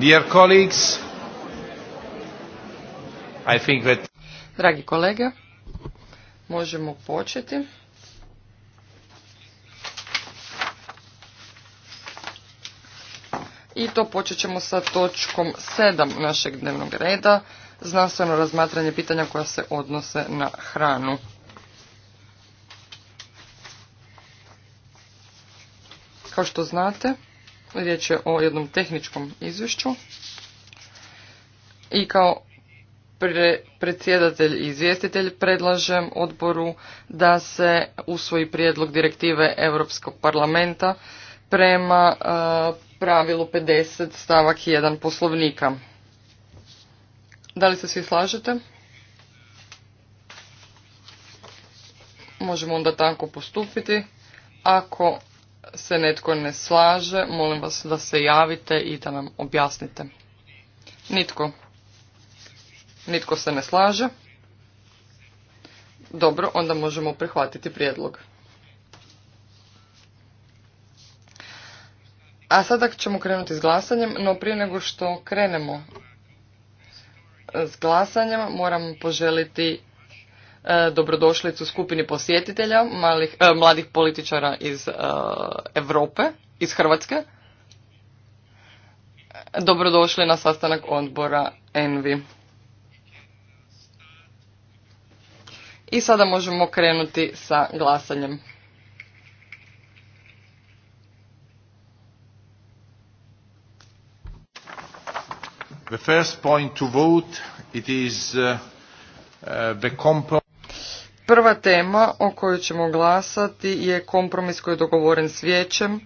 Dear colleagues, I think Dragi kolege, možemo početi. I to počet ćemo sa točkom 7 našeg dnevnog reda, znanstveno razmatranje pitanja koja se odnose na hranu. Kao što znate, riječ je o jednom tehničkom izvješću i kao predsjedatelj i izvjestitelj predlažem odboru da se usvoji prijedlog direktive Europskog parlamenta prema e, pravilu 50 stavak 1 poslovnika. Da li se svi slažete? Možemo onda tako postupiti. Ako se netko ne slaže, molim vas da se javite i da nam objasnite. Nitko. Nitko se ne slaže. Dobro, onda možemo prihvatiti prijedlog. A sada ćemo krenuti s glasanjem, no prije nego što krenemo s glasanjem moram poželiti E, dobrodošlicu skupini posjetitelja malih, e, mladih političara iz e, Europe, iz Hrvatske. Dobrodošli na sastanak odbora Envi. I sada možemo krenuti sa glasanjem. The first point to vote it is the Prva tema o kojoj ćemo glasati je kompromis koji je dogovoren s vijećem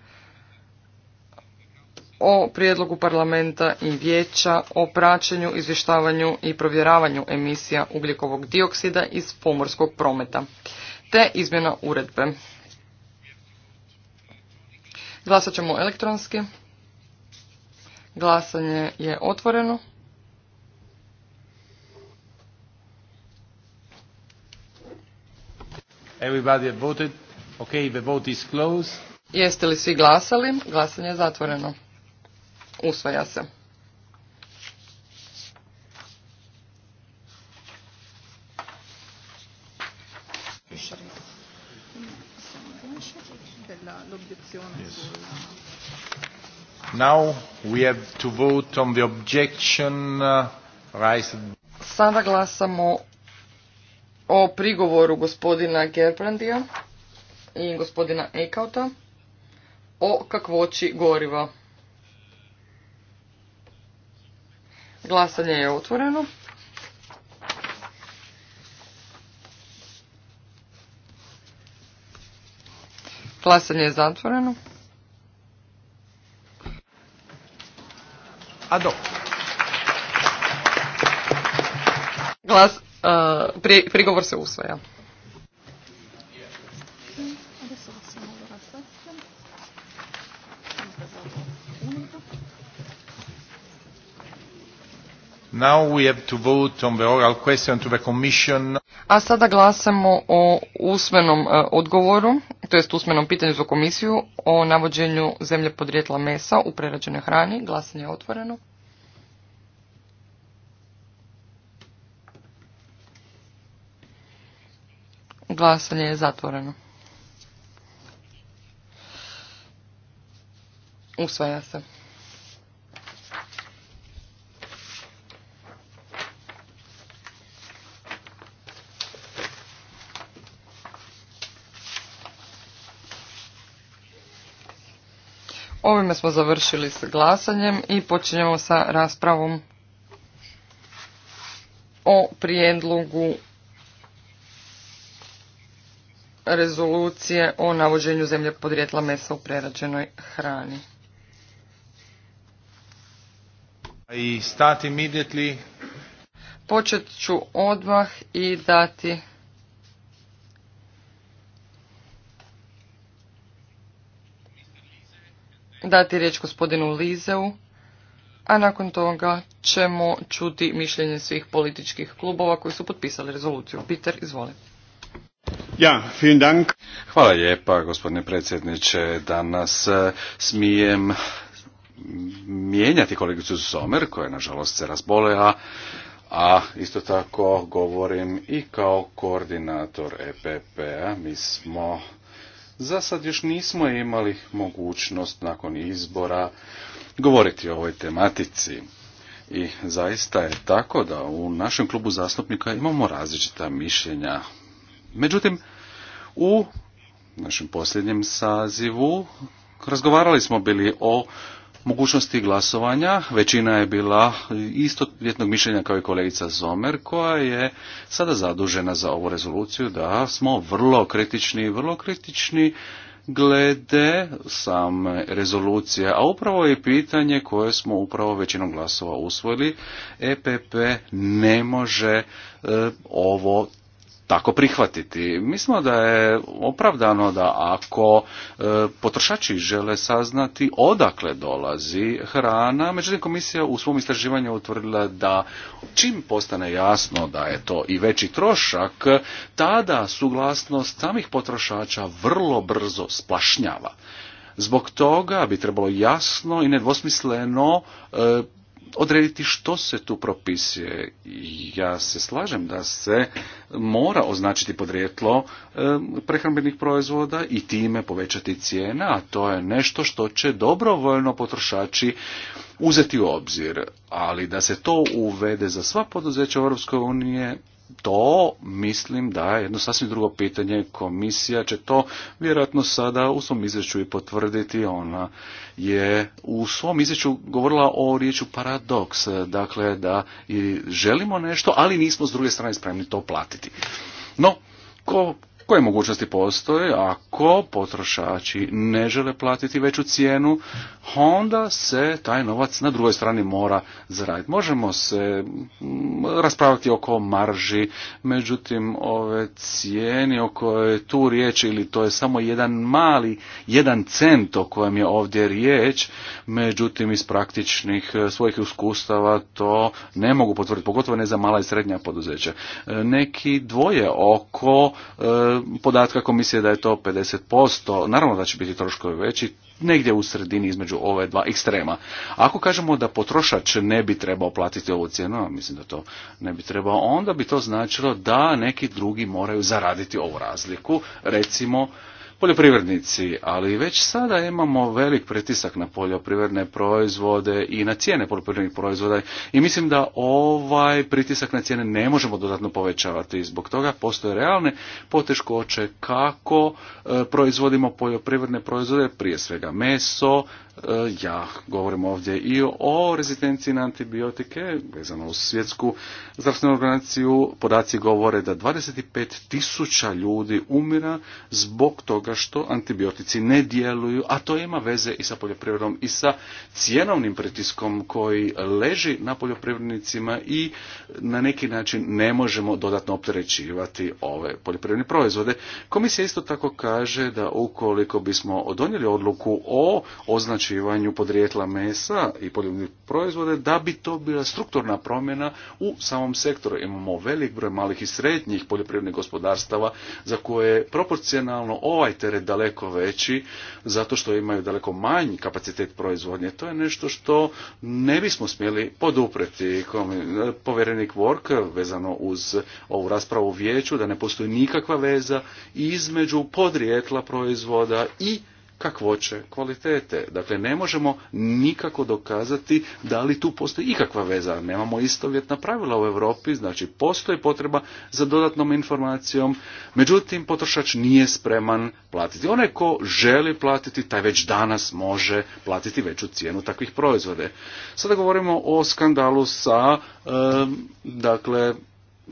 o prijedlogu parlamenta i vijeća o praćenju, izvještavanju i provjeravanju emisija ugljikovog dioksida iz pomorskog prometa, te izmjena uredbe. Glasat ćemo elektronski. Glasanje je otvoreno. Everybody have voted. Okay, the vote is closed. Jeste li svi glasali? Glasanje je zatvoreno. Usvaja se. Now we have to vote on the objection uh, raised. Sada glasamo o prigovoru gospodina Gerbrandija i gospodina Eikauta o kakvoći goriva. Glasanje je otvoreno. Glasanje je zatvoreno. A Glas Uh, prigovor se usvaja. A sada glasamo o usmenom uh, odgovoru, to jest usmenom pitanju za komisiju o navođenju zemlje podrijetla mesa u prerađenoj hrani. Glasanje je otvoreno. Glasanje je zatvoreno. Usvaja se. Ovime smo završili s glasanjem i počinjemo sa raspravom o prijedlogu rezolucije o navođenju zemlje podrijetla mesa u prerađenoj hrani. I stati immediately. Počet ću odmah i dati dati riječ gospodinu Lizeu, a nakon toga ćemo čuti mišljenje svih političkih klubova koji su potpisali rezoluciju. Peter, izvolite. Hvala lijepa, gospodine predsjedniče. Danas e, smijem mijenjati kolegicu Somer, koja nažalost se razbolela, a isto tako govorim i kao koordinator EPP-a. Mi smo za sad još nismo imali mogućnost nakon izbora govoriti o ovoj tematici. I zaista je tako da u našem klubu zastupnika imamo različita mišljenja. Međutim, u našem posljednjem sazivu razgovarali smo bili o mogućnosti glasovanja. Većina je bila isto vjetnog mišljenja kao i kolegica Zomer koja je sada zadužena za ovu rezoluciju da smo vrlo kritični, vrlo kritični glede same rezolucije, a upravo je pitanje koje smo upravo većinom glasova usvojili, EPP ne može e, ovo tako prihvatiti. Mislimo da je opravdano da ako e, potrošači žele saznati odakle dolazi hrana, međutim komisija u svom istraživanju utvrdila da čim postane jasno da je to i veći trošak, tada suglasnost samih potrošača vrlo brzo splašnjava. Zbog toga bi trebalo jasno i nedvosmisleno e, odrediti što se tu propisuje. Ja se slažem da se mora označiti podrijetlo e, prehrambenih proizvoda i time povećati cijena, a to je nešto što će dobrovoljno potrošači uzeti u obzir, ali da se to uvede za sva poduzeća Europske unije, to mislim da je jedno sasvim drugo pitanje. Komisija će to vjerojatno sada u svom izvješću i potvrditi. Ona je u svom izvješću govorila o riječu paradoks. Dakle, da i želimo nešto, ali nismo s druge strane spremni to platiti. No, ko koje mogućnosti postoje ako potrošači ne žele platiti veću cijenu, onda se taj novac na drugoj strani mora zaraditi. Možemo se mm, raspravljati oko marži, međutim ove cijeni o kojoj je tu riječ ili to je samo jedan mali, jedan cent o kojem je ovdje riječ, međutim iz praktičnih e, svojih iskustava to ne mogu potvrditi, pogotovo ne za mala i srednja poduzeća. E, neki dvoje oko e, podatka komisije da je to 50%, naravno da će biti troškovi veći, negdje u sredini između ove dva ekstrema. Ako kažemo da potrošač ne bi trebao platiti ovu cijenu, a mislim da to ne bi trebao, onda bi to značilo da neki drugi moraju zaraditi ovu razliku, recimo poljoprivrednici, ali već sada imamo velik pritisak na poljoprivredne proizvode i na cijene poljoprivrednih proizvoda i mislim da ovaj pritisak na cijene ne možemo dodatno povećavati zbog toga postoje realne poteškoće kako e, proizvodimo poljoprivredne proizvode, prije svega meso, E, ja govorim ovdje i o rezistenciji na antibiotike, vezano uz svjetsku zdravstvenu organizaciju. Podaci govore da 25 tisuća ljudi umira zbog toga što antibiotici ne djeluju, a to ima veze i sa poljoprivredom i sa cjenovnim pritiskom koji leži na poljoprivrednicima i na neki način ne možemo dodatno opterećivati ove poljoprivredne proizvode. Komisija isto tako kaže da ukoliko bismo donijeli odluku o označenju označivanju podrijetla mesa i poljoprivrednih proizvode da bi to bila strukturna promjena u samom sektoru. Imamo velik broj malih i srednjih poljoprivrednih gospodarstava za koje je proporcionalno ovaj teret daleko veći zato što imaju daleko manji kapacitet proizvodnje. To je nešto što ne bismo smjeli podupreti. Poverenik Work vezano uz ovu raspravu u vijeću da ne postoji nikakva veza između podrijetla proizvoda i kakvoće kvalitete. Dakle, ne možemo nikako dokazati da li tu postoji ikakva veza. Nemamo istovjetna pravila u Europi, znači postoji potreba za dodatnom informacijom, međutim potrošač nije spreman platiti. Onaj ko želi platiti, taj već danas može platiti veću cijenu takvih proizvode. Sada govorimo o skandalu sa, dakle,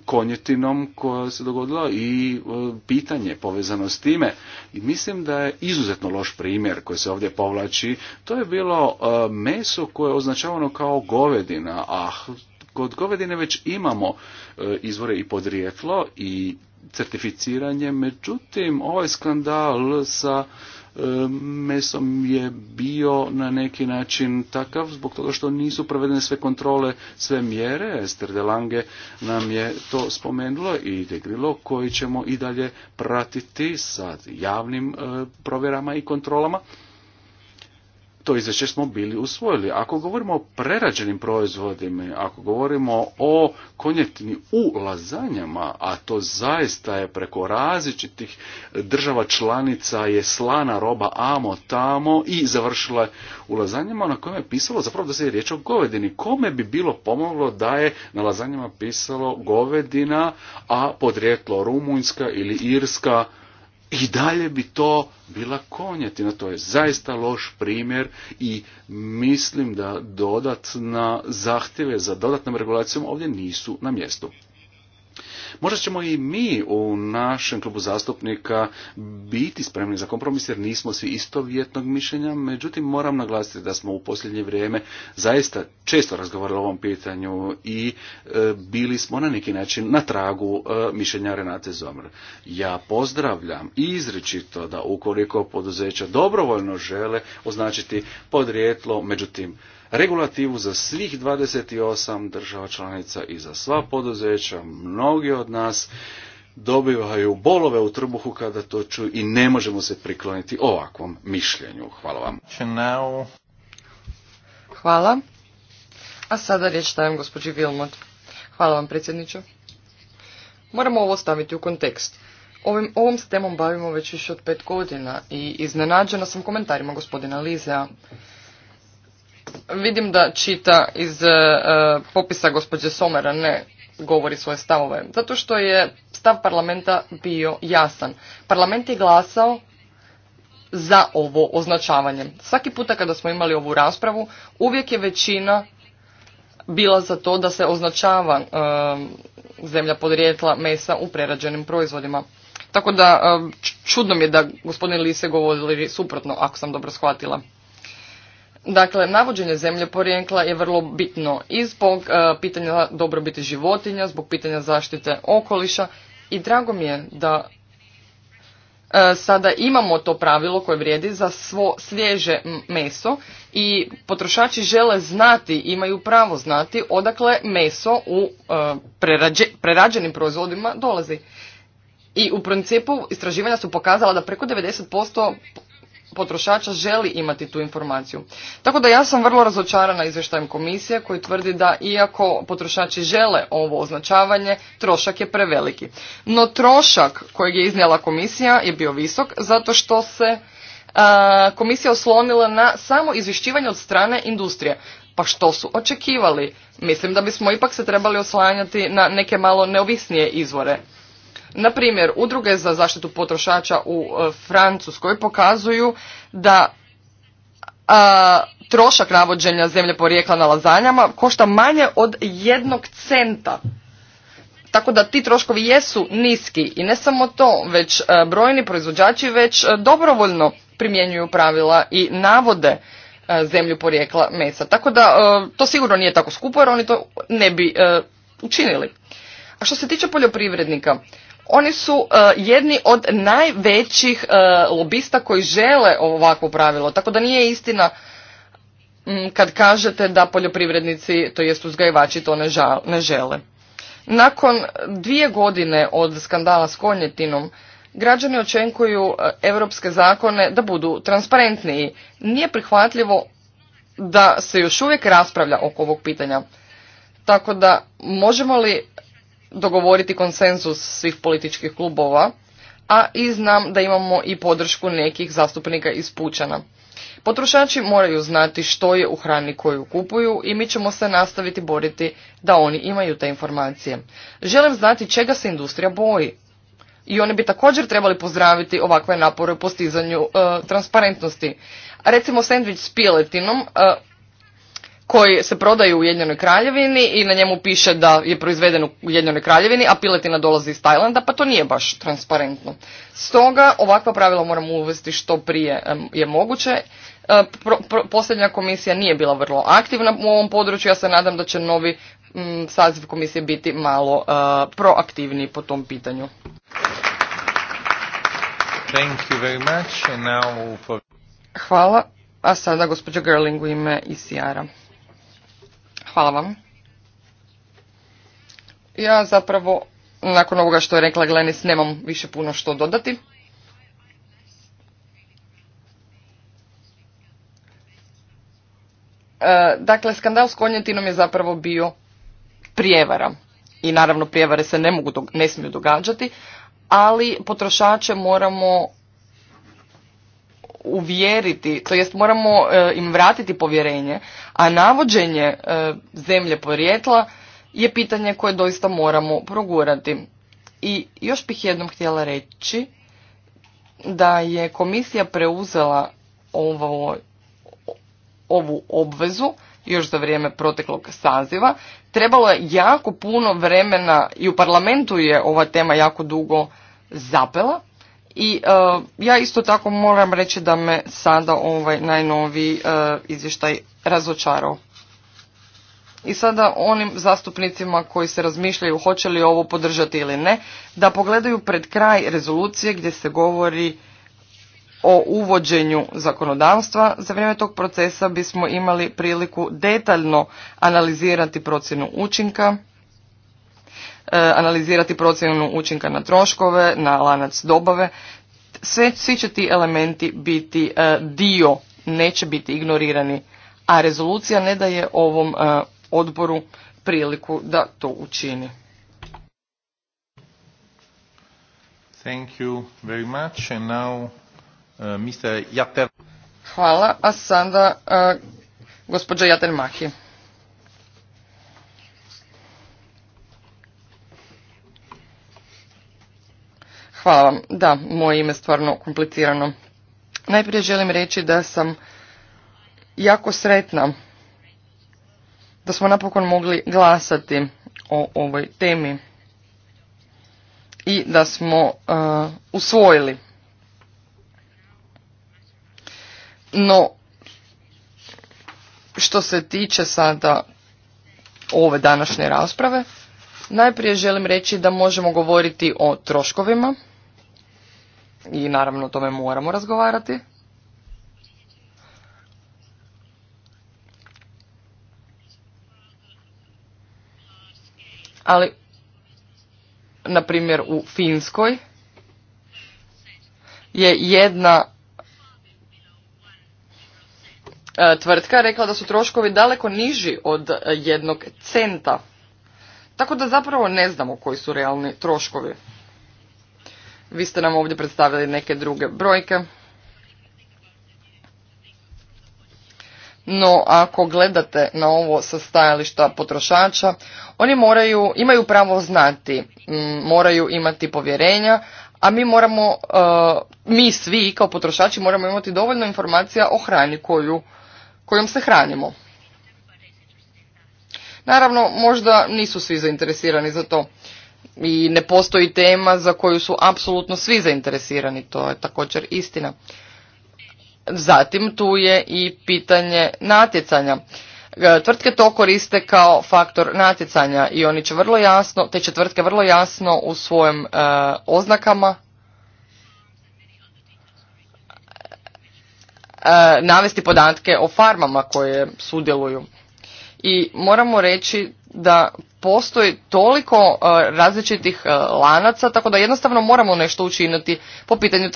konjetinom koja se dogodila i e, pitanje povezano s time. I mislim da je izuzetno loš primjer koji se ovdje povlači. To je bilo e, meso koje je označavano kao govedina, a kod govedine već imamo e, izvore i podrijetlo i certificiranje, međutim ovaj skandal sa E, mesom je bio na neki način takav zbog toga što nisu provedene sve kontrole, sve mjere. Ester de Lange nam je to spomenulo i degrilo koji ćemo i dalje pratiti sa javnim e, provjerama i kontrolama to izvješće smo bili usvojili. Ako govorimo o prerađenim proizvodima, ako govorimo o konjetini u lazanjama, a to zaista je preko različitih država članica je slana roba amo tamo i završila u lazanjama na kojem je pisalo zapravo da se je riječ o govedini. Kome bi bilo pomoglo da je na lazanjama pisalo govedina, a podrijetlo Rumunjska ili Irska, i dalje bi to bila konjetina. To je zaista loš primjer i mislim da dodatna zahtjeve za dodatnom regulacijom ovdje nisu na mjestu. Možda ćemo i mi u našem klubu zastupnika biti spremni za kompromis jer nismo svi istovjetnog mišljenja, međutim moram naglasiti da smo u posljednje vrijeme zaista često razgovarali o ovom pitanju i e, bili smo na neki način na tragu e, mišljenja Renate Zomr. Ja pozdravljam izričito da ukoliko poduzeća dobrovoljno žele označiti podrijetlo, međutim regulativu za svih 28 država članica i za sva poduzeća. Mnogi od nas dobivaju bolove u trbuhu kada to čuju i ne možemo se prikloniti ovakvom mišljenju. Hvala vam. Hvala. A sada riječ dajem gospođi Vilmot. Hvala vam predsjedniče. Moramo ovo staviti u kontekst. Ovim, ovom se temom bavimo već više od pet godina i iznenađena sam komentarima gospodina Lizea Vidim da čita iz e, popisa gospođe Somera, ne govori svoje stavove. Zato što je stav parlamenta bio jasan. Parlament je glasao za ovo označavanje. Svaki puta kada smo imali ovu raspravu, uvijek je većina bila za to da se označava e, zemlja podrijetla mesa u prerađenim proizvodima. Tako da e, čudno mi je da gospodin Lise govorili suprotno, ako sam dobro shvatila. Dakle, navođenje zemlje porijekla je vrlo bitno i zbog e, pitanja dobrobiti životinja, zbog pitanja zaštite okoliša i drago mi je da e, sada imamo to pravilo koje vrijedi za svo svježe meso i potrošači žele znati, imaju pravo znati odakle meso u e, prerađenim proizvodima dolazi. I u principu istraživanja su pokazala da preko 90% potrošača želi imati tu informaciju. Tako da ja sam vrlo razočarana izvještajem komisije koji tvrdi da iako potrošači žele ovo označavanje, trošak je preveliki. No trošak kojeg je iznijela komisija je bio visok zato što se a, e, komisija oslonila na samo izvješćivanje od strane industrije. Pa što su očekivali? Mislim da bismo ipak se trebali oslanjati na neke malo neovisnije izvore. Na primjer, udruge za zaštitu potrošača u e, Francuskoj pokazuju da trošak navođenja zemlje porijekla na lazanjama košta manje od jednog centa. Tako da ti troškovi jesu niski i ne samo to, već e, brojni proizvođači već e, dobrovoljno primjenjuju pravila i navode zemlju porijekla mesa. Tako da to sigurno nije tako skupo jer oni to ne bi učinili. A što se tiče poljoprivrednika, oni su e, jedni od najvećih e, lobista koji žele ovakvo pravilo. Tako da nije istina kad kažete da poljoprivrednici, to jest uzgajivači, to ne žele. Nakon dvije godine od skandala s konjetinom, građani očekuju europske zakone da budu transparentniji. Nije prihvatljivo da se još uvijek raspravlja oko ovog pitanja. Tako da možemo li dogovoriti konsenzus svih političkih klubova, a i znam da imamo i podršku nekih zastupnika iz Pučana. Potrošači moraju znati što je u hrani koju kupuju i mi ćemo se nastaviti boriti da oni imaju te informacije. Želim znati čega se industrija boji. I oni bi također trebali pozdraviti ovakve napore u postizanju e, transparentnosti. Recimo sandvič s piletinom e, koji se prodaju u Ujedinjenoj kraljevini i na njemu piše da je proizveden u Ujedinjenoj kraljevini, a piletina dolazi iz Tajlanda, pa to nije baš transparentno. Stoga ovakva pravila moramo uvesti što prije je moguće. E, posljednja komisija nije bila vrlo aktivna u ovom području, ja se nadam da će novi saziv komisije biti malo proaktivni e, proaktivniji po tom pitanju. Hvala. A sada gospođa Gerling u ime ICR-a. Hvala vam. Ja zapravo, nakon ovoga što je rekla Glenis, nemam više puno što dodati. E, dakle, skandal s konjetinom je zapravo bio prijevara. I naravno prijevare se ne, mogu, ne smiju događati, ali potrošače moramo uvjeriti, to jest moramo e, im vratiti povjerenje, a navođenje e, zemlje porijetla je pitanje koje doista moramo progurati. I još bih jednom htjela reći da je komisija preuzela ovo, ovu obvezu još za vrijeme proteklog saziva. Trebalo je jako puno vremena i u parlamentu je ova tema jako dugo zapela i e, ja isto tako moram reći da me sada ovaj najnoviji e, izvještaj razočarao. I sada onim zastupnicima koji se razmišljaju hoće li ovo podržati ili ne, da pogledaju pred kraj rezolucije gdje se govori o uvođenju zakonodavstva. Za vrijeme tog procesa bismo imali priliku detaljno analizirati procjenu učinka E, analizirati procjenu učinka na troškove, na lanac dobave. Sve, svi će ti elementi biti e, dio, neće biti ignorirani, a rezolucija ne daje ovom e, odboru priliku da to učini. Thank you very much. And now, Hvala. A sada uh, gospođa Jatermahi. Hvala vam. Da, moje ime je stvarno komplicirano. Najprije želim reći da sam jako sretna da smo napokon mogli glasati o ovoj temi i da smo uh, usvojili. No, što se tiče sada ove današnje rasprave, najprije želim reći da možemo govoriti o troškovima i naravno o tome moramo razgovarati. Ali, na primjer u Finskoj je jedna e, tvrtka rekla da su troškovi daleko niži od e, jednog centa. Tako da zapravo ne znamo koji su realni troškovi. Vi ste nam ovdje predstavili neke druge brojke. No, ako gledate na ovo sa stajališta potrošača, oni moraju, imaju pravo znati, moraju imati povjerenja, a mi moramo, e, mi svi kao potrošači moramo imati dovoljno informacija o hrani koju, kojom se hranimo. Naravno, možda nisu svi zainteresirani za to i ne postoji tema za koju su apsolutno svi zainteresirani, to je također istina. Zatim tu je i pitanje natjecanja. E, tvrtke to koriste kao faktor natjecanja i oni će vrlo jasno, te će tvrtke vrlo jasno u svojim e, oznakama e, navesti podatke o farmama koje sudjeluju. I moramo reći da postoji toliko e, različitih e, lanaca, tako da jednostavno moramo nešto učiniti po pitanju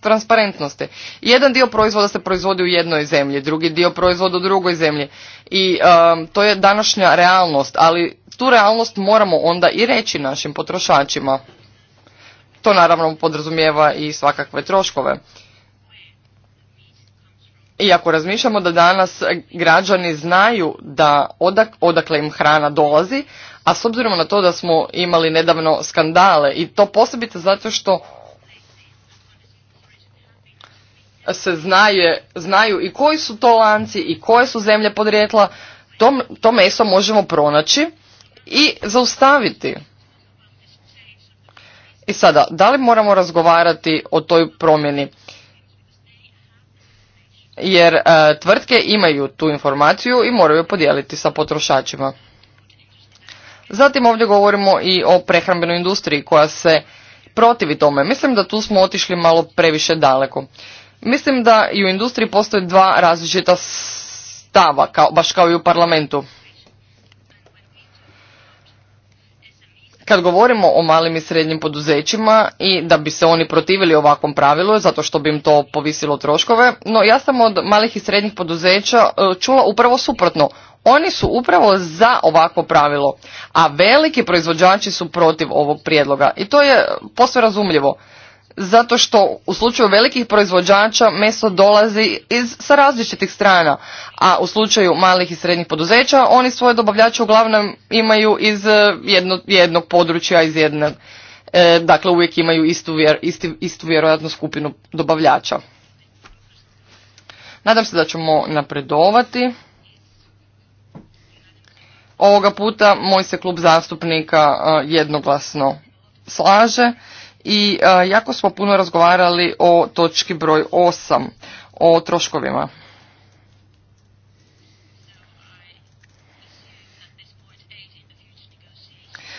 transparentnosti. Jedan dio proizvoda se proizvodi u jednoj zemlji, drugi dio proizvoda u drugoj zemlji i e, to je današnja realnost, ali tu realnost moramo onda i reći našim potrošačima. To naravno podrazumijeva i svakakve troškove. I ako razmišljamo da danas građani znaju da odak, odakle im hrana dolazi, a s obzirom na to da smo imali nedavno skandale i to posebite zato što se znaje, znaju i koji su to lanci i koje su zemlje podrijetla, to, to meso možemo pronaći i zaustaviti. I sada, da li moramo razgovarati o toj promjeni? jer e, tvrtke imaju tu informaciju i moraju je podijeliti sa potrošačima. Zatim ovdje govorimo i o prehrambenoj industriji koja se protivi tome. Mislim da tu smo otišli malo previše daleko. Mislim da i u industriji postoje dva različita stava, kao, baš kao i u parlamentu. Kad govorimo o malim i srednjim poduzećima i da bi se oni protivili ovakvom pravilu zato što bi im to povisilo troškove, no ja sam od malih i srednjih poduzeća e, čula upravo suprotno. Oni su upravo za ovakvo pravilo, a veliki proizvođači su protiv ovog prijedloga i to je posve razumljivo zato što u slučaju velikih proizvođača meso dolazi iz, sa različitih strana, a u slučaju malih i srednjih poduzeća oni svoje dobavljače uglavnom imaju iz e, jednog područja, iz jedne, e, dakle uvijek imaju istu, vjer, isti, istu skupinu dobavljača. Nadam se da ćemo napredovati. Ovoga puta moj se klub zastupnika e, jednoglasno slaže i jako smo puno razgovarali o točki broj 8, o troškovima.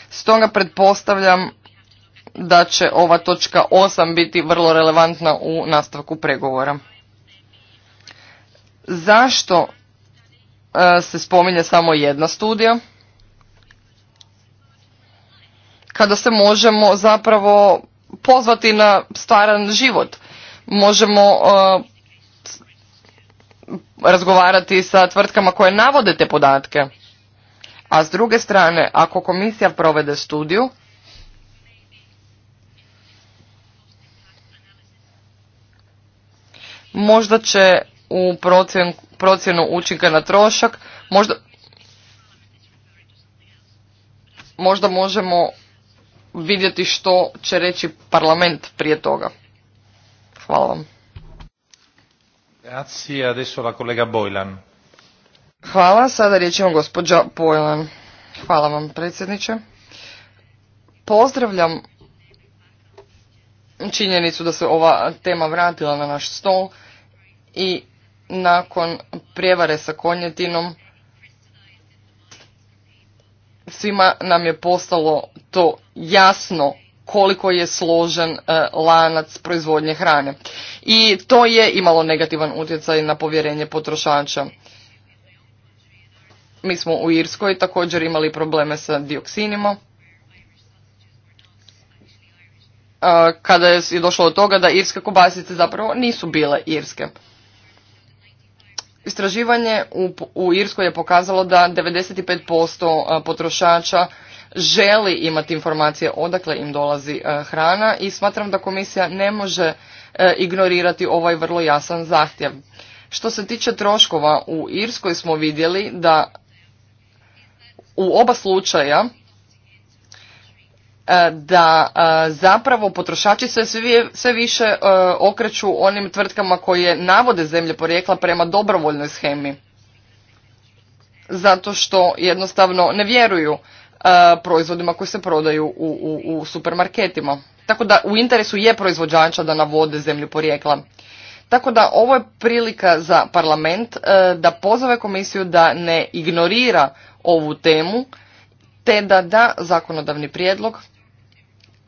Stoga pretpostavljam da će ova točka 8 biti vrlo relevantna u nastavku pregovora. Zašto e, se spominje samo jedna studija? Kada se možemo zapravo pozvati na stvaran život. Možemo e, razgovarati sa tvrtkama koje navode te podatke. A s druge strane, ako komisija provede studiju, možda će u procjen, procjenu učinka na trošak, možda, možda možemo vidjeti što će reći parlament prije toga. Hvala vam. Hvala, sada riječ ima gospođa Bojlan. Hvala vam predsjedniče. Pozdravljam činjenicu da se ova tema vratila na naš stol i nakon prijevare sa konjetinom svima nam je postalo to jasno koliko je složen e, lanac proizvodnje hrane. I to je imalo negativan utjecaj na povjerenje potrošača. Mi smo u Irskoj također imali probleme sa dioksinima. E, kada je došlo do toga da irske kobasice zapravo nisu bile irske. Istraživanje u, Irskoj je pokazalo da 95% e, potrošača želi imati informacije odakle im dolazi e, hrana i smatram da komisija ne može e, ignorirati ovaj vrlo jasan zahtjev. Što se tiče troškova, u Irskoj smo vidjeli da u oba slučaja E, da e, zapravo potrošači se sve više e, okreću onim tvrtkama koje navode zemlje porijekla prema dobrovoljnoj schemi zato što jednostavno ne vjeruju proizvodima koji se prodaju u, u, u supermarketima tako da u interesu je proizvođača da navode zemlju porijekla tako da ovo je prilika za parlament da pozove komisiju da ne ignorira ovu temu te da da zakonodavni prijedlog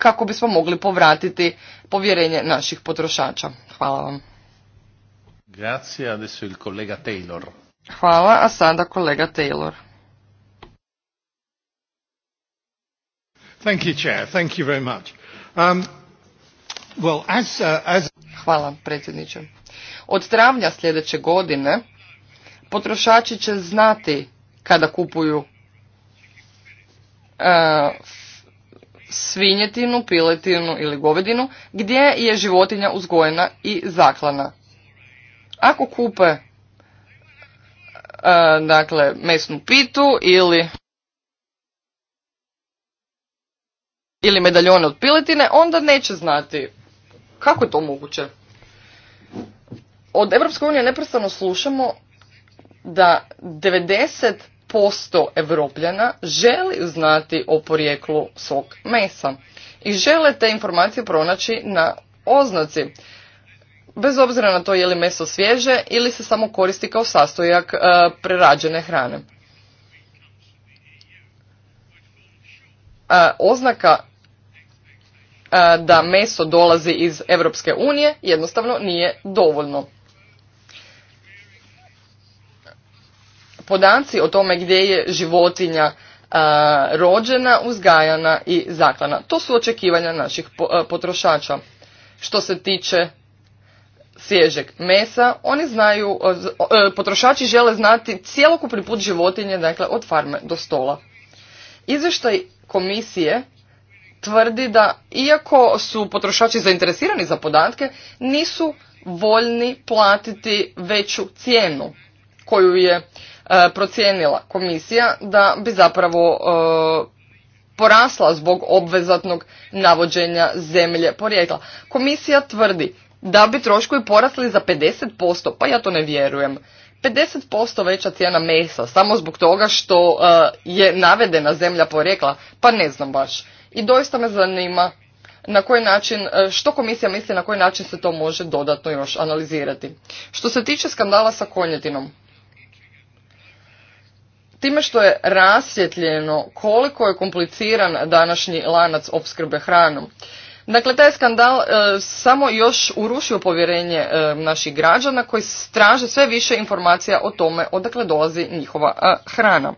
kako bismo mogli povratiti povjerenje naših potrošača. Hvala vam. Grazie, adesso il collega Taylor. Hvala, a sada kolega Taylor. Thank you, Chair. Thank you very much. Um, well, as, uh, as... Hvala, predsjedniče. Od travnja sljedeće godine potrošači će znati kada kupuju uh, svinjetinu, piletinu ili govedinu gdje je životinja uzgojena i zaklana. Ako kupe e, dakle mesnu pitu ili ili medaljone od piletine, onda neće znati kako je to moguće. Od unije neprestano slušamo da 90 posto evropljana želi znati o porijeklu svog mesa i žele te informacije pronaći na oznaci bez obzira na to je li meso svježe ili se samo koristi kao sastojak e, prerađene hrane e, oznaka e, da meso dolazi iz europske unije jednostavno nije dovoljno podaci o tome gdje je životinja e, rođena, uzgajana i zaklana. To su očekivanja naših e, potrošača. Što se tiče svježeg mesa, oni znaju, e, potrošači žele znati cjelokupni put životinje, dakle od farme do stola. Izvještaj komisije tvrdi da iako su potrošači zainteresirani za podatke, nisu voljni platiti veću cijenu koju je E, procijenila komisija da bi zapravo e, porasla zbog obvezatnog navođenja zemlje porijekla. Komisija tvrdi da bi troškovi porasli za 50%, pa ja to ne vjerujem. 50% veća cijena mesa, samo zbog toga što e, je navedena zemlja porijekla, pa ne znam baš. I doista me zanima na koji način, što komisija misli na koji način se to može dodatno još analizirati. Što se tiče skandala sa konjetinom, time što je rasvjetljeno koliko je kompliciran današnji lanac opskrbe hranom. Dakle, taj skandal e, samo još urušio povjerenje e, naših građana koji straže sve više informacija o tome odakle dolazi njihova e, hrana.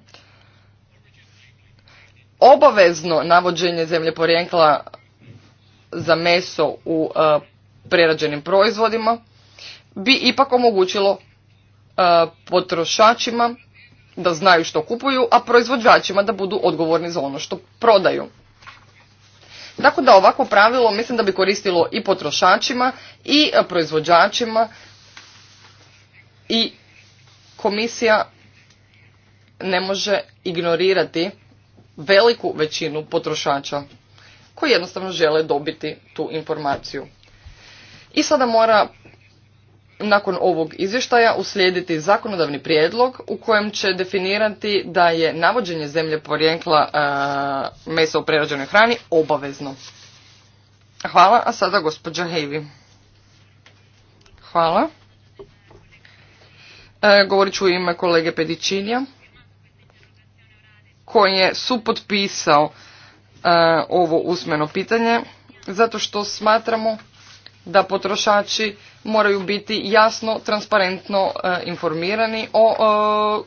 Obavezno navođenje zemlje porijekla za meso u prerađenim proizvodima bi ipak omogućilo potrošačima da znaju što kupuju, a proizvođačima da budu odgovorni za ono što prodaju. Tako da ovako pravilo mislim da bi koristilo i potrošačima i proizvođačima i komisija ne može ignorirati veliku većinu potrošača koji jednostavno žele dobiti tu informaciju. I sada mora nakon ovog izvještaja uslijediti zakonodavni prijedlog u kojem će definirati da je navođenje zemlje porijekla e, mesa u prerađenoj hrani obavezno. Hvala, a sada gospođa Hevi. Hvala. E, govorit ću u ime kolege Pedičinija koji je supotpisao e, ovo usmeno pitanje zato što smatramo da potrošači moraju biti jasno, transparentno e, informirani o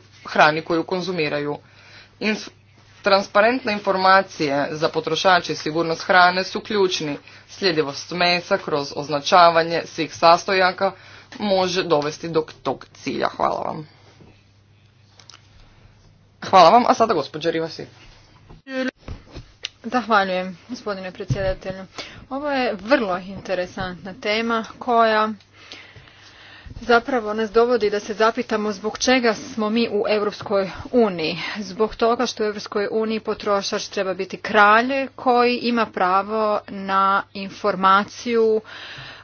e, hrani koju konzumiraju. transparentne informacije za potrošače i sigurnost hrane su ključni. Sljedivost mesa kroz označavanje svih sastojaka može dovesti do tog cilja. Hvala vam. Hvala vam, a sada gospođa Rivasi. Zahvaljujem, gospodine predsjedatelju. Ovo je vrlo interesantna tema koja zapravo nas dovodi da se zapitamo zbog čega smo mi u Europskoj uniji. Zbog toga što u Europskoj uniji potrošač treba biti kralj koji ima pravo na informaciju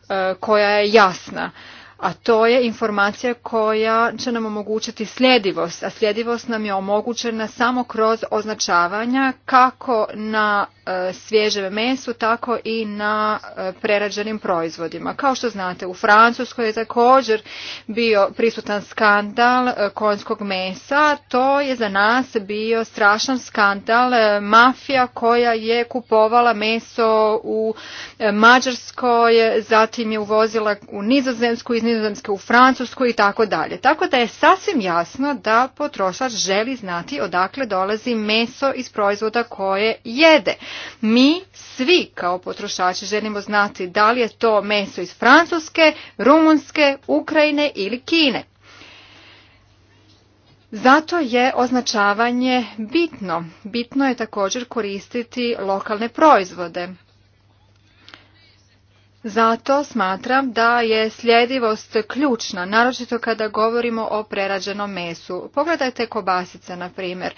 e, koja je jasna a to je informacija koja će nam omogućiti sljedivost, a sljedivost nam je omogućena samo kroz označavanja kako na E, svježem mesu, tako i na e, prerađenim proizvodima. Kao što znate, u Francuskoj je također bio prisutan skandal e, konjskog mesa. To je za nas bio strašan skandal. Mafija koja je kupovala meso u Mađarskoj, zatim je uvozila u Nizozemsku, iz Nizozemske u Francusku i tako dalje. Tako da je sasvim jasno da potrošač želi znati odakle dolazi meso iz proizvoda koje jede mi svi kao potrošači želimo znati da li je to meso iz Francuske, Rumunske, Ukrajine ili Kine. Zato je označavanje bitno. Bitno je također koristiti lokalne proizvode. Zato smatram da je sljedivost ključna, naročito kada govorimo o prerađenom mesu. Pogledajte kobasice, na primjer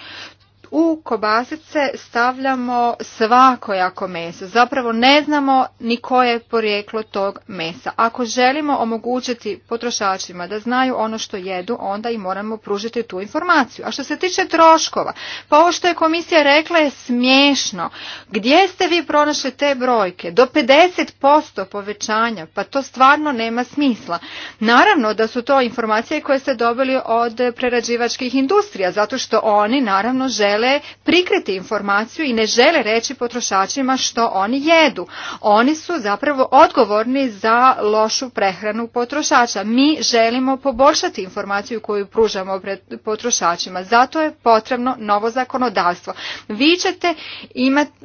u kobasice stavljamo svakojako meso. Zapravo ne znamo ni koje je porijeklo tog mesa. Ako želimo omogućiti potrošačima da znaju ono što jedu, onda i moramo pružiti tu informaciju. A što se tiče troškova, pa ovo što je komisija rekla je smiješno. Gdje ste vi pronašli te brojke? Do 50% povećanja, pa to stvarno nema smisla. Naravno da su to informacije koje ste dobili od prerađivačkih industrija, zato što oni naravno žele žele prikriti informaciju i ne žele reći potrošačima što oni jedu. Oni su zapravo odgovorni za lošu prehranu potrošača. Mi želimo poboljšati informaciju koju pružamo pred potrošačima. Zato je potrebno novo zakonodavstvo. Vi ćete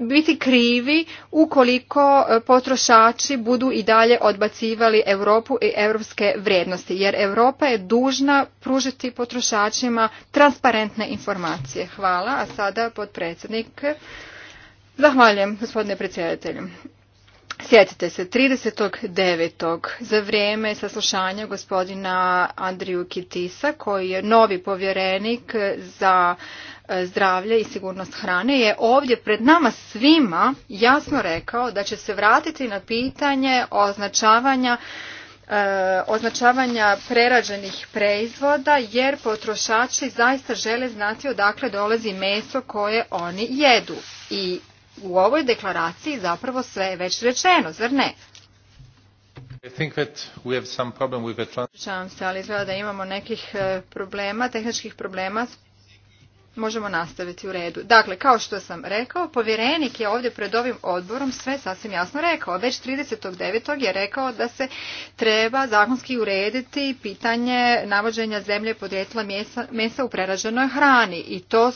biti krivi ukoliko e, potrošači budu i dalje odbacivali Europu i europske vrijednosti, jer Europa je dužna pružiti potrošačima transparentne informacije. Hvala a sada podpredsjednik. Zahvaljujem gospodine predsjedatelju. Sjetite se, 39. za vrijeme saslušanja gospodina Andriju Kitisa, koji je novi povjerenik za e, zdravlje i sigurnost hrane, je ovdje pred nama svima jasno rekao da će se vratiti na pitanje označavanja E, označavanja prerađenih proizvoda jer potrošači zaista žele znati odakle dolazi meso koje oni jedu. I u ovoj deklaraciji zapravo sve je već rečeno, zar ne? Ispričavam se, ali izgleda da imamo nekih e, problema, tehničkih problema s Možemo nastaviti u redu. Dakle, kao što sam rekao, povjerenik je ovdje pred ovim odborom sve sasvim jasno rekao. Već 39. je rekao da se treba zakonski urediti pitanje navođenja zemlje podrijetla mesa, mesa u prerađenoj hrani. I to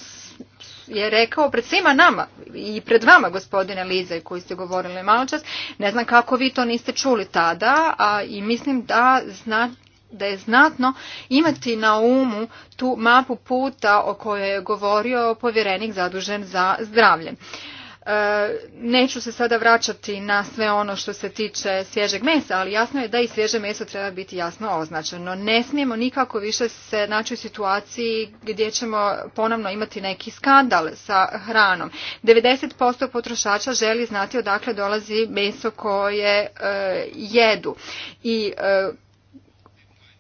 je rekao pred svima nama i pred vama gospodine Lize koji ste govorili malo čas. Ne znam kako vi to niste čuli tada a i mislim da zna, da je znatno imati na umu tu mapu puta o kojoj je govorio povjerenik zadužen za zdravlje. E, neću se sada vraćati na sve ono što se tiče svježeg mesa, ali jasno je da i svježe meso treba biti jasno označeno. Ne smijemo nikako više se naći u situaciji gdje ćemo ponovno imati neki skandal sa hranom. 90% potrošača želi znati odakle dolazi meso koje e, jedu i e,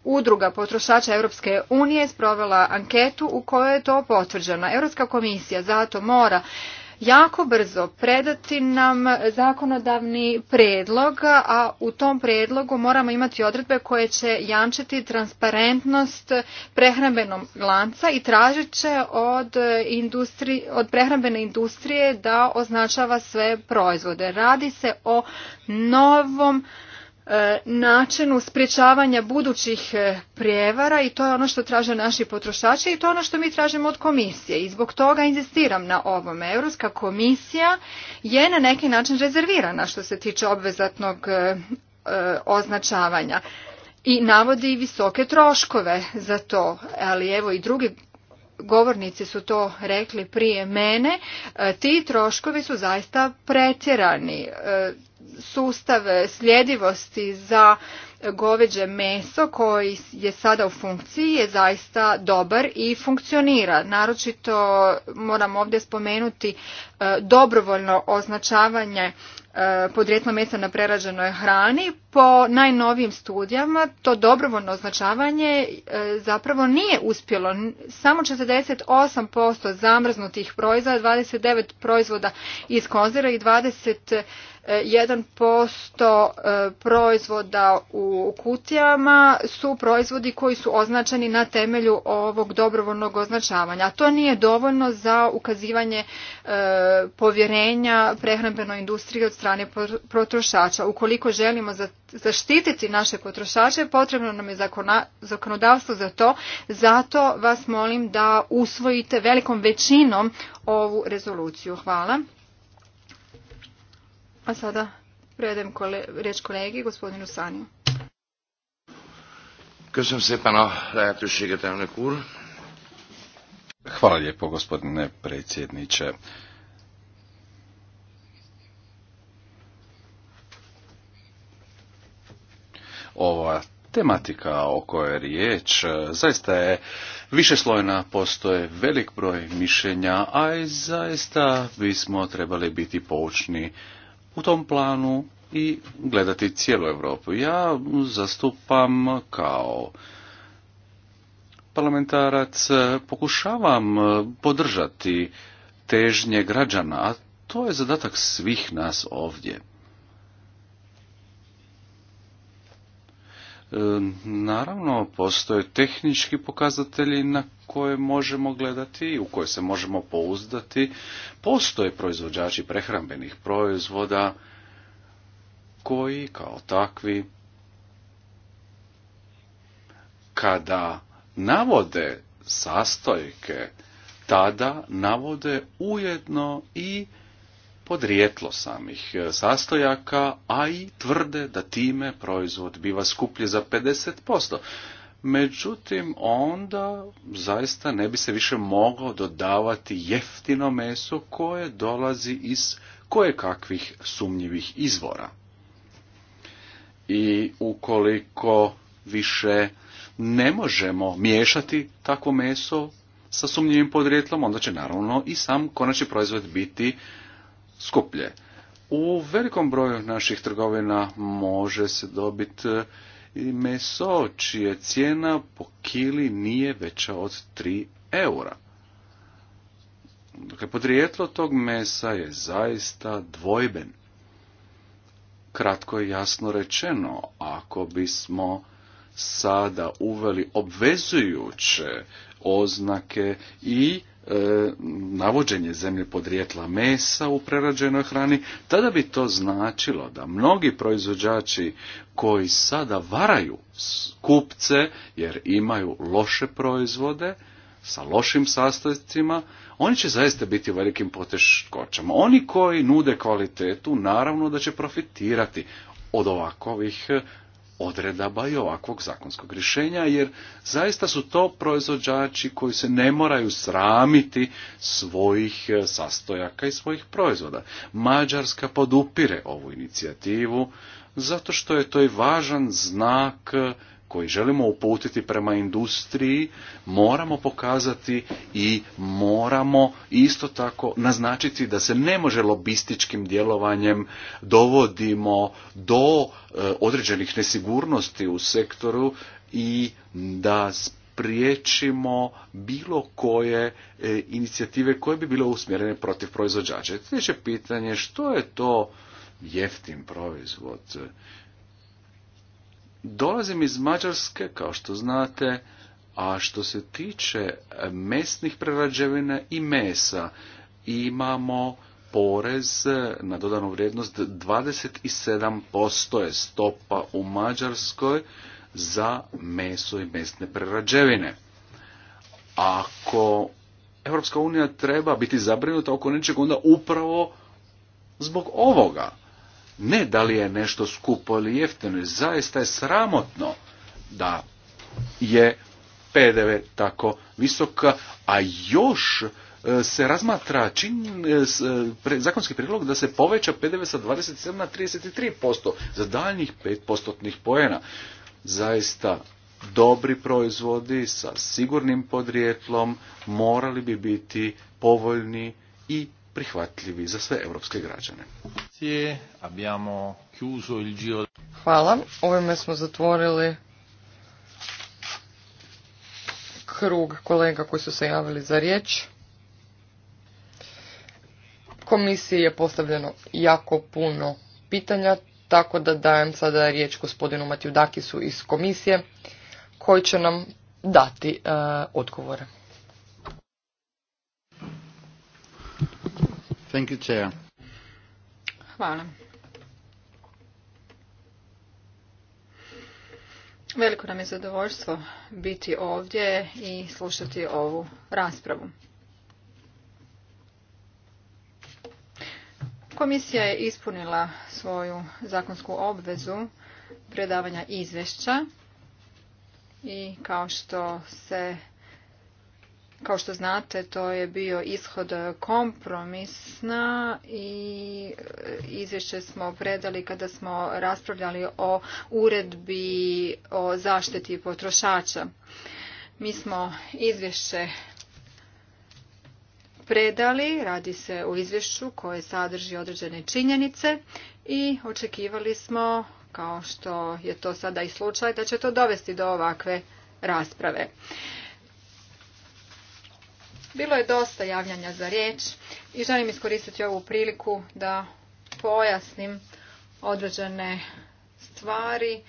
udruga potrošača Europske unije sprovela anketu u kojoj je to potvrđeno. Europska komisija zato mora jako brzo predati nam zakonodavni predlog, a u tom predlogu moramo imati odredbe koje će jamčiti transparentnost prehrambenog lanca i tražit će od, od prehrambene industrije da označava sve proizvode. Radi se o novom E, načinu sprječavanja budućih e, prijevara i to je ono što traže naši potrošači i to je ono što mi tražimo od komisije i zbog toga inzistiram na ovome. Europska komisija je na neki način rezervirana što se tiče obvezatnog e, označavanja i navodi visoke troškove za to, ali evo i drugi govornici su to rekli prije mene, ti troškovi su zaista pretjerani sustav e, sljedivosti za goveđe meso koji je sada u funkciji je zaista dobar i funkcionira. Naročito moram ovdje spomenuti e, dobrovoljno označavanje e, podrijetlo mesa na prerađenoj hrani. Po najnovijim studijama to dobrovoljno označavanje zapravo nije uspjelo. Samo 48% zamrznutih proizvoda, 29 proizvoda iz konzera i 20 1% e, proizvoda u kutijama su proizvodi koji su označeni na temelju ovog dobrovolnog označavanja. A to nije dovoljno za ukazivanje e, povjerenja prehrambenoj industriji od strane potrošača. Ukoliko želimo zaštititi naše potrošače, potrebno nam je zakonodavstvo za to. Zato vas molim da usvojite velikom većinom ovu rezoluciju. Hvala. A sada predajem riječ kolegi, gospodinu Saniju. se, pano, rajatu Hvala lijepo, gospodine predsjedniče. Ova tematika o kojoj je riječ eh, zaista je višeslojna, postoje velik broj mišljenja, a i zaista bismo trebali biti poučni u tom planu i gledati cijelu Europu. Ja zastupam kao parlamentarac, pokušavam e, podržati težnje građana, a to je zadatak svih nas ovdje. E, naravno, postoje tehnički pokazatelji na koje možemo gledati i u koje se možemo pouzdati. Postoje proizvođači prehrambenih proizvoda koji kao takvi kada navode sastojke, tada navode ujedno i podrijetlo samih e, sastojaka, a i tvrde da time proizvod biva skuplji za 50%. Međutim, onda zaista ne bi se više moglo dodavati jeftino meso koje dolazi iz koje kakvih sumnjivih izvora. I ukoliko više ne možemo miješati takvo meso sa sumnjivim podrijetlom, onda će naravno i sam konačni proizvod biti skuplje. U velikom broju naših trgovina može se dobiti e, i meso čije cijena po kili nije veća od 3 eura. Dakle, podrijetlo tog mesa je zaista dvojben. Kratko je jasno rečeno, ako bismo sada uveli obvezujuće oznake i E, navođenje zemlje podrijetla mesa u prerađenoj hrani, tada bi to značilo da mnogi proizvođači koji sada varaju kupce jer imaju loše proizvode sa lošim sastojcima, oni će zaista biti u velikim poteškoćama. Oni koji nude kvalitetu, naravno da će profitirati od ovakvih odredaba i ovakvog zakonskog rješenja, jer zaista su to proizvođači koji se ne moraju sramiti svojih e, sastojaka i svojih proizvoda. Mađarska podupire ovu inicijativu zato što je to i važan znak e, koji želimo uputiti prema industriji moramo pokazati i moramo isto tako naznačiti da se ne može lobističkim djelovanjem dovodimo do e, određenih nesigurnosti u sektoru i da spriječimo bilo koje e, inicijative koje bi bile usmjerene protiv proizvođača. Sljedeće pitanje, što je to jeftin proizvod? Dolazim iz Mađarske, kao što znate, a što se tiče mesnih prerađevina i mesa, imamo porez na dodanu vrijednost 27% je stopa u Mađarskoj za meso i mesne prerađevine. Ako Europska unija treba biti zabrinuta oko nečeg onda upravo zbog ovoga ne da li je nešto skupo ili jeftino. Zaista je sramotno da je PDV tako visoka, a još e, se razmatra e, e, zakonski prilog da se poveća PDV sa 27 na 33% za daljnjih 5 postotnih poena. Zaista dobri proizvodi sa sigurnim podrijetlom morali bi biti povoljni i prihvatljivi za sve europske građane. Hvala. Ovime smo zatvorili krug kolega koji su se javili za riječ. Komisiji je postavljeno jako puno pitanja, tako da dajem sada riječ gospodinu Matiju Dakisu iz komisije, koji će nam dati e, odgovore. Veliko nam je zadovoljstvo biti ovdje i slušati ovu raspravu. Komisija je ispunila svoju zakonsku obvezu predavanja izvješća i kao što se kao što znate, to je bio ishod kompromisna i izvješće smo predali kada smo raspravljali o uredbi o zaštiti potrošača. Mi smo izvješće predali, radi se o izvješću koje sadrži određene činjenice i očekivali smo, kao što je to sada i slučaj, da će to dovesti do ovakve rasprave. Bilo je dosta javljanja za riječ i želim iskoristiti ovu priliku da pojasnim određene stvari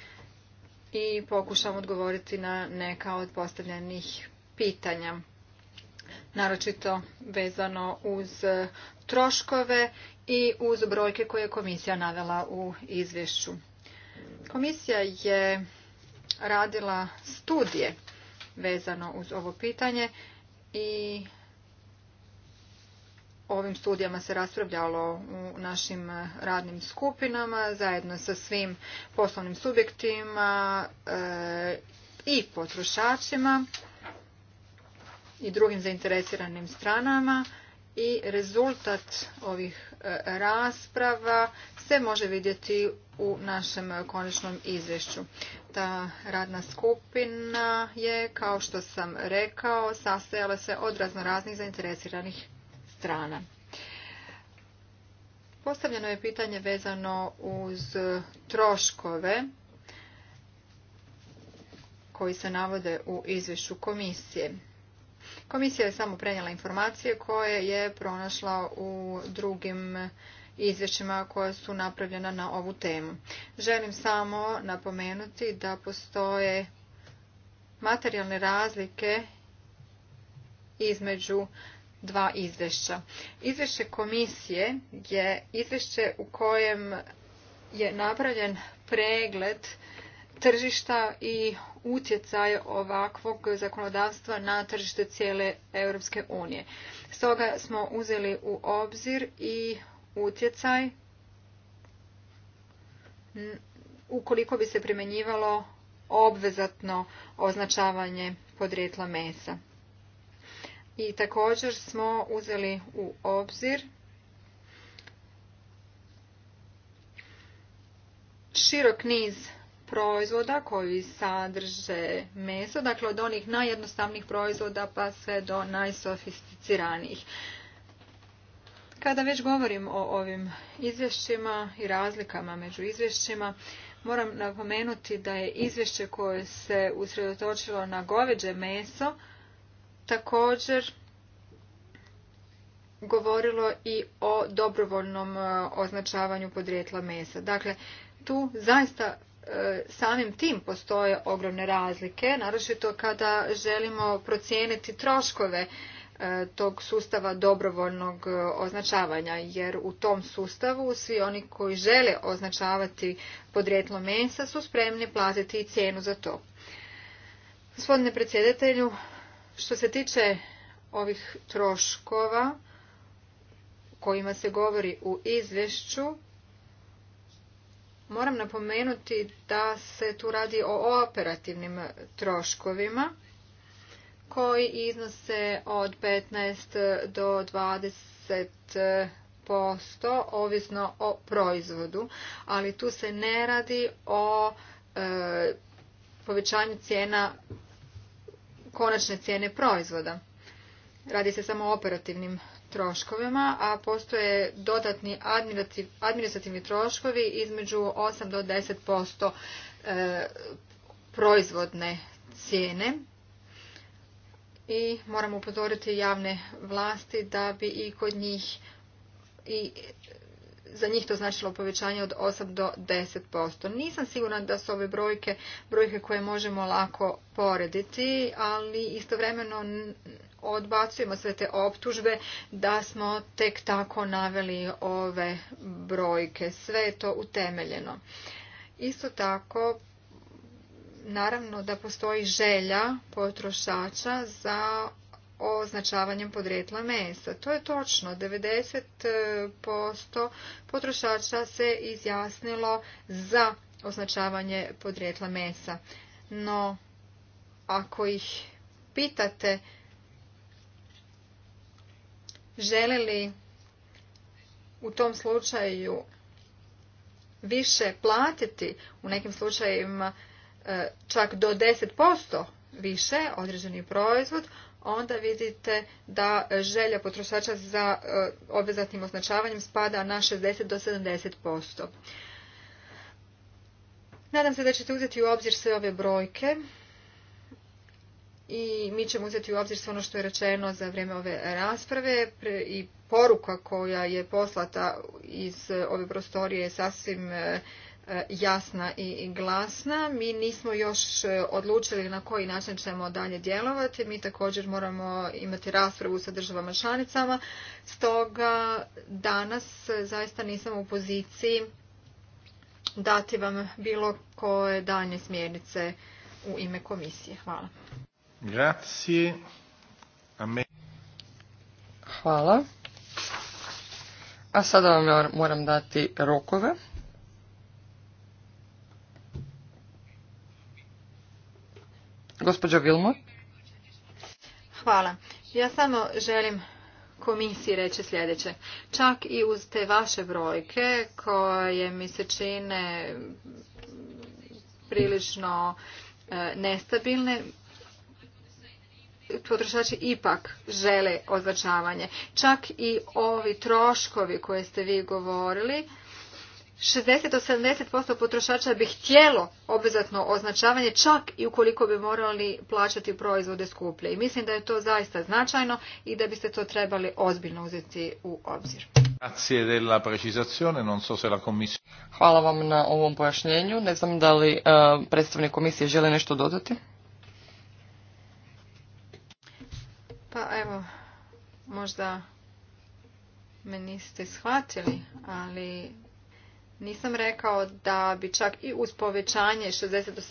i pokušam odgovoriti na neka od postavljenih pitanja naročito vezano uz troškove i uz brojke koje je komisija navela u izvješću. Komisija je radila studije vezano uz ovo pitanje i ovim studijama se raspravljalo u našim radnim skupinama zajedno sa svim poslovnim subjektima e, i potrošačima i drugim zainteresiranim stranama i rezultat ovih e, rasprava se može vidjeti u našem konačnom izvješću. Ta radna skupina je, kao što sam rekao, sastojala se od raznih zainteresiranih strana. Postavljeno je pitanje vezano uz troškove koji se navode u izvješću komisije. Komisija je samo prenijela informacije koje je pronašla u drugim izvješćima koja su napravljena na ovu temu. Želim samo napomenuti da postoje materijalne razlike između dva izvješća. Izvješće komisije je izvješće u kojem je napravljen pregled tržišta i utjecaj ovakvog zakonodavstva na tržište cijele Europske unije. Stoga smo uzeli u obzir i utjecaj ukoliko bi se primjenjivalo obvezatno označavanje podrijetla mesa i također smo uzeli u obzir širok niz proizvoda koji sadrže meso, dakle od onih najjednostavnijih proizvoda pa sve do najsofisticiranijih. Kada već govorim o ovim izvješćima i razlikama među izvješćima, moram napomenuti da je izvješće koje se usredotočilo na goveđe meso također govorilo i o dobrovoljnom e, označavanju podrijetla mesa. Dakle, tu zaista e, samim tim postoje ogromne razlike, naročito kada želimo procijeniti troškove e, tog sustava dobrovoljnog označavanja, jer u tom sustavu svi oni koji žele označavati podrijetlo mesa su spremni platiti i cijenu za to. Gospodine predsjedatelju, što se tiče ovih troškova kojima se govori u izvješću, moram napomenuti da se tu radi o operativnim troškovima koji iznose od 15 do 20 ovisno o proizvodu ali tu se ne radi o e, povećanju cijena konačne cijene proizvoda. Radi se samo o operativnim troškovima, a postoje dodatni administrativni troškovi između 8 do 10% e, proizvodne cijene. I moramo upozoriti javne vlasti da bi i kod njih i za njih to značilo povećanje od 8 do 10%. Nisam sigurna da su ove brojke brojke koje možemo lako porediti, ali istovremeno odbacujemo sve te optužbe da smo tek tako naveli ove brojke. Sve je to utemeljeno. Isto tako, naravno da postoji želja potrošača za označavanjem podrijetla mesa. To je točno, 90% potrošača se izjasnilo za označavanje podrijetla mesa. No, ako ih pitate žele li u tom slučaju više platiti, u nekim slučajevima e, čak do 10% više određeni proizvod, onda vidite da želja potrošača za e, obvezatnim označavanjem spada na 60 do 70%. Nadam se da ćete uzeti u obzir sve ove brojke i mi ćemo uzeti u obzir sve ono što je rečeno za vrijeme ove rasprave i poruka koja je poslata iz ove prostorije je sasvim e, E, jasna i glasna. Mi nismo još e, odlučili na koji način ćemo dalje djelovati. Mi također moramo imati raspravu sa državama članicama. Stoga danas e, zaista nisam u poziciji dati vam bilo koje daljnje smjernice u ime komisije. Hvala. Grazie. Hvala. A sada vam moram dati rokove. Gospođo Vilmor. Hvala. Ja samo želim komisiji reći sljedeće. Čak i uz te vaše brojke koje mi se čine prilično e, nestabilne, potrošači ipak žele označavanje. Čak i ovi troškovi koje ste vi govorili, 60-70% potrošača bi htjelo obvezatno označavanje čak i ukoliko bi morali plaćati proizvode skuplje. I mislim da je to zaista značajno i da biste to trebali ozbiljno uzeti u obzir. Hvala vam na ovom pojašnjenju. Ne znam da li e, predstavnik komisije želi nešto dodati. Pa evo, možda me niste shvatili, ali nisam rekao da bi čak i uz povećanje 60 do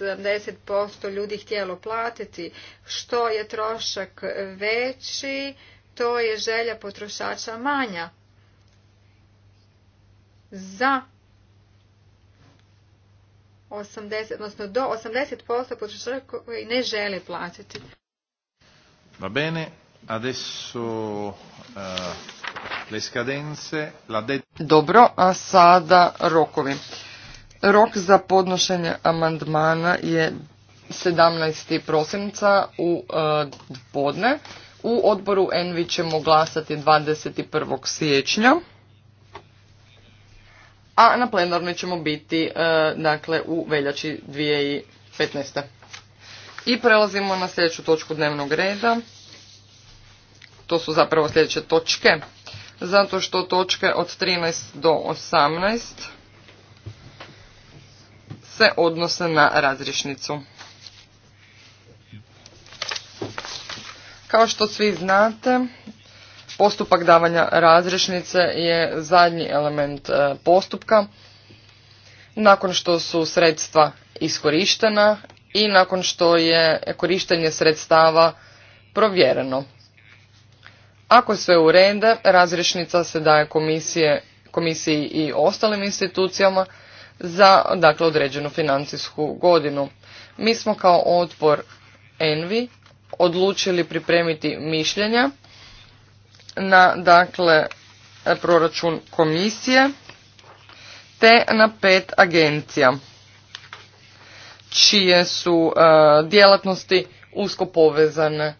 70% ljudi htjelo platiti. Što je trošak veći, to je želja potrošača manja. Za 80, odnosno do 80% potrošača koji ne žele platiti. Va bene, adesso uh le Dobro, a sada rokovi. Rok za podnošenje amandmana je 17. prosinca u e, podne. U odboru Envi ćemo glasati 21. siječnja. A na plenarnoj ćemo biti e, dakle, u veljači 2015. I prelazimo na sljedeću točku dnevnog reda. To su zapravo sljedeće točke zato što točke od 13 do 18 se odnose na razrišnicu. Kao što svi znate, postupak davanja razrišnice je zadnji element e, postupka. Nakon što su sredstva iskorištena i nakon što je korištenje sredstava provjereno. Ako sve urede, razrješnica se daje komisije, komisiji i ostalim institucijama za dakle, određenu financijsku godinu. Mi smo kao odbor ENVI odlučili pripremiti mišljenja na dakle, proračun komisije te na pet agencija čije su e, djelatnosti usko povezane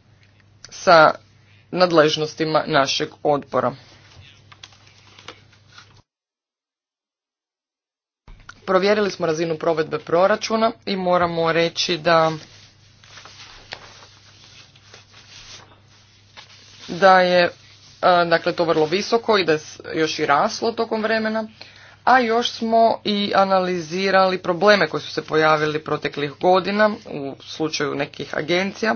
sa nadležnostima našeg odbora. Provjerili smo razinu provedbe proračuna i moramo reći da da je e, dakle to vrlo visoko i da je još i raslo tokom vremena, a još smo i analizirali probleme koji su se pojavili proteklih godina u slučaju nekih agencija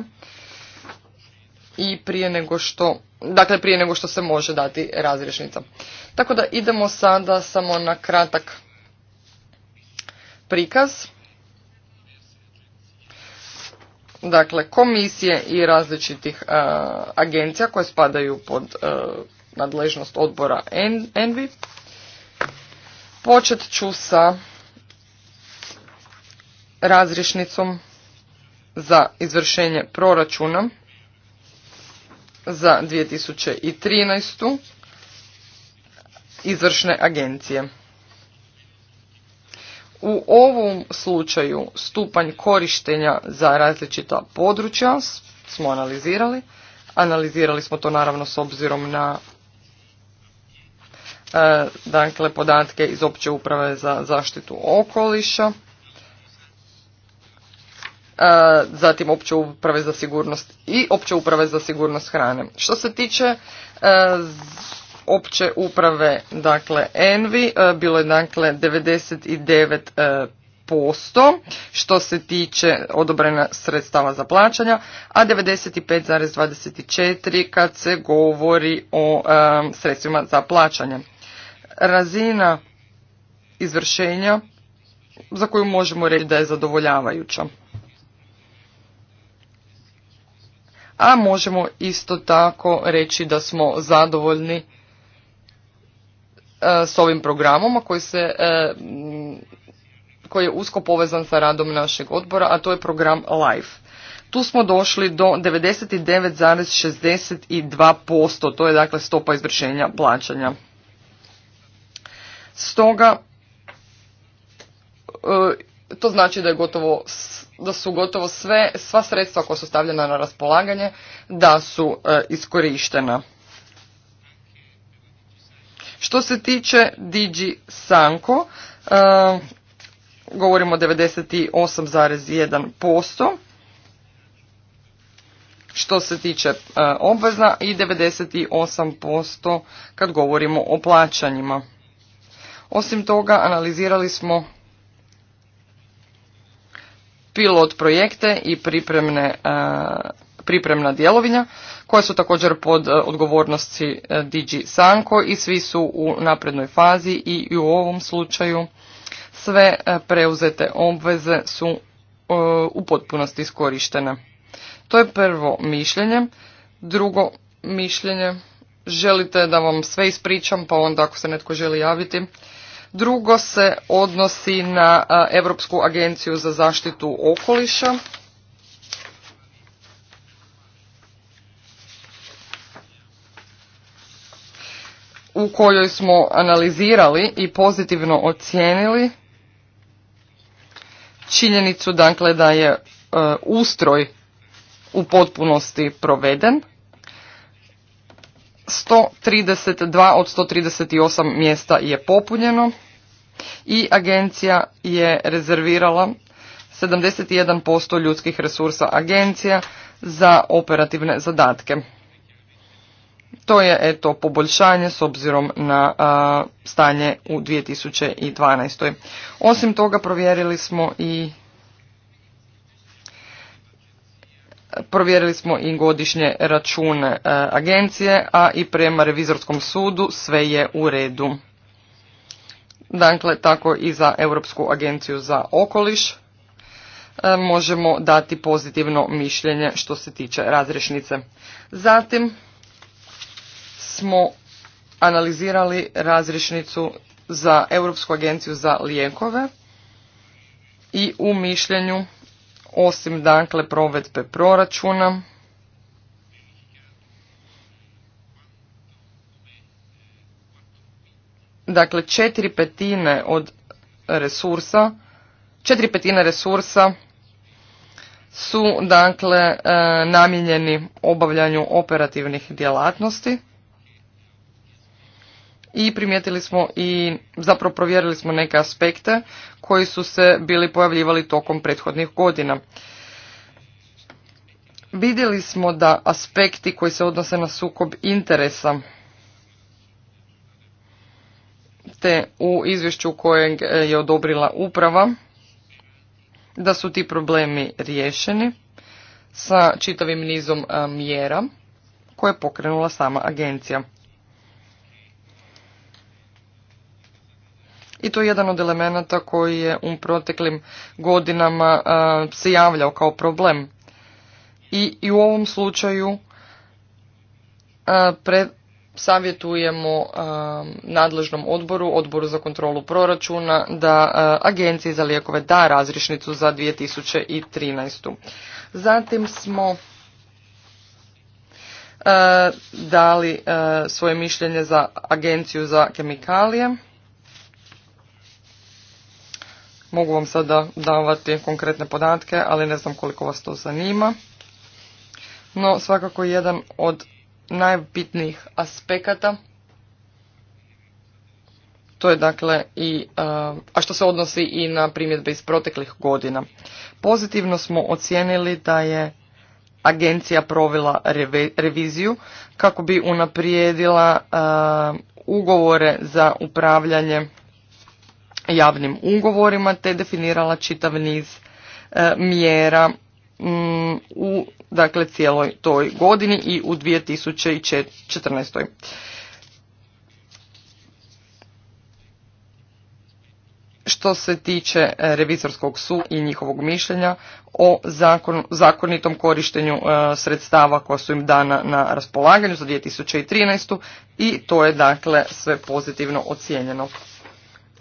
i prije nego što, dakle prije nego što se može dati razrješnica. Tako da idemo sada samo na kratak prikaz. Dakle, komisije i različitih e, agencija koje spadaju pod e, nadležnost odbora en Envi. Počet ću sa razrješnicom za izvršenje proračuna za 2013. izvršne agencije. U ovom slučaju stupanj korištenja za različita područja smo analizirali. Analizirali smo to naravno s obzirom na e, dakle, podatke iz opće uprave za zaštitu okoliša E, zatim opće uprave za sigurnost i opće uprave za sigurnost hrane. Što se tiče e, opće uprave, dakle Envi, e, bilo je dakle 99 posto što se tiče odobrena sredstava za plaćanja, a 95,24 kad se govori o sredstvima za plaćanje. Razina izvršenja za koju možemo reći da je zadovoljavajuća. a možemo isto tako reći da smo zadovoljni e, s ovim programom koji se e, koji je usko povezan sa radom našeg odbora, a to je program LIFE. Tu smo došli do 99,62%, to je dakle stopa izvršenja plaćanja. Stoga e, to znači da, je gotovo, da su gotovo sve, sva sredstva koja su stavljena na raspolaganje da su e, iskorištena. Što se tiče Digi Sanko, e, govorimo o 98,1%. Što se tiče e, obvezna i 98% kad govorimo o plaćanjima. Osim toga, analizirali smo pilot projekte i pripremne, e, pripremna djelovinja koja su također pod e, odgovornosti e, DG Sanko i svi su u naprednoj fazi i u ovom slučaju sve preuzete obveze su u potpunosti iskorištene. To je prvo mišljenje. Drugo mišljenje, želite da vam sve ispričam, pa onda ako se netko želi javiti, drugo se odnosi na Europsku agenciju za zaštitu okoliša. u kojoj smo analizirali i pozitivno ocijenili činjenicu dakle da je ustroj u potpunosti proveden 132 od 138 mjesta je popunjeno i agencija je rezervirala 71% ljudskih resursa agencija za operativne zadatke. To je eto poboljšanje s obzirom na stanje u 2012. Osim toga provjerili smo i Provjerili smo i godišnje račune e, agencije, a i prema revizorskom sudu sve je u redu. Dakle, tako i za Europsku agenciju za okoliš e, možemo dati pozitivno mišljenje što se tiče razrešnice. Zatim smo analizirali razrešnicu za Europsku agenciju za lijekove i u mišljenju osim dakle provedbe proračuna. Dakle, četiri petine od resursa, četiri petine resursa su dakle e, namijenjeni obavljanju operativnih djelatnosti i primijetili smo i zapravo provjerili smo neke aspekte koji su se bili pojavljivali tokom prethodnih godina. Vidjeli smo da aspekti koji se odnose na sukob interesa te u izvješću kojeg je odobrila uprava da su ti problemi riješeni sa čitavim nizom mjera koje je pokrenula sama agencija. i to je jedan od elemenata koji je u proteklim godinama se javljao kao problem. I, i u ovom slučaju savjetujemo nadležnom odboru, odboru za kontrolu proračuna, da agenciji za lijekove da razrišnicu za 2013. Zatim smo dali svoje mišljenje za agenciju za kemikalije. Mogu vam sada davati konkretne podatke, ali ne znam koliko vas to zanima. No, svakako jedan od najbitnijih aspekata to je dakle i, e, a što se odnosi i na primjedbe iz proteklih godina. Pozitivno smo ocijenili da je agencija provela reviziju kako bi unaprijedila e, ugovore za upravljanje javnim ugovorima te definirala čitav niz e, mjera mm, u dakle cijeloj toj godini i u 2014. Što se tiče e, revizorskog su i njihovog mišljenja o zakonitom korištenju e, sredstava koja su im dana na raspolaganju za 2013. i to je dakle sve pozitivno ocijenjeno.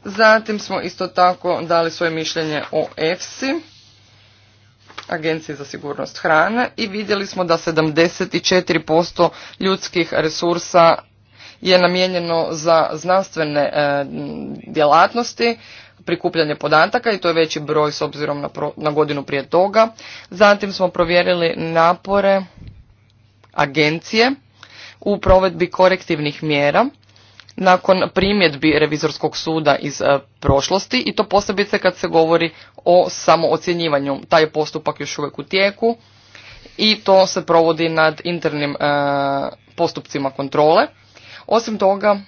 Zatim smo isto tako dali svoje mišljenje o EFSI, Agenciji za sigurnost hrane, i vidjeli smo da 74% ljudskih resursa je namijenjeno za znanstvene e, djelatnosti, prikupljanje podataka i to je veći broj s obzirom na, na godinu prije toga. Zatim smo provjerili napore agencije u provedbi korektivnih mjera nakon primjedbi revizorskog suda iz e, prošlosti i to posebice kad se govori o samoocjenjivanju. Taj je postupak još uvijek u tijeku i to se provodi nad internim e, postupcima kontrole. Osim toga,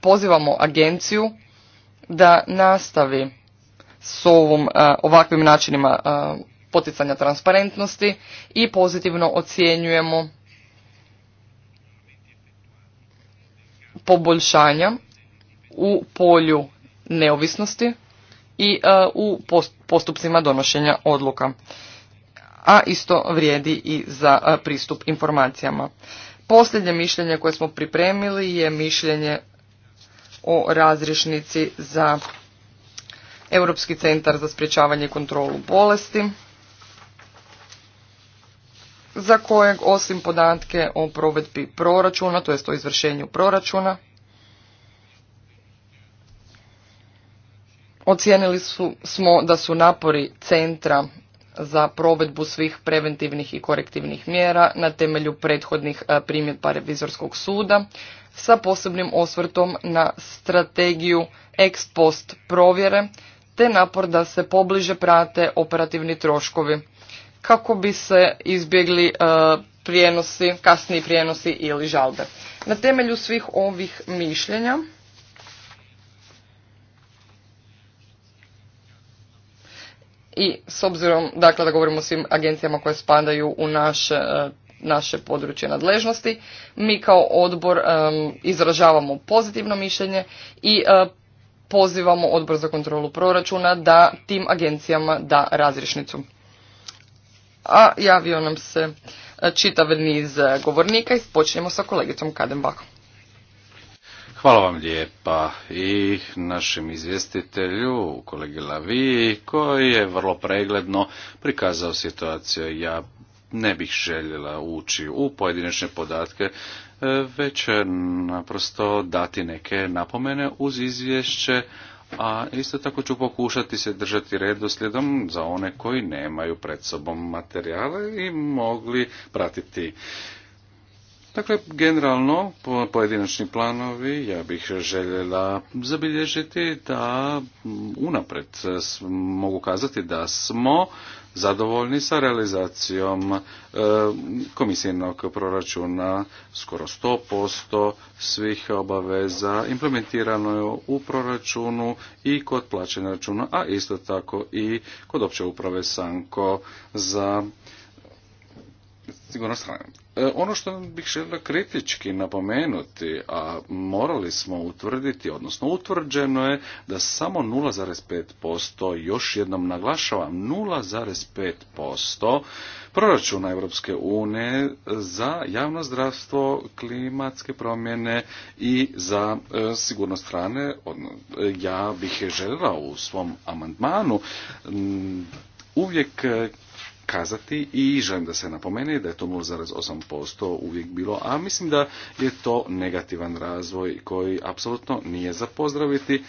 pozivamo agenciju da nastavi s ovom, e, ovakvim načinima poticanja transparentnosti i pozitivno ocjenjujemo poboljšanja u polju neovisnosti i e, u postupcima donošenja odluka. A isto vrijedi i za e, pristup informacijama. Posljednje mišljenje koje smo pripremili je mišljenje o razrišnici za Europski centar za sprječavanje i kontrolu bolesti za kojeg osim podatke o provedbi proračuna, to jest o izvršenju proračuna, ocijenili smo da su napori centra za provedbu svih preventivnih i korektivnih mjera na temelju prethodnih e, primjedba revizorskog suda sa posebnim osvrtom na strategiju ex post provjere te napor da se pobliže prate operativni troškovi kako bi se izbjegli e, prijenosi, kasniji prijenosi ili žalbe. Na temelju svih ovih mišljenja i s obzirom, dakle da govorimo o svim agencijama koje spadaju u naše, e, naše područje nadležnosti, mi kao odbor e, izražavamo pozitivno mišljenje i pozivamo odbor za kontrolu proračuna da tim agencijama da razrišnicu a javio nam se e, čitav niz e, govornika i počinjemo sa kolegicom Kadenbakom. Hvala vam lijepa i našem izvjestitelju, kolegi Lavi, koji je vrlo pregledno prikazao situaciju. Ja ne bih željela ući u pojedinačne podatke, e, već naprosto dati neke napomene uz izvješće a isto tako ću pokušati se držati redoslijedom za one koji nemaju pred sobom materijale i mogli pratiti. Dakle, generalno, po pojedinačni planovi, ja bih željela zabilježiti da unapred mogu kazati da smo zadovoljni sa realizacijom e, komisijenog proračuna skoro 100% svih obaveza implementirano je u proračunu i kod plaćanja računa, a isto tako i kod opće uprave Sanko za sigurnost hrane. E, ono što bih želio kritički napomenuti, a morali smo utvrditi, odnosno utvrđeno je da samo 0,5%, još jednom naglašavam, 0,5% proračuna Europske unije za javno zdravstvo, klimatske promjene i za e, sigurnost hrane. Ja bih je želila u svom amandmanu uvijek kazati i želim da se napomeni da je to 0,8% uvijek bilo, a mislim da je to negativan razvoj koji apsolutno nije za pozdraviti.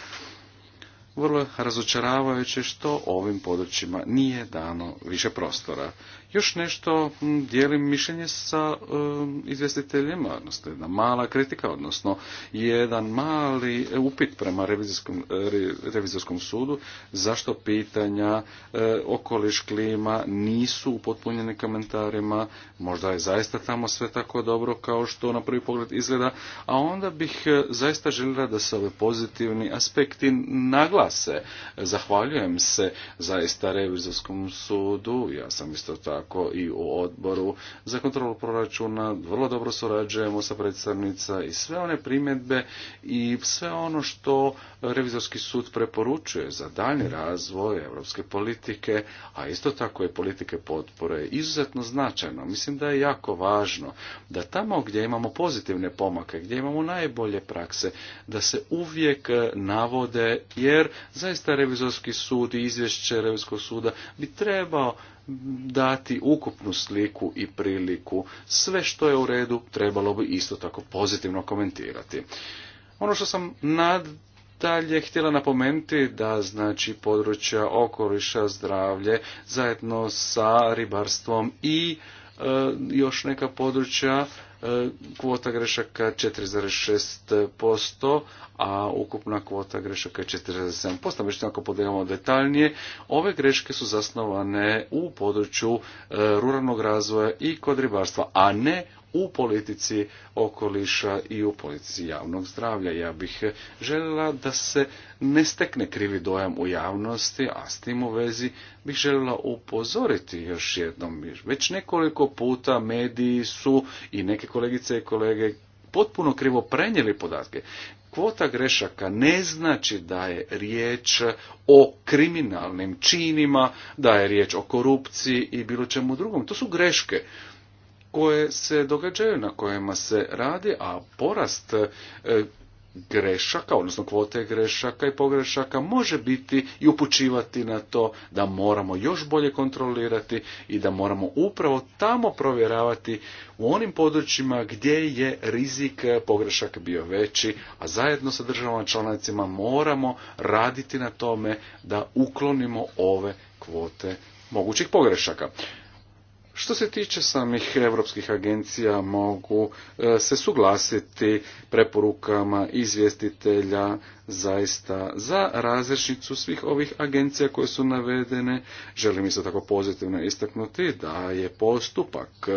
Vrlo razočaravajuće što ovim područjima nije dano više prostora. Još nešto dijelim mišljenje sa um, izvjestiteljima, odnosno jedna mala kritika, odnosno jedan mali upit prema revizorskom, revizorskom sudu zašto pitanja e, okoliš klima nisu upotpunjeni komentarima, možda je zaista tamo sve tako dobro kao što na prvi pogled izgleda, a onda bih e, zaista željela da se ove pozitivni aspekti naglase. Zahvaljujem se zaista revizorskom sudu, ja sam isto tako tako i u odboru za kontrolu proračuna. Vrlo dobro surađujemo sa predstavnica i sve one primjedbe i sve ono što revizorski sud preporučuje za daljnji razvoj europske politike, a isto tako i politike potpore izuzetno značajno. Mislim da je jako važno da tamo gdje imamo pozitivne pomake, gdje imamo najbolje prakse, da se uvijek navode, jer zaista revizorski sud i izvješće revizorskog suda bi trebao dati ukupnu sliku i priliku. Sve što je u redu trebalo bi isto tako pozitivno komentirati. Ono što sam nadalje htjela napomenuti da znači područja okoliša, zdravlje zajedno sa ribarstvom i E, još neka područja e, kvota grešaka 4,6%, a ukupna kvota grešaka je 4,7%. Međutim, ako podijelimo detaljnije, ove greške su zasnovane u području e, ruralnog razvoja i kod ribarstva, a ne u politici okoliša i u politici javnog zdravlja. Ja bih željela da se ne stekne krivi dojam u javnosti, a s tim u vezi bih željela upozoriti još jednom. Već nekoliko puta mediji su i neke kolegice i kolege potpuno krivo prenijeli podatke. Kvota grešaka ne znači da je riječ o kriminalnim činima, da je riječ o korupciji i bilo čemu drugom. To su greške koje se događaju, na kojima se radi, a porast e, grešaka, odnosno kvote grešaka i pogrešaka može biti i upućivati na to da moramo još bolje kontrolirati i da moramo upravo tamo provjeravati u onim područjima gdje je rizik pogrešaka bio veći, a zajedno sa državama članicima moramo raditi na tome da uklonimo ove kvote mogućih pogrešaka. Što se tiče samih europskih agencija, mogu e, se suglasiti preporukama izvjestitelja zaista za različnicu svih ovih agencija koje su navedene. Želim isto tako pozitivno istaknuti da je postupak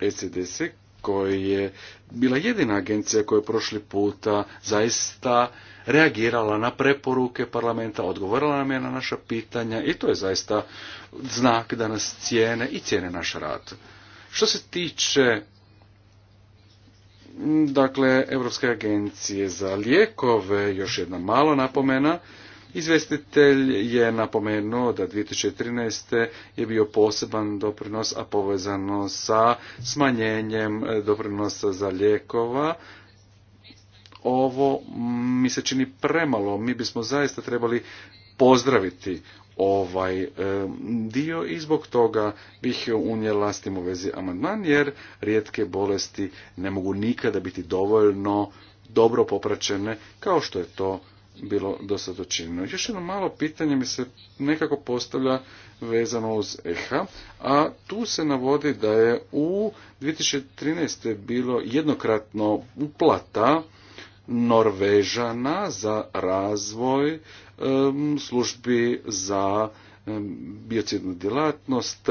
ECDC e koji je bila jedina agencija koja je prošli puta zaista reagirala na preporuke parlamenta, odgovorila nam je na naša pitanja i to je zaista znak da nas cijene i cijene naš rad. Što se tiče dakle, Europske agencije za lijekove, još jedna malo napomena, Izvestitelj je napomenuo da 2013. je bio poseban doprinos, a povezano sa smanjenjem doprinosa za lijekova ovo mi se čini premalo. Mi bismo zaista trebali pozdraviti ovaj dio i zbog toga bih unijela s tim u vezi amandman jer rijetke bolesti ne mogu nikada biti dovoljno dobro popraćene kao što je to bilo do sada Još jedno malo pitanje mi se nekako postavlja vezano uz EHA, a tu se navodi da je u 2013. bilo jednokratno uplata Norvežana za razvoj službi za biocidnu djelatnost.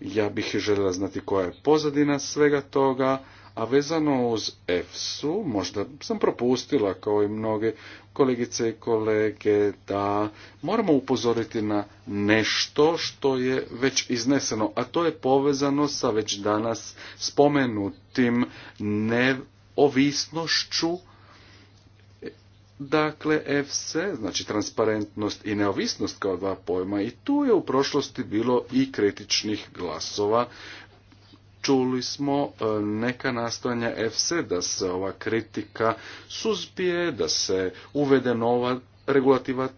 Ja bih željela znati koja je pozadina svega toga, a vezano uz EFSU, možda sam propustila kao i mnoge kolegice i kolege da moramo upozoriti na nešto što je već izneseno, a to je povezano sa već danas spomenutim neovisnošću Dakle, FC, znači transparentnost i neovisnost kao dva pojma i tu je u prošlosti bilo i kritičnih glasova. Čuli smo e, neka nastojanja FC da se ova kritika suzbije, da se uvede nova regulativa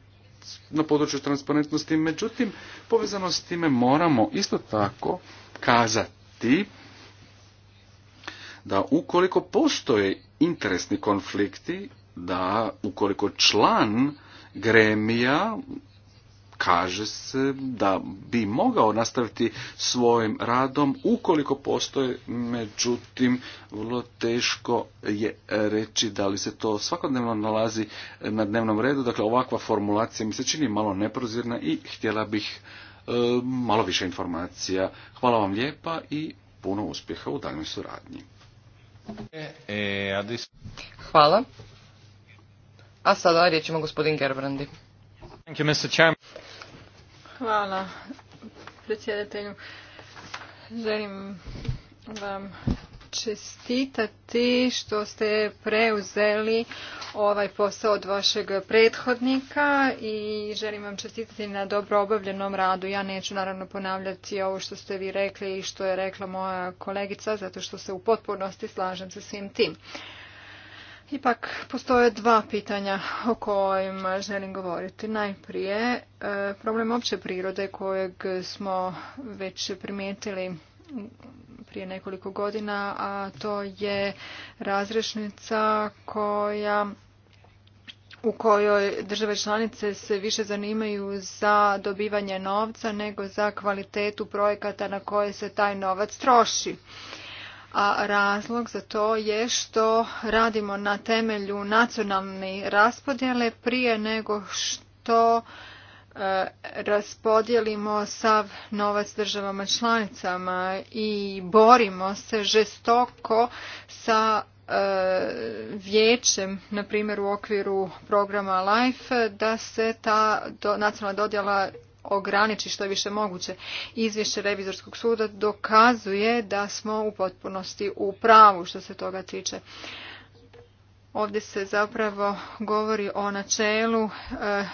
na području transparentnosti. Međutim, povezano s time moramo isto tako kazati da ukoliko postoje interesni konflikti da ukoliko član gremija kaže se da bi mogao nastaviti svojim radom ukoliko postoje, međutim vrlo teško je reći da li se to svakodnevno nalazi na dnevnom redu, dakle ovakva formulacija mi se čini malo neprozirna i htjela bih e, malo više informacija. Hvala vam lijepa i puno uspjeha u daljnjoj suradnji. E, e, Hvala. A sada riječ ima gospodin Gerbrandi. Hvala predsjedatelju. Želim vam čestitati što ste preuzeli ovaj posao od vašeg prethodnika i želim vam čestitati na dobro obavljenom radu. Ja neću naravno ponavljati ovo što ste vi rekli i što je rekla moja kolegica zato što se u potpunosti slažem sa svim tim. Ipak postoje dva pitanja o kojima želim govoriti. Najprije e, problem opće prirode kojeg smo već primijetili prije nekoliko godina, a to je razrešnica koja u kojoj države članice se više zanimaju za dobivanje novca nego za kvalitetu projekata na koje se taj novac troši a razlog za to je što radimo na temelju nacionalne raspodjele prije nego što e, raspodijelimo sav novac državama članicama i borimo se žestoko sa e, vijećem, na primjer u okviru programa LIFE, da se ta nacionalna dodjela ograniči što je više moguće. Izvješće revizorskog suda dokazuje da smo u potpunosti u pravu što se toga tiče. Ovdje se zapravo govori o načelu eh,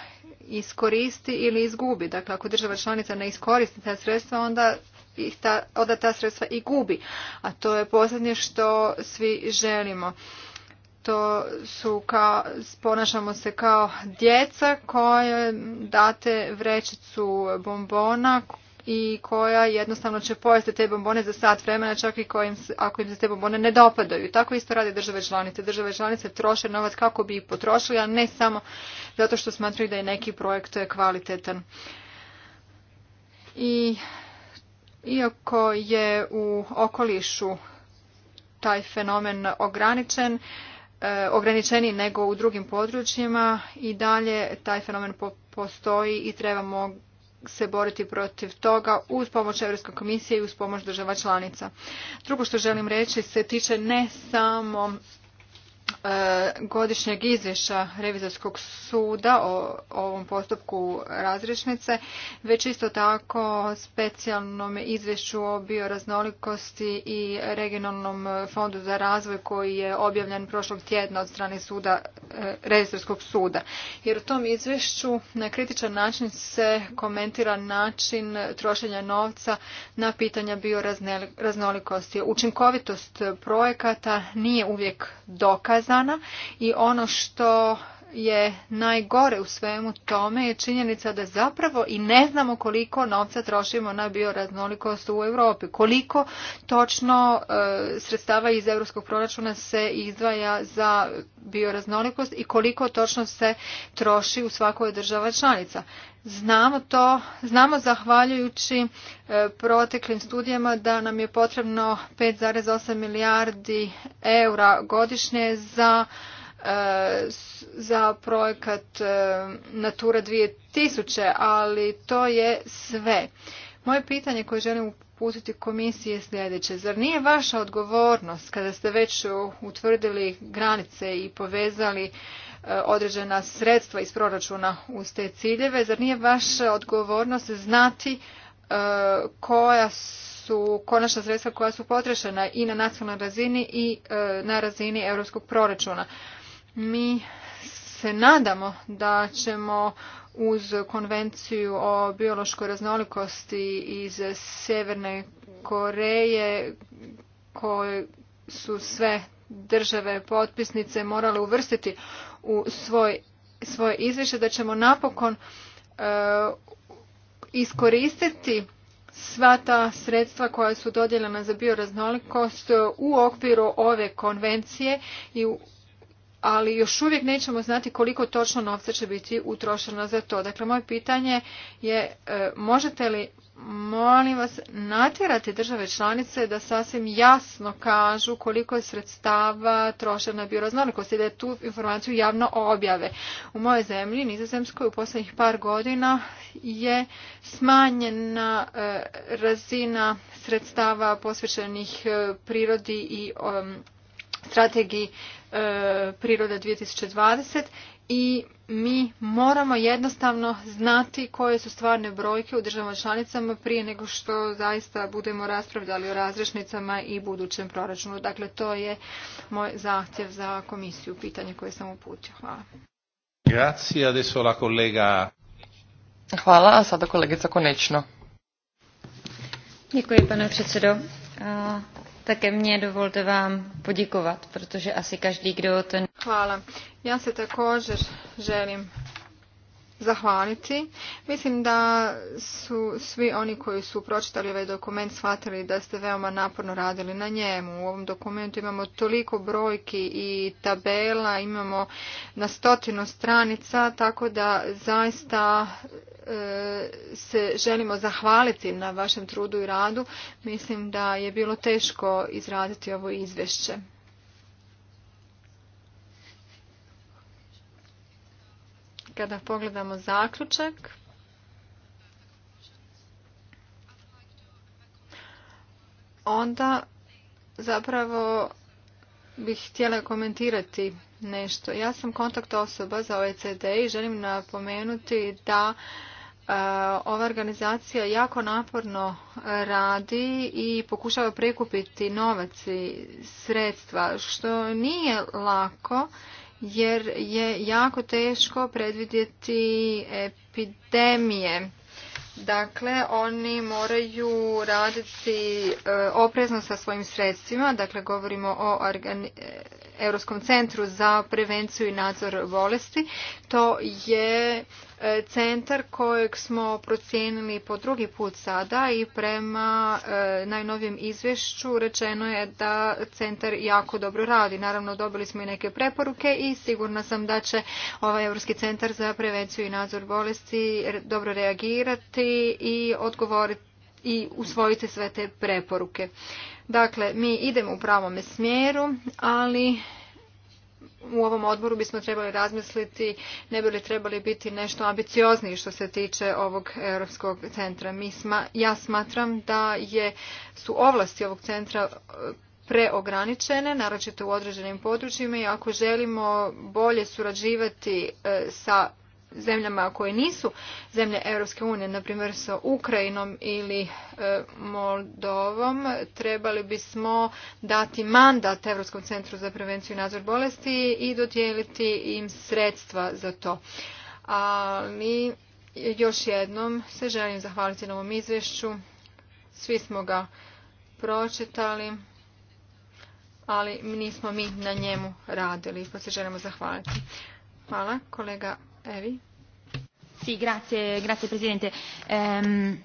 iskoristi ili izgubi. Dakle, ako država članica ne iskoristi ta sredstva, onda ih ta, onda ta sredstva i gubi. A to je posljednje što svi želimo to su kao, ponašamo se kao djeca koje date vrećicu bombona i koja jednostavno će pojesti te bombone za sat vremena čak i ako im se te bombone ne dopadaju. Tako isto rade države članice. Države članice troše novac kako bi ih potrošili, a ne samo zato što smatraju da je neki projekt kvalitetan. I iako je u okolišu taj fenomen ograničen, E, ograničeni nego u drugim područjima i dalje taj fenomen postoji i trebamo se boriti protiv toga uz pomoć Europske komisije i uz pomoć država članica. Drugo što želim reći se tiče ne samo E, godišnjeg izvješća revizorskog suda o ovom postupku razrešnice, već isto tako specijalnom izvješću o bioraznolikosti i regionalnom fondu za razvoj koji je objavljen prošlog tjedna od strane suda, e, revizorskog suda. Jer u tom izvješću na kritičan način se komentira način trošenja novca na pitanja bioraznolikosti. Učinkovitost projekata nije uvijek dokaz povezana i ono što je najgore u svemu tome je činjenica da zapravo i ne znamo koliko novca trošimo na bioraznolikost u Europi. Koliko točno e, sredstava iz europskog proračuna se izdvaja za bioraznolikost i koliko točno se troši u svakoj od država članica. Znamo to, znamo zahvaljujući e, proteklim studijama da nam je potrebno 5,8 milijardi eura godišnje za za projekat e, Natura 2000, ali to je sve. Moje pitanje koje želim uputiti komisiji je sljedeće. Zar nije vaša odgovornost kada ste već utvrdili granice i povezali e, određena sredstva iz proračuna uz te ciljeve, zar nije vaša odgovornost znati e, koja su konačna sredstva koja su potrešena i na nacionalnoj razini i na razini europskog proračuna. Mi se nadamo da ćemo uz konvenciju o biološkoj raznolikosti iz Sjeverne Koreje koje su sve države potpisnice morale uvrstiti u svoj, svoje izvješće da ćemo napokon e, iskoristiti sva ta sredstva koja su dodjeljena za bioraznolikost u okviru ove konvencije i u ali još uvijek nećemo znati koliko točno novca će biti utrošeno za to. Dakle, moje pitanje je e, možete li, molim vas, natjerati države članice da sasvim jasno kažu koliko je sredstava trošeno na bioraznolikost da tu informaciju javno objave. U mojoj zemlji, Nizozemskoj, u posljednjih par godina je smanjena e, razina sredstava posvećenih e, prirodi i strategiji e, Priroda 2020 i mi moramo jednostavno znati koje su stvarne brojke u državama članicama prije nego što zaista budemo raspravljali o razrešnicama i budućem proračunu. Dakle, to je moj zahtjev za komisiju, pitanje koje sam uputio. Hvala. Grazie, adesso la collega. Hvala, a sada kolegica Konečno. Také mě dovolte vám poděkovat, protože asi každý, kdo ten... Hvala. Ja se također želim zahvaliti. Mislim da su svi oni koji su pročitali ovaj dokument shvatili da ste veoma naporno radili na njemu. U ovom dokumentu imamo toliko brojki i tabela, imamo na stotinu stranica, tako da zaista E, se želimo zahvaliti na vašem trudu i radu. Mislim da je bilo teško izraditi ovo izvješće. Kada pogledamo zaključak, onda zapravo bih htjela komentirati nešto. Ja sam kontakt osoba za OECD i želim napomenuti da E, ova organizacija jako naporno radi i pokušava prekupiti novac i sredstva, što nije lako jer je jako teško predvidjeti epidemije. Dakle, oni moraju raditi e, oprezno sa svojim sredstvima, dakle govorimo o Europskom centru za prevenciju i nadzor bolesti. To je e, centar kojeg smo procijenili po drugi put sada i prema e, najnovijem izvješću rečeno je da centar jako dobro radi. Naravno dobili smo i neke preporuke i sigurna sam da će ovaj Europski centar za prevenciju i nadzor bolesti dobro reagirati i odgovoriti i usvojiti sve te preporuke. Dakle, mi idemo u pravome smjeru, ali u ovom odboru bismo trebali razmisliti ne bi li trebali biti nešto ambiciozniji što se tiče ovog Europskog centra. ja smatram da je, su ovlasti ovog centra e, preograničene, naročito u određenim područjima i ako želimo bolje surađivati e, sa zemljama koje nisu zemlje Europske unije, na primjer sa Ukrajinom ili e, Moldovom, trebali bismo dati mandat Europskom centru za prevenciju i nadzor bolesti i dodijeliti im sredstva za to. Ali još jednom se želim zahvaliti na ovom izvješću. Svi smo ga pročitali, ali nismo mi na njemu radili, pa se želimo zahvaliti. Hvala, kolega Evi. Sì, grazie, grazie Presidente. Ehm,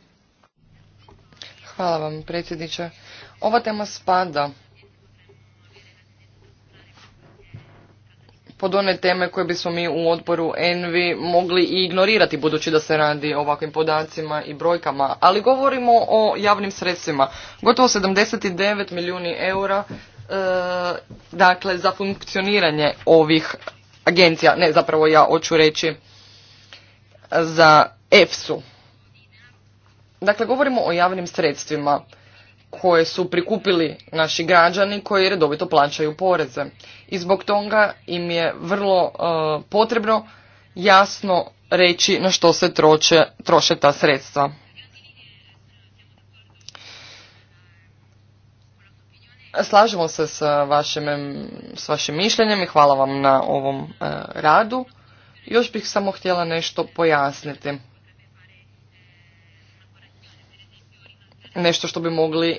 Hvala vam, predsjedniče. Ova tema spada pod one teme koje bismo mi u odboru Envi mogli i ignorirati budući da se radi o ovakvim podacima i brojkama, ali govorimo o javnim sredstvima. Gotovo 79 milijuni eura e, dakle za funkcioniranje ovih agencija, ne zapravo ja hoću reći e, za EFSU. Dakle, govorimo o javnim sredstvima koje su prikupili naši građani koji redovito plaćaju poreze. I zbog toga im je vrlo e, potrebno jasno reći na što se troče, troše ta sredstva. Slažemo se s vašim, s vašim mišljenjem i hvala vam na ovom e, radu. Još bih samo htjela nešto pojasniti. Nešto što bi mogli e,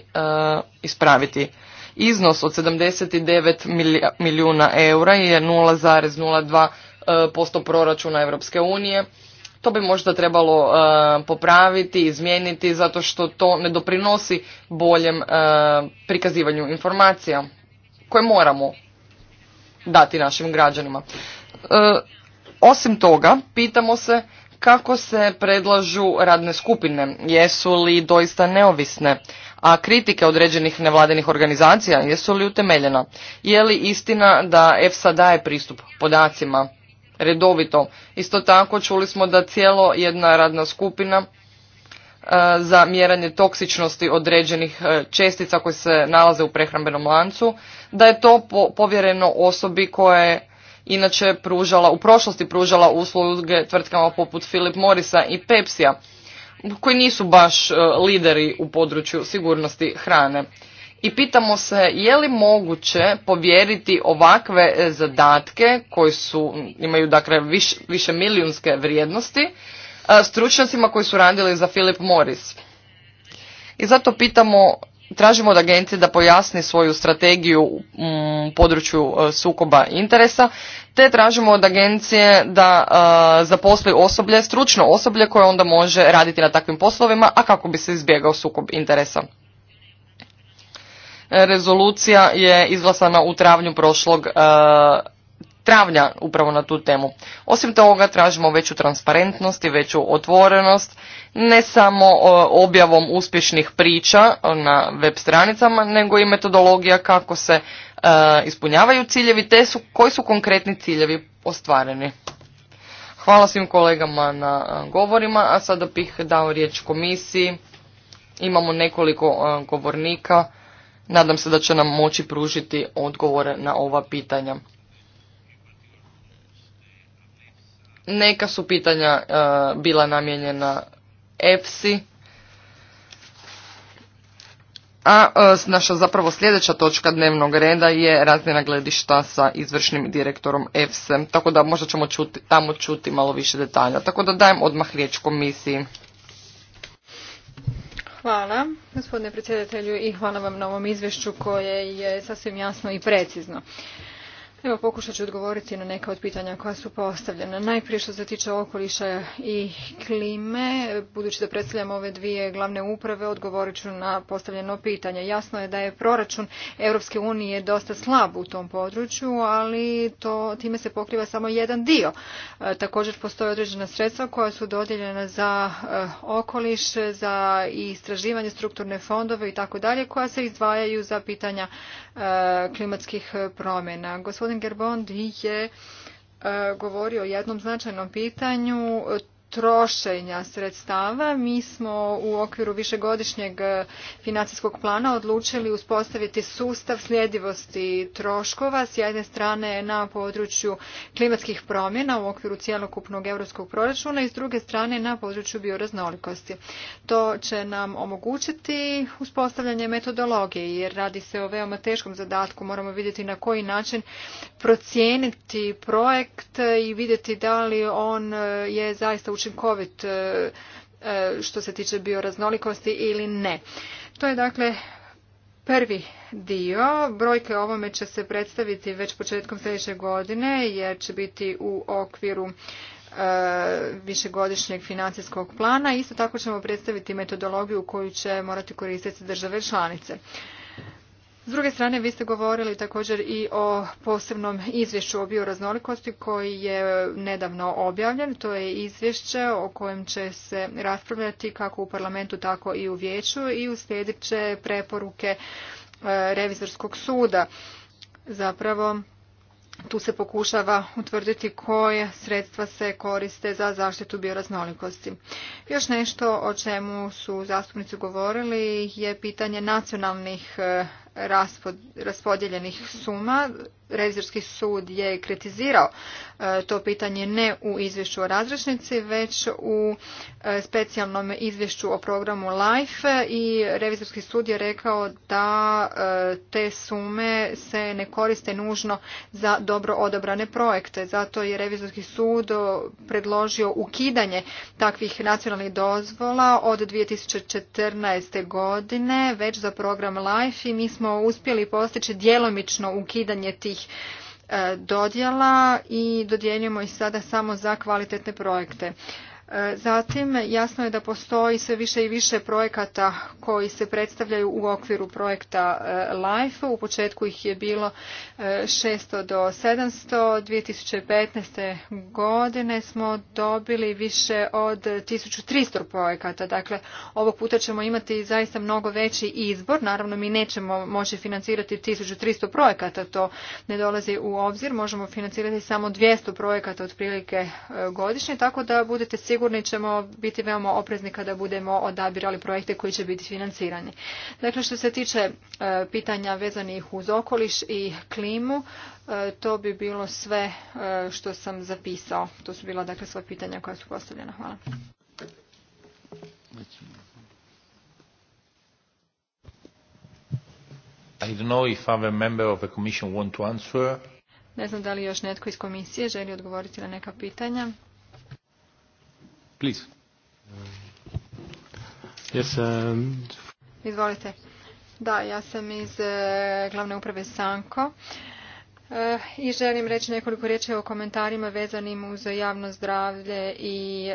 ispraviti. Iznos od 79 milijuna eura je 0,02% e, proračuna Europske unije to bi možda trebalo e, popraviti, izmijeniti, zato što to ne doprinosi boljem e, prikazivanju informacija koje moramo dati našim građanima. E, osim toga, pitamo se kako se predlažu radne skupine, jesu li doista neovisne, a kritike određenih nevladinih organizacija jesu li utemeljena, je li istina da EFSA daje pristup podacima, redovito. Isto tako čuli smo da cijelo jedna radna skupina e, za mjeranje toksičnosti određenih e, čestica koje se nalaze u prehrambenom lancu, da je to povjereno osobi koja je inače pružala, u prošlosti pružala usluge tvrtkama poput Philip Morrisa i Pepsija, koji nisu baš e, lideri u području sigurnosti hrane i pitamo se je li moguće povjeriti ovakve e, zadatke koji su, imaju dakle više milijunske vrijednosti e, stručnjacima koji su radili za Philip Morris. I zato pitamo, tražimo od agencije da pojasni svoju strategiju u mm, području e, sukoba interesa, te tražimo od agencije da zaposli osoblje, stručno osoblje koje onda može raditi na takvim poslovima, a kako bi se izbjegao sukob interesa. Rezolucija je izglasana u travnju prošlog e, travnja upravo na tu temu. Osim toga tražimo veću transparentnost i veću otvorenost, ne samo e, objavom uspješnih priča na web stranicama, nego i metodologija kako se e, ispunjavaju ciljevi, te su, koji su konkretni ciljevi ostvareni. Hvala svim kolegama na govorima, a sada bih dao riječ komisiji. Imamo nekoliko govornika Nadam se da će nam moći pružiti odgovore na ova pitanja. Neka su pitanja e, bila namijenjena EFSI, a e, naša zapravo sljedeća točka dnevnog reda je razmjena gledišta sa izvršnim direktorom EFSE, tako da možda ćemo čuti, tamo čuti malo više detalja. Tako da dajem odmah riječ komisiji. Hvala gospodine predsjedatelju i hvala vam na ovom izvješću koje je sasvim jasno i precizno. Evo pokušat ću odgovoriti na neka od pitanja koja su postavljena. Najprije što se tiče okoliša i klime, budući da predstavljam ove dvije glavne uprave, odgovorit ću na postavljeno pitanje. Jasno je da je proračun Europske unije dosta slab u tom području, ali to, time se pokriva samo jedan dio. E, također postoje određena sredstva koja su dodijeljena za e, okoliš, za istraživanje strukturne fondove i tako dalje, koja se izdvajaju za pitanja E, klimatskih promjena. Gospodin Gerbond je e, govorio o jednom značajnom pitanju, trošenja sredstava mi smo u okviru višegodišnjeg financijskog plana odlučili uspostaviti sustav sljedivosti troškova s jedne strane na području klimatskih promjena u okviru cjelokupnog europskog proračuna i s druge strane na području bioraznolikosti. To će nam omogućiti uspostavljanje metodologije jer radi se o veoma teškom zadatku. Moramo vidjeti na koji način procijeniti projekt i vidjeti da li on je zaista učinkovit e, e, što se tiče bioraznolikosti ili ne. To je dakle prvi dio. Brojke ovome će se predstaviti već početkom sljedeće godine jer će biti u okviru e, višegodišnjeg financijskog plana. Isto tako ćemo predstaviti metodologiju koju će morati koristiti države članice. S druge strane, vi ste govorili također i o posebnom izvješću o bioraznolikosti koji je nedavno objavljen. To je izvješće o kojem će se raspravljati kako u parlamentu, tako i u vijeću i u sljedeće preporuke e, revizorskog suda. Zapravo, tu se pokušava utvrditi koje sredstva se koriste za zaštitu bioraznolikosti. Još nešto o čemu su zastupnici govorili je pitanje nacionalnih e, raspodjeljenih suma. Revizorski sud je kritizirao e, to pitanje ne u izvješću o razrešnici, već u e, specijalnom izvješću o programu LIFE i Revizorski sud je rekao da e, te sume se ne koriste nužno za dobro odobrane projekte. Zato je Revizorski sud predložio ukidanje takvih nacionalnih dozvola od 2014. godine, već za program LIFE i mi smo smo uspjeli postići djelomično ukidanje tih e, dodjela i dodjeljujemo ih sada samo za kvalitetne projekte. Zatim, jasno je da postoji sve više i više projekata koji se predstavljaju u okviru projekta e, LIFE. U početku ih je bilo 600 e, do 700. 2015. godine smo dobili više od 1300 projekata. Dakle, ovog puta ćemo imati zaista mnogo veći izbor. Naravno, mi nećemo moći financirati 1300 projekata. To ne dolazi u obzir. Možemo financirati samo 200 projekata otprilike e, godišnje. Tako da budete sigurni sigurni ćemo biti veoma oprezni kada budemo odabirali projekte koji će biti financirani. Dakle, što se tiče e, pitanja vezanih uz okoliš i klimu, e, to bi bilo sve e, što sam zapisao. To su bila dakle sva pitanja koja su postavljena. Hvala. member of the commission want to answer. Ne znam da li još netko iz komisije želi odgovoriti na neka pitanja. Please. Yes, um... Izvolite. Da, ja sam iz eh, glavne uprave Sanko. Eh, i želim reći nekoliko riječi o komentarima vezanim uz javno zdravlje i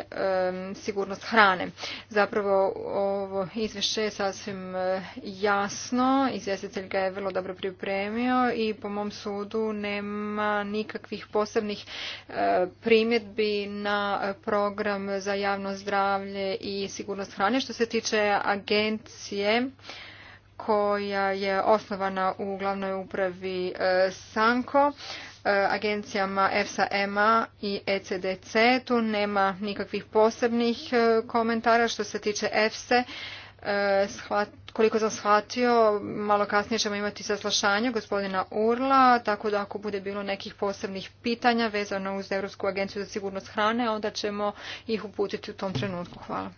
sigurnost hrane. Zapravo ovo izvješće je sasvim eh, jasno, izvjestitelj ga je vrlo dobro pripremio i po mom sudu nema nikakvih posebnih eh, primjedbi na program za javno zdravlje i sigurnost hrane. Što se tiče agencije, koja je osnovana u glavnoj upravi e, Sanko, e, agencijama EFSA, EMA i ECDC. Tu nema nikakvih posebnih e, komentara što se tiče EFSA. Koliko sam shvatio, malo kasnije ćemo imati saslašanje gospodina Urla, tako da ako bude bilo nekih posebnih pitanja vezano uz Europsku agenciju za sigurnost hrane, onda ćemo ih uputiti u tom trenutku. Hvala.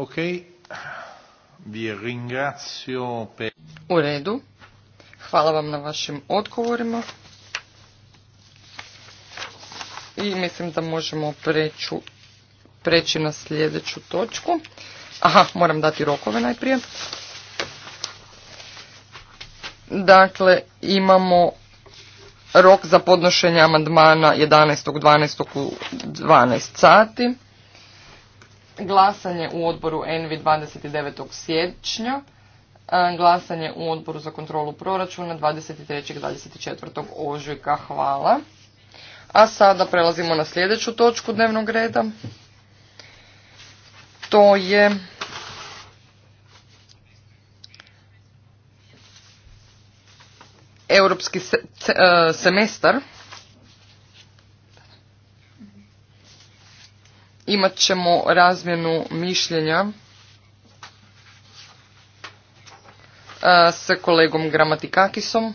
Ok, vi ringrazio U redu. Hvala vam na vašim odgovorima. I mislim da možemo preći na sljedeću točku. Aha, moram dati rokove najprije. Dakle, imamo rok za podnošenje amandmana 11.12. u 12 sati glasanje u odboru ENVI 29. siječnja, e, glasanje u odboru za kontrolu proračuna 23. i 24. ožujka. Hvala. A sada prelazimo na sljedeću točku dnevnog reda. To je europski e, semestar imat ćemo razmjenu mišljenja uh, s kolegom Gramatikakisom,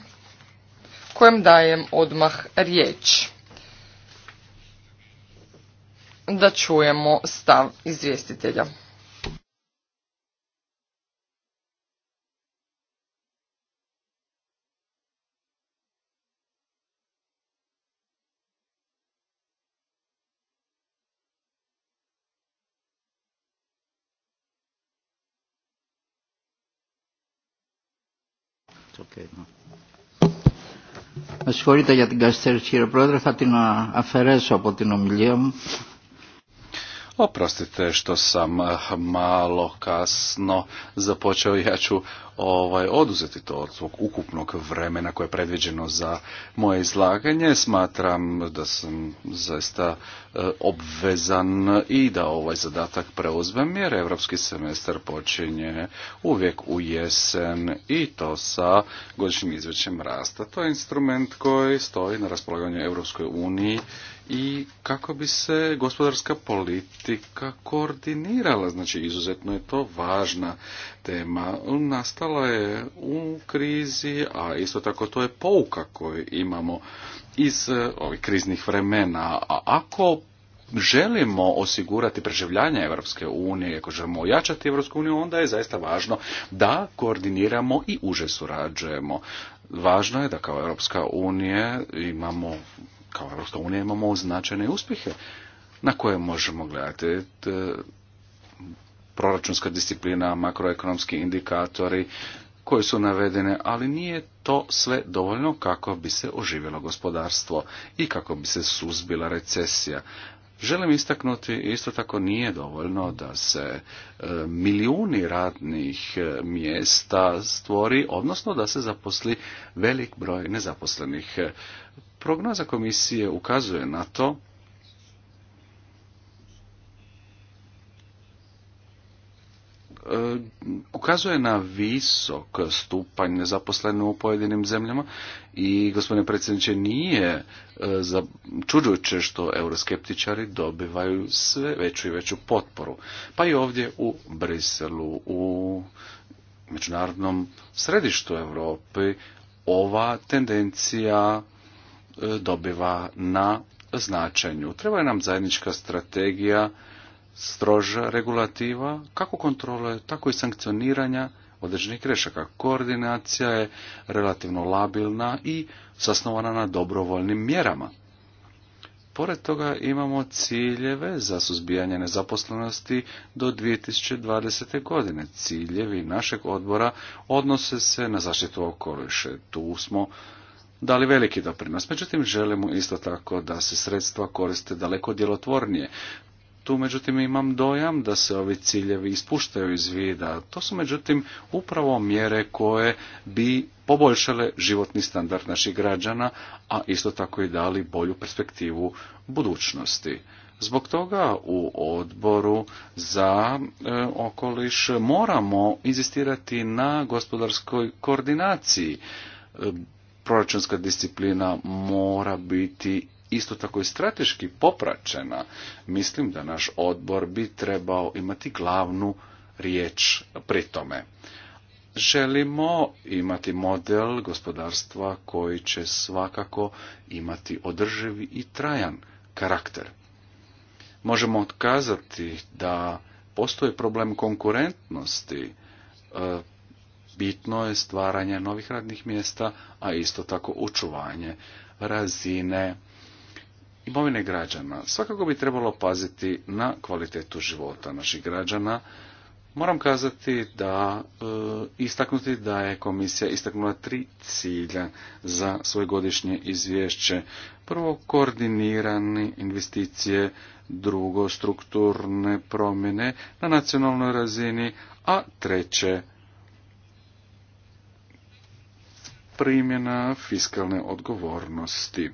kojem dajem odmah riječ da čujemo stav izvjestitelja. Με συγχωρείτε για την καθυστέρηση κύριε Πρόεδρε, θα την αφαιρέσω από την ομιλία μου. Oprostite što sam malo kasno započeo, ja ću ovaj, oduzeti to od svog ukupnog vremena koje je predviđeno za moje izlaganje. Smatram da sam zaista e, obvezan i da ovaj zadatak preuzmem jer europski semestar počinje uvijek u jesen i to sa godišnjim izvećem rasta. To je instrument koji stoji na raspolaganju Europskoj uniji i kako bi se gospodarska politika koordinirala. Znači, izuzetno je to važna tema nastala je u krizi, a isto tako to je pouka koju imamo iz e, ovih kriznih vremena. A ako želimo osigurati preživljanje Europske unije, ako želimo ojačati Europsku uniju, onda je zaista važno da koordiniramo i uže surađujemo. Važno je da kao Europska unija imamo kao Europska unija imamo značajne uspjehe na koje možemo gledati proračunska disciplina, makroekonomski indikatori koji su navedene, ali nije to sve dovoljno kako bi se oživjelo gospodarstvo i kako bi se suzbila recesija. Želim istaknuti, isto tako nije dovoljno da se e, milijuni radnih e, mjesta stvori, odnosno da se zaposli velik broj nezaposlenih. Prognoza komisije ukazuje na to ukazuje na visok stupanj nezaposlenu u pojedinim zemljama i gospodine predsjedniče nije e, čuđuće što euroskeptičari dobivaju sve veću i veću potporu. Pa i ovdje u Briselu, u međunarodnom središtu Europe ova tendencija e, dobiva na značenju. Treba je nam zajednička strategija stroža regulativa, kako kontrole, tako i sankcioniranja određenih grešaka. Koordinacija je relativno labilna i sasnovana na dobrovoljnim mjerama. Pored toga imamo ciljeve za suzbijanje nezaposlenosti do 2020. godine. Ciljevi našeg odbora odnose se na zaštitu okoliše. Tu smo dali veliki doprinos. Međutim, želimo isto tako da se sredstva koriste daleko djelotvornije. Tu međutim imam dojam da se ovi ciljevi ispuštaju iz vida. To su međutim upravo mjere koje bi poboljšale životni standard naših građana, a isto tako i dali bolju perspektivu budućnosti. Zbog toga u odboru za e, okoliš moramo inzistirati na gospodarskoj koordinaciji. E, proračunska disciplina mora biti isto tako i strateški popraćena, mislim da naš odbor bi trebao imati glavnu riječ pri tome. Želimo imati model gospodarstva koji će svakako imati održivi i trajan karakter. Možemo odkazati da postoji problem konkurentnosti, e, bitno je stvaranje novih radnih mjesta, a isto tako učuvanje razine imovine građana. Svakako bi trebalo paziti na kvalitetu života naših građana. Moram kazati da e, istaknuti da je komisija istaknula tri cilja za svoje godišnje izvješće. Prvo, koordinirane investicije, drugo, strukturne promjene na nacionalnoj razini, a treće, primjena fiskalne odgovornosti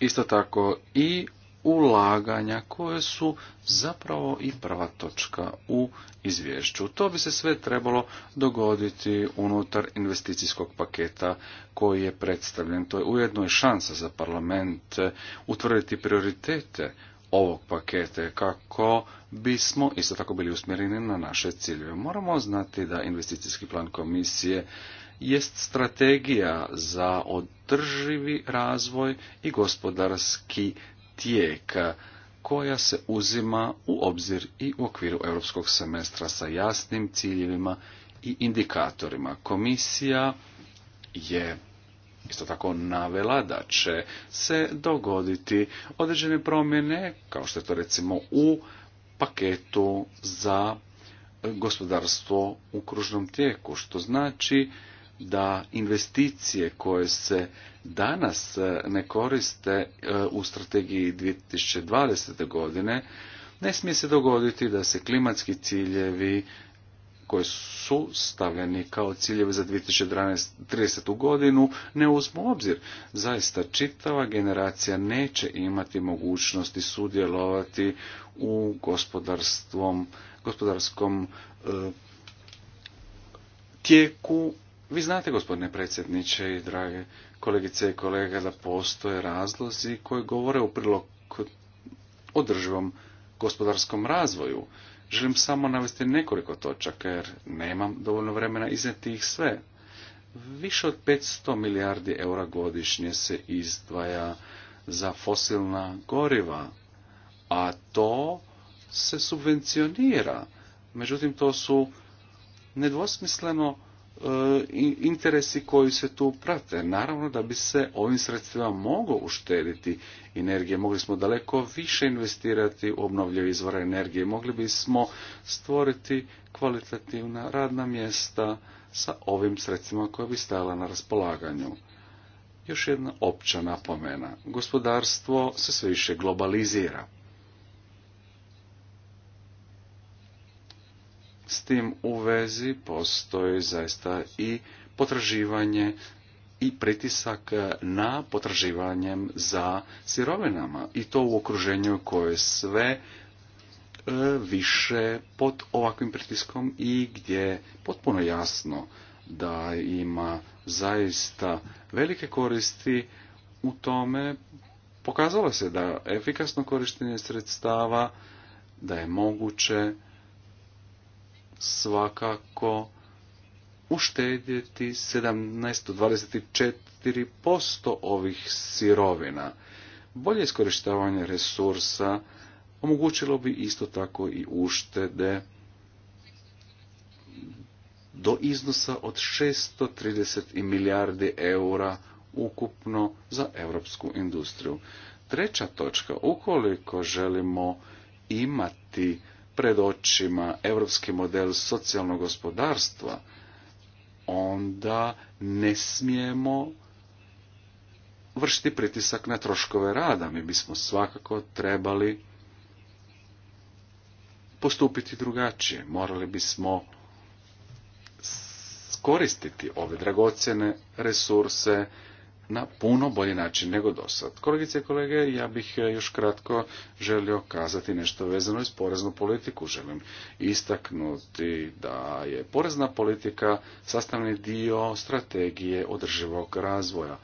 isto tako i ulaganja koje su zapravo i prva točka u izvješću. To bi se sve trebalo dogoditi unutar investicijskog paketa koji je predstavljen. To je ujedno i šansa za parlament utvrditi prioritete ovog paketa kako bismo isto tako bili usmjereni na naše ciljeve. Moramo znati da investicijski plan komisije jest strategija za održivi razvoj i gospodarski tijek koja se uzima u obzir i u okviru europskog semestra sa jasnim ciljevima i indikatorima. Komisija je isto tako navela da će se dogoditi određene promjene, kao što je to recimo u paketu za gospodarstvo u kružnom tijeku, što znači da investicije koje se danas e, ne koriste e, u strategiji 2020. godine, ne smije se dogoditi da se klimatski ciljevi koji su stavljeni kao ciljevi za 2030. godinu ne uzmu obzir. Zaista čitava generacija neće imati mogućnosti sudjelovati u gospodarskom e, tijeku vi znate, gospodine predsjedniče i drage kolegice i kolege, da postoje razlozi koji govore u prilog održivom gospodarskom razvoju. Želim samo navesti nekoliko točaka jer nemam dovoljno vremena izneti ih sve. Više od 500 milijardi eura godišnje se izdvaja za fosilna goriva, a to se subvencionira. Međutim, to su nedvosmisleno E, interesi koji se tu prate. Naravno da bi se ovim sredstvima moglo uštediti energije. Mogli smo daleko više investirati u obnovljive izvore energije. Mogli bismo stvoriti kvalitativna radna mjesta sa ovim sredstvima koja bi stajala na raspolaganju. Još jedna opća napomena. Gospodarstvo se sve više globalizira. S tim u vezi postoji zaista i potraživanje i pritisak na potraživanjem za sirovinama i to u okruženju koje sve e, više pod ovakvim pritiskom i gdje je potpuno jasno da ima zaista velike koristi u tome. Pokazalo se da efikasno korištenje sredstava da je moguće svakako uštedjeti 17-24% ovih sirovina. Bolje iskorištavanje resursa omogućilo bi isto tako i uštede do iznosa od 630 milijardi eura ukupno za europsku industriju. Treća točka, ukoliko želimo imati pred očima europski model socijalnog gospodarstva, onda ne smijemo vršiti pritisak na troškove rada. Mi bismo svakako trebali postupiti drugačije. Morali bismo koristiti ove dragocjene resurse na puno bolji način nego dosad. Kolegice i kolege, ja bih eh, još kratko želio kazati nešto vezano iz poreznu politiku. Želim istaknuti da je porezna politika sastavni dio strategije održivog razvoja.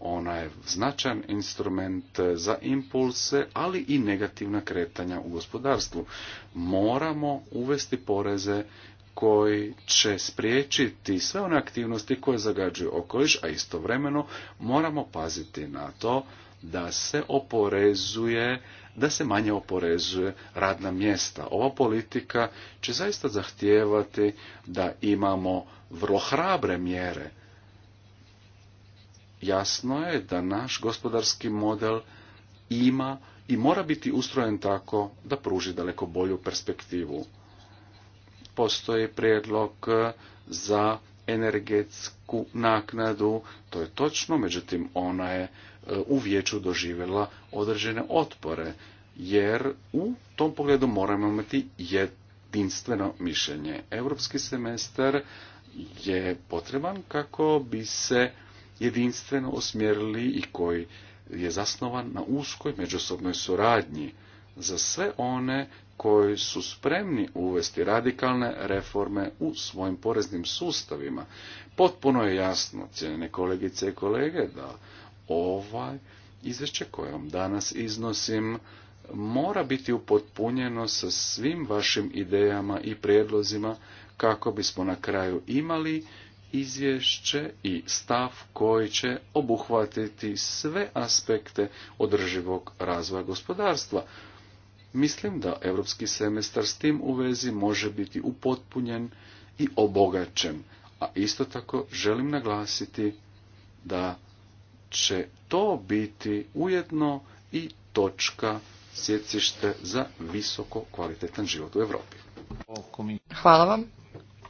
Ona je značajan instrument za impulse, ali i negativna kretanja u gospodarstvu. Moramo uvesti poreze koji će spriječiti sve one aktivnosti koje zagađuju okoliš, a istovremeno moramo paziti na to da se oporezuje, da se manje oporezuje radna mjesta. Ova politika će zaista zahtijevati da imamo vrlo hrabre mjere. Jasno je da naš gospodarski model ima i mora biti ustrojen tako da pruži daleko bolju perspektivu postoji prijedlog e, za energetsku naknadu, to je točno, međutim ona je e, u vijeću doživjela određene otpore, jer u tom pogledu moramo imati jedinstveno mišljenje. Europski semestar je potreban kako bi se jedinstveno osmjerili i koji je zasnovan na uskoj međusobnoj suradnji za sve one koji su spremni uvesti radikalne reforme u svojim poreznim sustavima. Potpuno je jasno, cijenjene kolegice i kolege, da ovaj izvješće koje vam danas iznosim mora biti upotpunjeno sa svim vašim idejama i prijedlozima kako bismo na kraju imali izvješće i stav koji će obuhvatiti sve aspekte održivog razvoja gospodarstva Mislim da europski semestar s tim u vezi može biti upotpunjen i obogaćen, a isto tako želim naglasiti da će to biti ujedno i točka sjecište za visoko kvalitetan život u Europi. Hvala vam.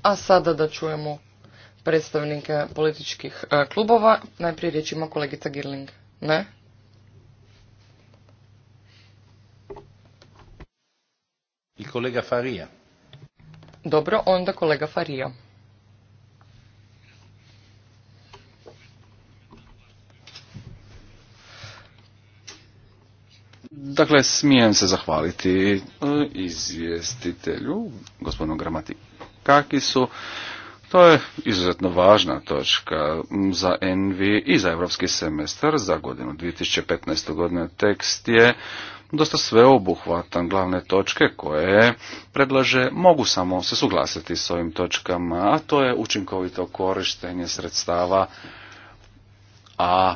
A sada da čujemo predstavnike političkih e, klubova. Najprije riječ ima kolegica Girling. Ne? I kolega Farija. Dobro, onda kolega Farija. Dakle, smijem se zahvaliti e, izvjestitelju, gospodinu Gramatikakisu. To je izuzetno važna točka za Envi i za evropski semestar za godinu 2015. godine. Tekst je dosta sveobuhvatan glavne točke koje predlaže mogu samo se suglasiti s ovim točkama, a to je učinkovito korištenje sredstava, a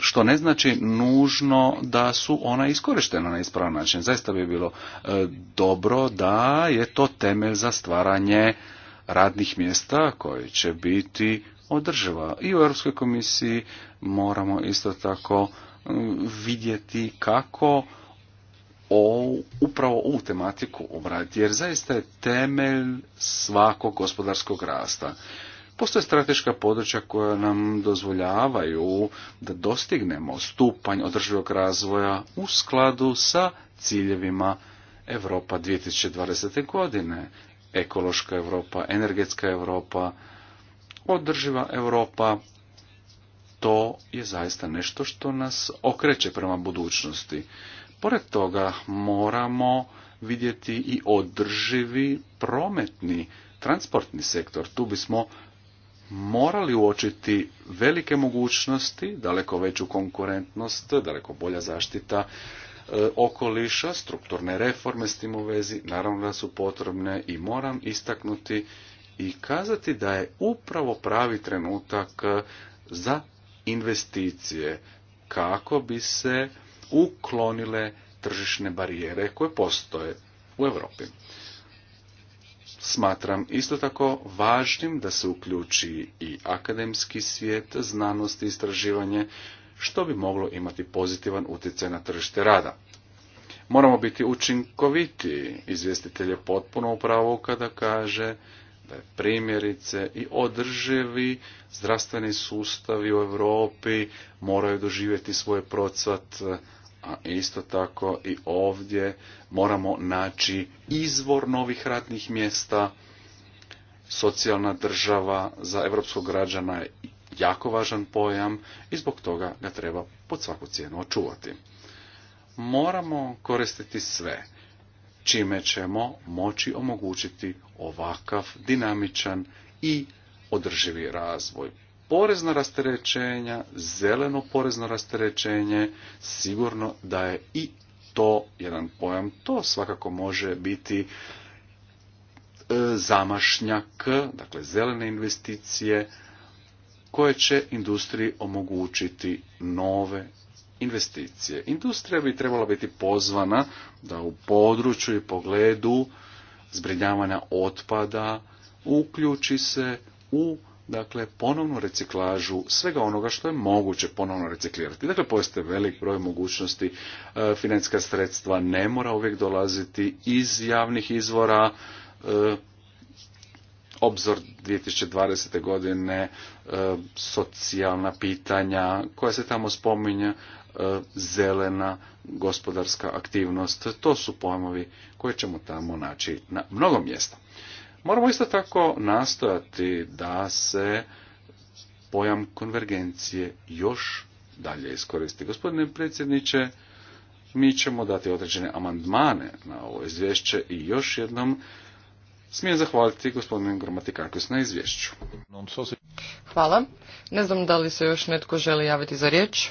što ne znači nužno da su ona iskorištena na ispravan način. Zaista bi bilo e, dobro da je to temelj za stvaranje radnih mjesta koje će biti održiva. I u Europskoj komisiji moramo isto tako vidjeti kako o, upravo ovu tematiku obraditi, jer zaista je temelj svakog gospodarskog rasta. Postoje strateška područja koja nam dozvoljavaju da dostignemo stupanj održivog razvoja u skladu sa ciljevima Europa 2020. godine, ekološka Europa, energetska Europa, održiva Europa, to je zaista nešto što nas okreće prema budućnosti. Pored toga moramo vidjeti i održivi prometni, transportni sektor. Tu bismo morali uočiti velike mogućnosti, daleko veću konkurentnost, daleko bolja zaštita e, okoliša, strukturne reforme s tim u vezi, naravno da su potrebne i moram istaknuti i kazati da je upravo pravi trenutak za investicije kako bi se uklonile tržišne barijere koje postoje u Europi. Smatram isto tako važnim da se uključi i akademski svijet, znanost i istraživanje, što bi moglo imati pozitivan utjecaj na tržište rada. Moramo biti učinkoviti, izvjestitelj je potpuno upravo kada kaže da dakle, primjerice i održivi zdravstveni sustavi u Europi moraju doživjeti svoj procvat, a isto tako i ovdje moramo naći izvor novih ratnih mjesta. Socijalna država za evropskog građana je jako važan pojam i zbog toga ga treba pod svaku cijenu očuvati. Moramo koristiti sve čime ćemo moći omogućiti ovakav dinamičan i održivi razvoj. Porezna rasterećenja, zeleno porezno rasterećenje, sigurno da je i to jedan pojam. To svakako može biti e, zamašnjak, dakle zelene investicije, koje će industriji omogućiti nove investicije. Industrija bi trebala biti pozvana da u području i pogledu zbrinjavanja otpada uključi se u dakle ponovnu reciklažu svega onoga što je moguće ponovno reciklirati. Dakle, postoje velik broj mogućnosti, e, financijska sredstva ne mora uvijek dolaziti iz javnih izvora, e, obzor 2020. godine, e, socijalna pitanja koja se tamo spominja, E, zelena gospodarska aktivnost. To su pojmovi koje ćemo tamo naći na mnogo mjesta. Moramo isto tako nastojati da se pojam konvergencije još dalje iskoristi. Gospodine predsjedniče, mi ćemo dati određene amandmane na ovo izvješće i još jednom smijem zahvaliti gospodinu Gromatikakus na izvješću. Hvala. Ne znam da li se još netko želi javiti za riječ.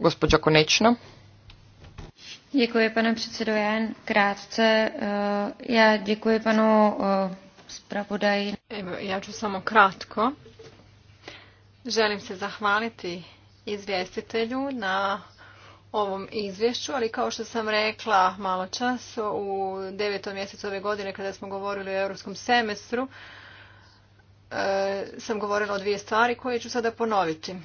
Gospođa Konečna. Děkuji, pane předsedo, jen krátce. Eh, ja děkuji panu spravodaji. Eh, Evo, ja ću samo kratko. Želim se zahvaliti izvjestitelju na ovom izvješću, ali kao što sam rekla malo čas, u devetom mjesecu ove godine kada smo govorili o europskom semestru, eh, sam govorila o dvije stvari koje ću sada ponoviti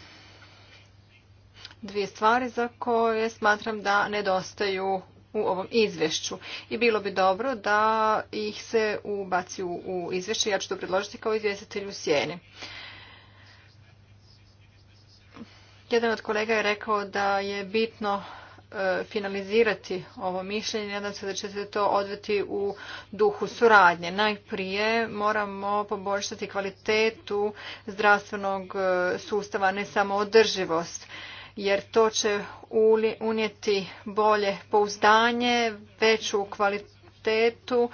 dvije stvari za koje smatram da nedostaju u ovom izvješću. I bilo bi dobro da ih se ubaci u izvješće. Ja ću to predložiti kao izvjestitelj u sjeni. Jedan od kolega je rekao da je bitno e, finalizirati ovo mišljenje. Nadam se da će se to odveti u duhu suradnje. Najprije moramo poboljšati kvalitetu zdravstvenog e, sustava, ne samo održivost jer to će unijeti bolje pouzdanje, veću kvalitetu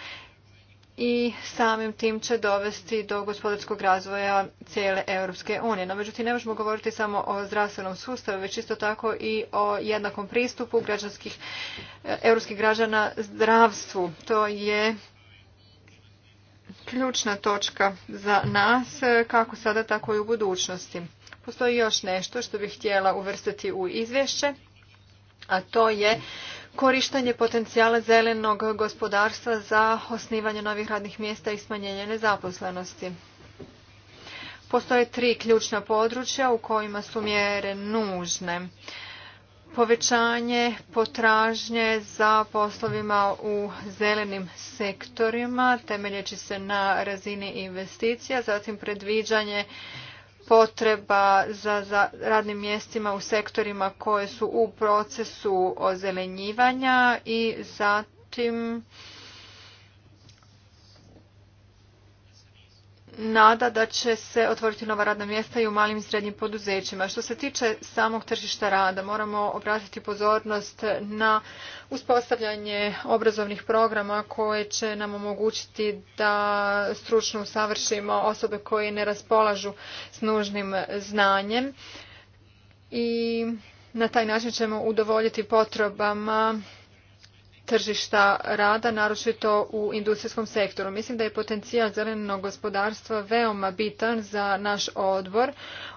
i samim tim će dovesti do gospodarskog razvoja cijele Europske unije. No, međutim, ne možemo govoriti samo o zdravstvenom sustavu, već isto tako i o jednakom pristupu građanskih, e, europskih građana zdravstvu. To je ključna točka za nas, e, kako sada, tako i u budućnosti. Postoji još nešto što bih htjela uvrstiti u izvješće, a to je korištenje potencijala zelenog gospodarstva za osnivanje novih radnih mjesta i smanjenje nezaposlenosti. Postoje tri ključna područja u kojima su mjere nužne. Povećanje potražnje za poslovima u zelenim sektorima temeljeći se na razini investicija, zatim predviđanje potreba za, radnim mjestima u sektorima koje su u procesu ozelenjivanja i zatim nada da će se otvoriti nova radna mjesta i u malim i srednjim poduzećima. Što se tiče samog tržišta rada, moramo obratiti pozornost na uspostavljanje obrazovnih programa koje će nam omogućiti da stručno usavršimo osobe koje ne raspolažu s nužnim znanjem i na taj način ćemo udovoljiti potrebama tržišta rada, naročito u industrijskom sektoru. Mislim da je potencijal zelenog gospodarstva veoma bitan za naš odbor.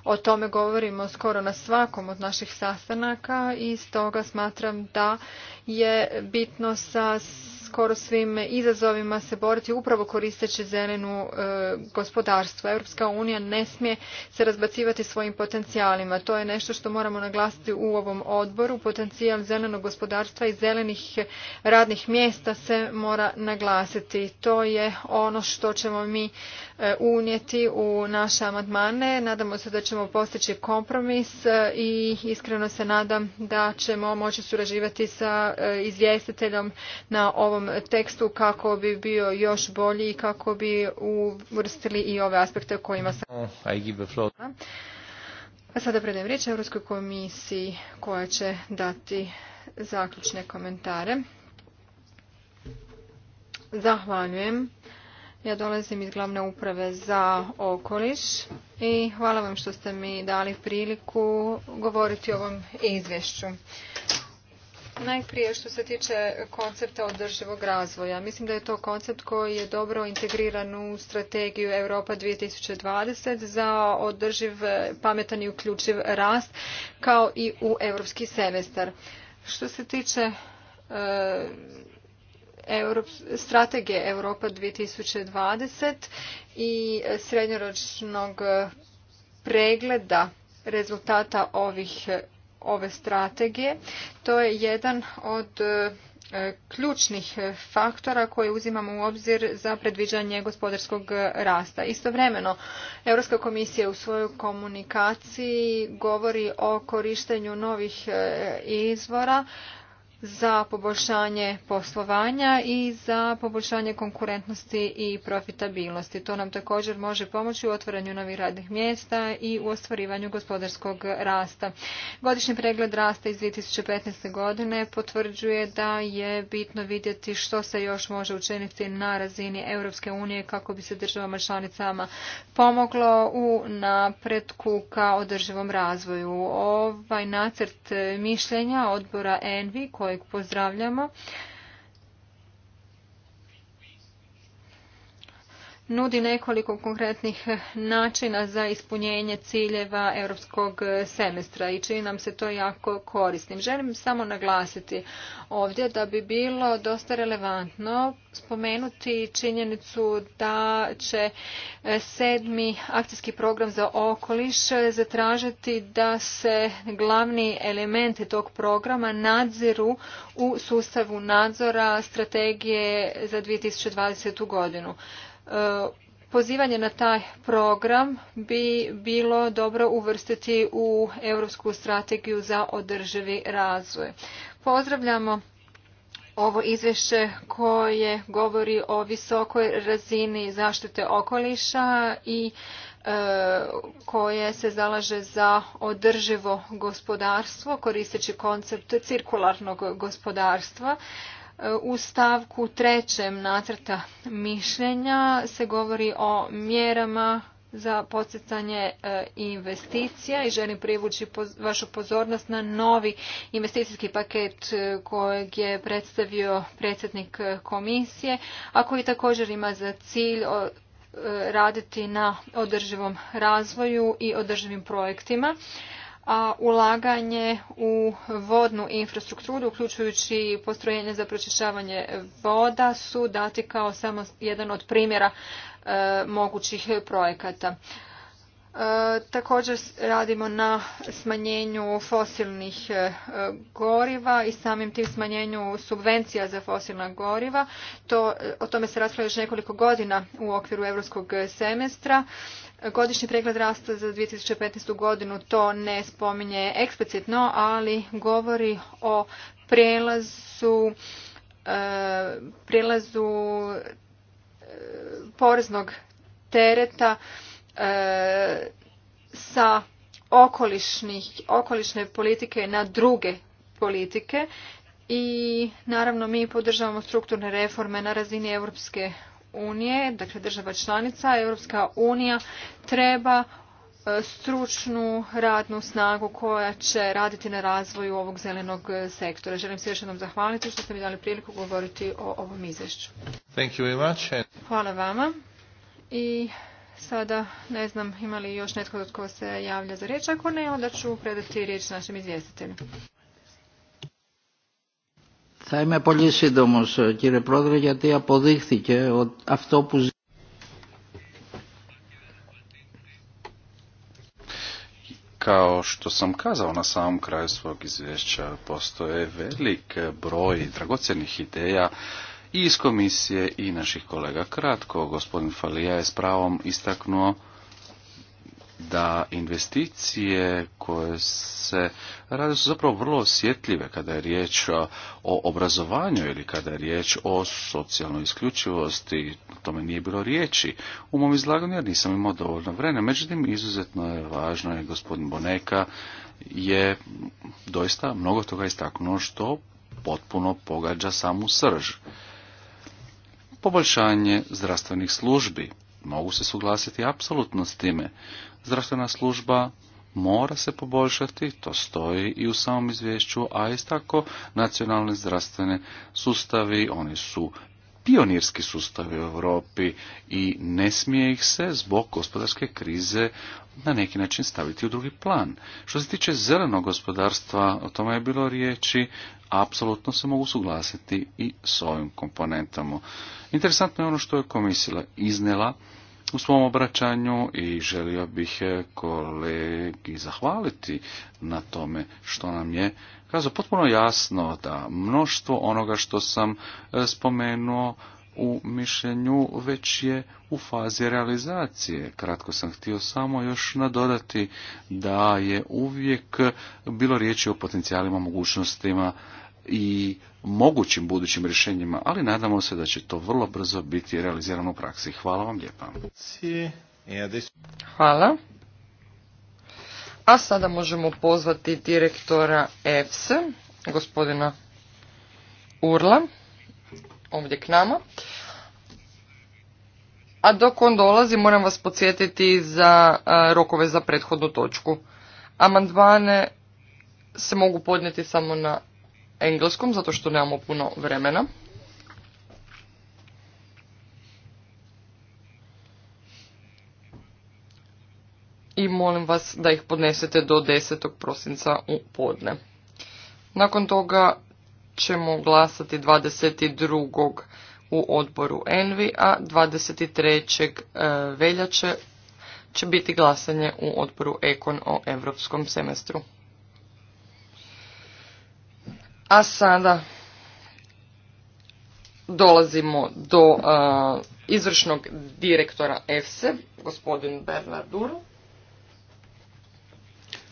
O tome govorimo skoro na svakom od naših sastanaka i stoga smatram da je bitno sa skoro svim izazovima se boriti upravo koristeći zelenu e, gospodarstvo. Europska unija ne smije se razbacivati svojim potencijalima. To je nešto što moramo naglasiti u ovom odboru. Potencijal zelenog gospodarstva i zelenih radnih mjesta se mora naglasiti. To je ono što ćemo mi e, unijeti u naše amandmane. Nadamo se da ćemo postići kompromis e, i iskreno se nadam da ćemo moći surađivati sa izvjestiteljom na ovom tekstu kako bi bio još bolji i kako bi uvrstili i ove aspekte o kojima sam... Oh, A sada predajem riječ Europskoj komisiji koja će dati zaključne komentare. Zahvaljujem. Ja dolazim iz glavne uprave za okoliš i hvala vam što ste mi dali priliku govoriti o ovom izvješću. Najprije što se tiče koncepta održivog razvoja. Mislim da je to koncept koji je dobro integriran u strategiju Europa 2020 za održiv pametan i uključiv rast kao i u europski semestar. Što se tiče strategije strategije Europa 2020 i srednjoročnog pregleda rezultata ovih ove strategije. To je jedan od e, e, ključnih faktora koje uzimamo u obzir za predviđanje gospodarskog rasta. Istovremeno, Europska komisija u svojoj komunikaciji govori o korištenju novih e, izvora za poboljšanje poslovanja i za poboljšanje konkurentnosti i profitabilnosti. To nam također može pomoći u otvaranju novih radnih mjesta i u ostvarivanju gospodarskog rasta. Godišnji pregled rasta iz 2015. godine potvrđuje da je bitno vidjeti što se još može učiniti na razini Europske unije kako bi se državama članicama pomoglo u napretku ka održivom razvoju. Ovaj nacrt mišljenja odbora ENVI koji kojeg pozdravljamo nudi nekoliko konkretnih načina za ispunjenje ciljeva europskog semestra i čini nam se to jako korisnim. Želim samo naglasiti ovdje da bi bilo dosta relevantno spomenuti činjenicu da će sedmi akcijski program za okoliš zatražiti da se glavni elementi tog programa nadziru u sustavu nadzora strategije za 2020. godinu pozivanje na taj program bi bilo dobro uvrstiti u europsku strategiju za održivi razvoj. Pozdravljamo ovo izvješće koje govori o visokoj razini zaštite okoliša i e, koje se zalaže za održivo gospodarstvo koristeći koncept cirkularnog gospodarstva u stavku trećem nacrta mišljenja se govori o mjerama za podsjecanje e, investicija i želim privući vašu pozornost na novi investicijski paket e, kojeg je predstavio predsjednik e, komisije, a koji također ima za cilj raditi na održivom razvoju i održivim projektima a ulaganje u vodnu infrastrukturu, uključujući postrojenje za pročišćavanje voda, su dati kao samo jedan od primjera e, mogućih projekata. E, također radimo na smanjenju fosilnih e, goriva i samim tim smanjenju subvencija za fosilna goriva. To, o tome se raspravlja još nekoliko godina u okviru europskog semestra. Godišnji pregled rasta za 2015. godinu to ne spominje eksplicitno, ali govori o prijelazu e, prelazu e, poreznog tereta e, sa okolišne politike na druge politike i naravno mi podržavamo strukturne reforme na razini Europske unije, dakle država članica, Europska unija treba e, stručnu radnu snagu koja će raditi na razvoju ovog zelenog e, sektora. Želim se još jednom zahvaliti što ste mi dali priliku govoriti o ovom izvješću. Hvala vama. I sada ne znam ima li još netko tko se javlja za riječ. Ako ne, onda ću predati riječ našem izvjestitelju. Kao što sam kazao na samom kraju svog izvješća, postoje velik broj dragocjenih ideja i iz komisije i naših kolega. Kratko, gospodin Falija je s pravom istaknuo da investicije koje se rade su zapravo vrlo osjetljive kada je riječ o obrazovanju ili kada je riječ o socijalnoj isključivosti. O tome nije bilo riječi u mom izlaganju jer nisam imao dovoljno vremena. Međutim, izuzetno je važno je gospodin Boneka je doista mnogo toga istaknuo što potpuno pogađa samu srž. Poboljšanje zdravstvenih službi. Mogu se suglasiti apsolutno s time zdravstvena služba mora se poboljšati, to stoji i u samom izvješću, a isto tako nacionalne zdravstvene sustavi, oni su pionirski sustavi u Europi i ne smije ih se zbog gospodarske krize na neki način staviti u drugi plan. Što se tiče zelenog gospodarstva, o tome je bilo riječi, apsolutno se mogu suglasiti i s ovim komponentama. Interesantno je ono što je komisija iznela, u svom obraćanju i želio bih e, kolegi zahvaliti na tome što nam je kazao potpuno jasno da mnoštvo onoga što sam e, spomenuo u mišljenju već je u fazi realizacije. Kratko sam htio samo još nadodati da je uvijek bilo riječi o potencijalima, mogućnostima i mogućim budućim rješenjima, ali nadamo se da će to vrlo brzo biti realizirano u praksi. Hvala vam lijepa. Hvala. A sada možemo pozvati direktora EFSE, gospodina Urla, ovdje k nama. A dok on dolazi moram vas podsjetiti za rokove za prethodnu točku. Amandmane se mogu podnijeti samo na engleskom zato što nemamo puno vremena. I molim vas da ih podnesete do 10. prosinca u podne. Nakon toga ćemo glasati 22. u odboru Envi, a 23. E, veljače će biti glasanje u odboru Ekon o europskom semestru. A sada dolazimo do uh, izvršnog direktora EFSE, gospodin Bernard Duru.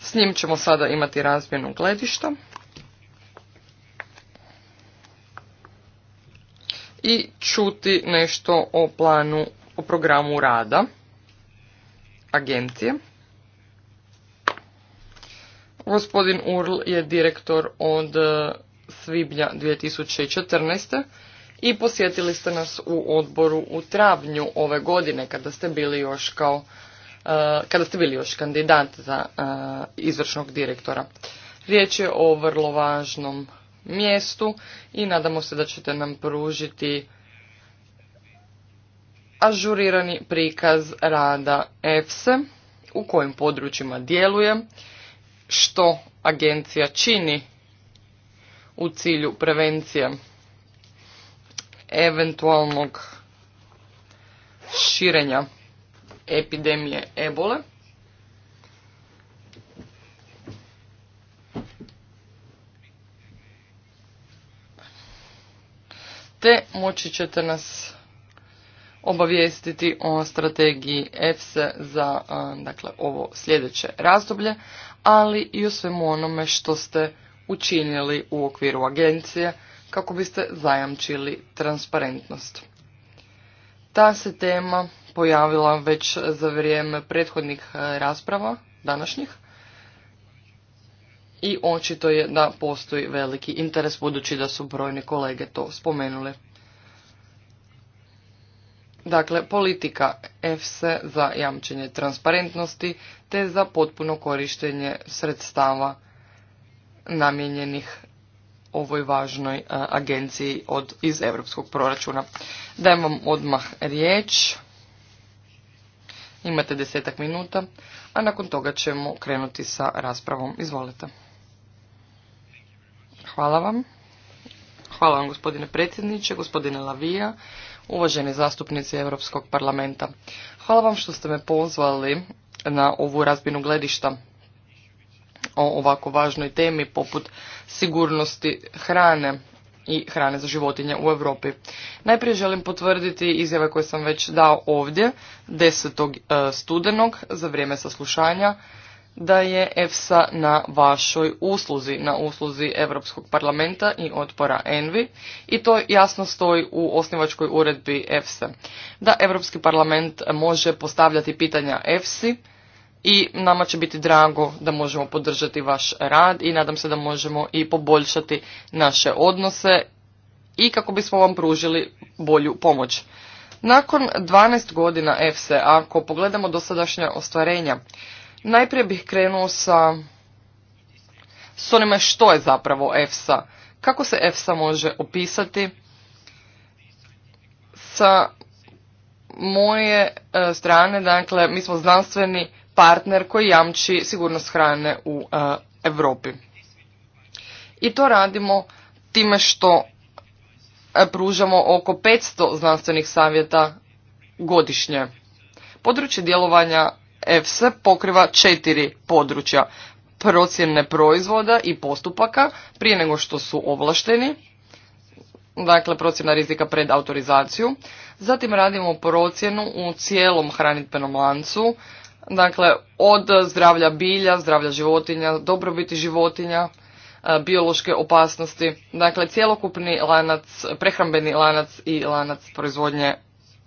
S njim ćemo sada imati razmjenu gledišta. I čuti nešto o planu, o programu rada agencije. Gospodin Url je direktor od e, svibnja 2014. i posjetili ste nas u odboru u travnju ove godine kada ste bili još kao e, kada ste bili još kandidat za e, izvršnog direktora. Riječ je o vrlo važnom mjestu i nadamo se da ćete nam pružiti ažurirani prikaz rada EFSE, u kojim područjima djeluje, što agencija čini u cilju prevencije eventualnog širenja epidemije ebole. Te moći ćete nas obavijestiti o strategiji EFSE za dakle, ovo sljedeće razdoblje, ali i o svemu onome što ste učinili u okviru agencije kako biste zajamčili transparentnost. Ta se tema pojavila već za vrijeme prethodnih rasprava, današnjih, i očito je da postoji veliki interes budući da su brojni kolege to spomenuli. Dakle, politika EFSE za jamčenje transparentnosti te za potpuno korištenje sredstava namijenjenih ovoj važnoj e, agenciji od, iz europskog proračuna. Dajem vam odmah riječ. Imate desetak minuta, a nakon toga ćemo krenuti sa raspravom. Izvolite. Hvala vam. Hvala vam gospodine predsjedniče, gospodine Lavija uvaženi zastupnici Europskog parlamenta. Hvala vam što ste me pozvali na ovu razbinu gledišta o ovako važnoj temi poput sigurnosti hrane i hrane za životinje u Europi. Najprije želim potvrditi izjave koje sam već dao ovdje 10. E, studenog za vrijeme saslušanja da je EFSA na vašoj usluzi, na usluzi Europskog parlamenta i otpora ENVI i to jasno stoji u osnivačkoj uredbi EFSA. Da Europski parlament može postavljati pitanja EFSI i nama će biti drago da možemo podržati vaš rad i nadam se da možemo i poboljšati naše odnose i kako bismo vam pružili bolju pomoć. Nakon 12 godina EFSA, ako pogledamo dosadašnja ostvarenja, Najprije bih krenuo sa s onime što je zapravo EFSA. Kako se EFSA može opisati sa moje e, strane, dakle, mi smo znanstveni partner koji jamči sigurnost hrane u e, Europi. I to radimo time što e, pružamo oko 500 znanstvenih savjeta godišnje. Područje djelovanja EFSE pokriva četiri područja procjene proizvoda i postupaka prije nego što su ovlašteni, dakle procjena rizika pred autorizaciju. Zatim radimo procjenu u cijelom hranitbenom lancu, dakle od zdravlja bilja, zdravlja životinja, dobrobiti životinja, e, biološke opasnosti, dakle cjelokupni lanac, prehrambeni lanac i lanac proizvodnje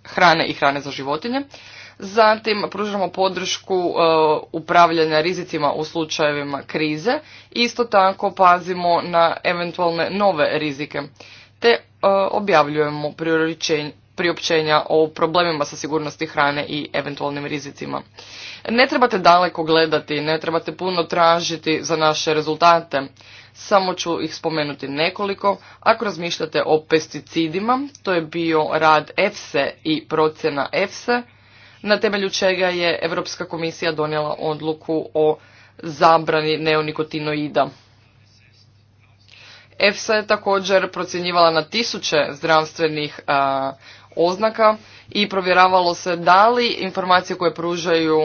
hrane i hrane za životinje. Zatim pružamo podršku e, upravljanja rizicima u slučajevima krize. Isto tako pazimo na eventualne nove rizike te e, objavljujemo priopćenja o problemima sa sigurnosti hrane i eventualnim rizicima. Ne trebate daleko gledati, ne trebate puno tražiti za naše rezultate. Samo ću ih spomenuti nekoliko. Ako razmišljate o pesticidima, to je bio rad EFSE i procjena EFSE na temelju čega je Europska komisija donijela odluku o zabrani neonikotinoida. EFSA je također procjenjivala na tisuće zdravstvenih oznaka i provjeravalo se da li informacije koje pružaju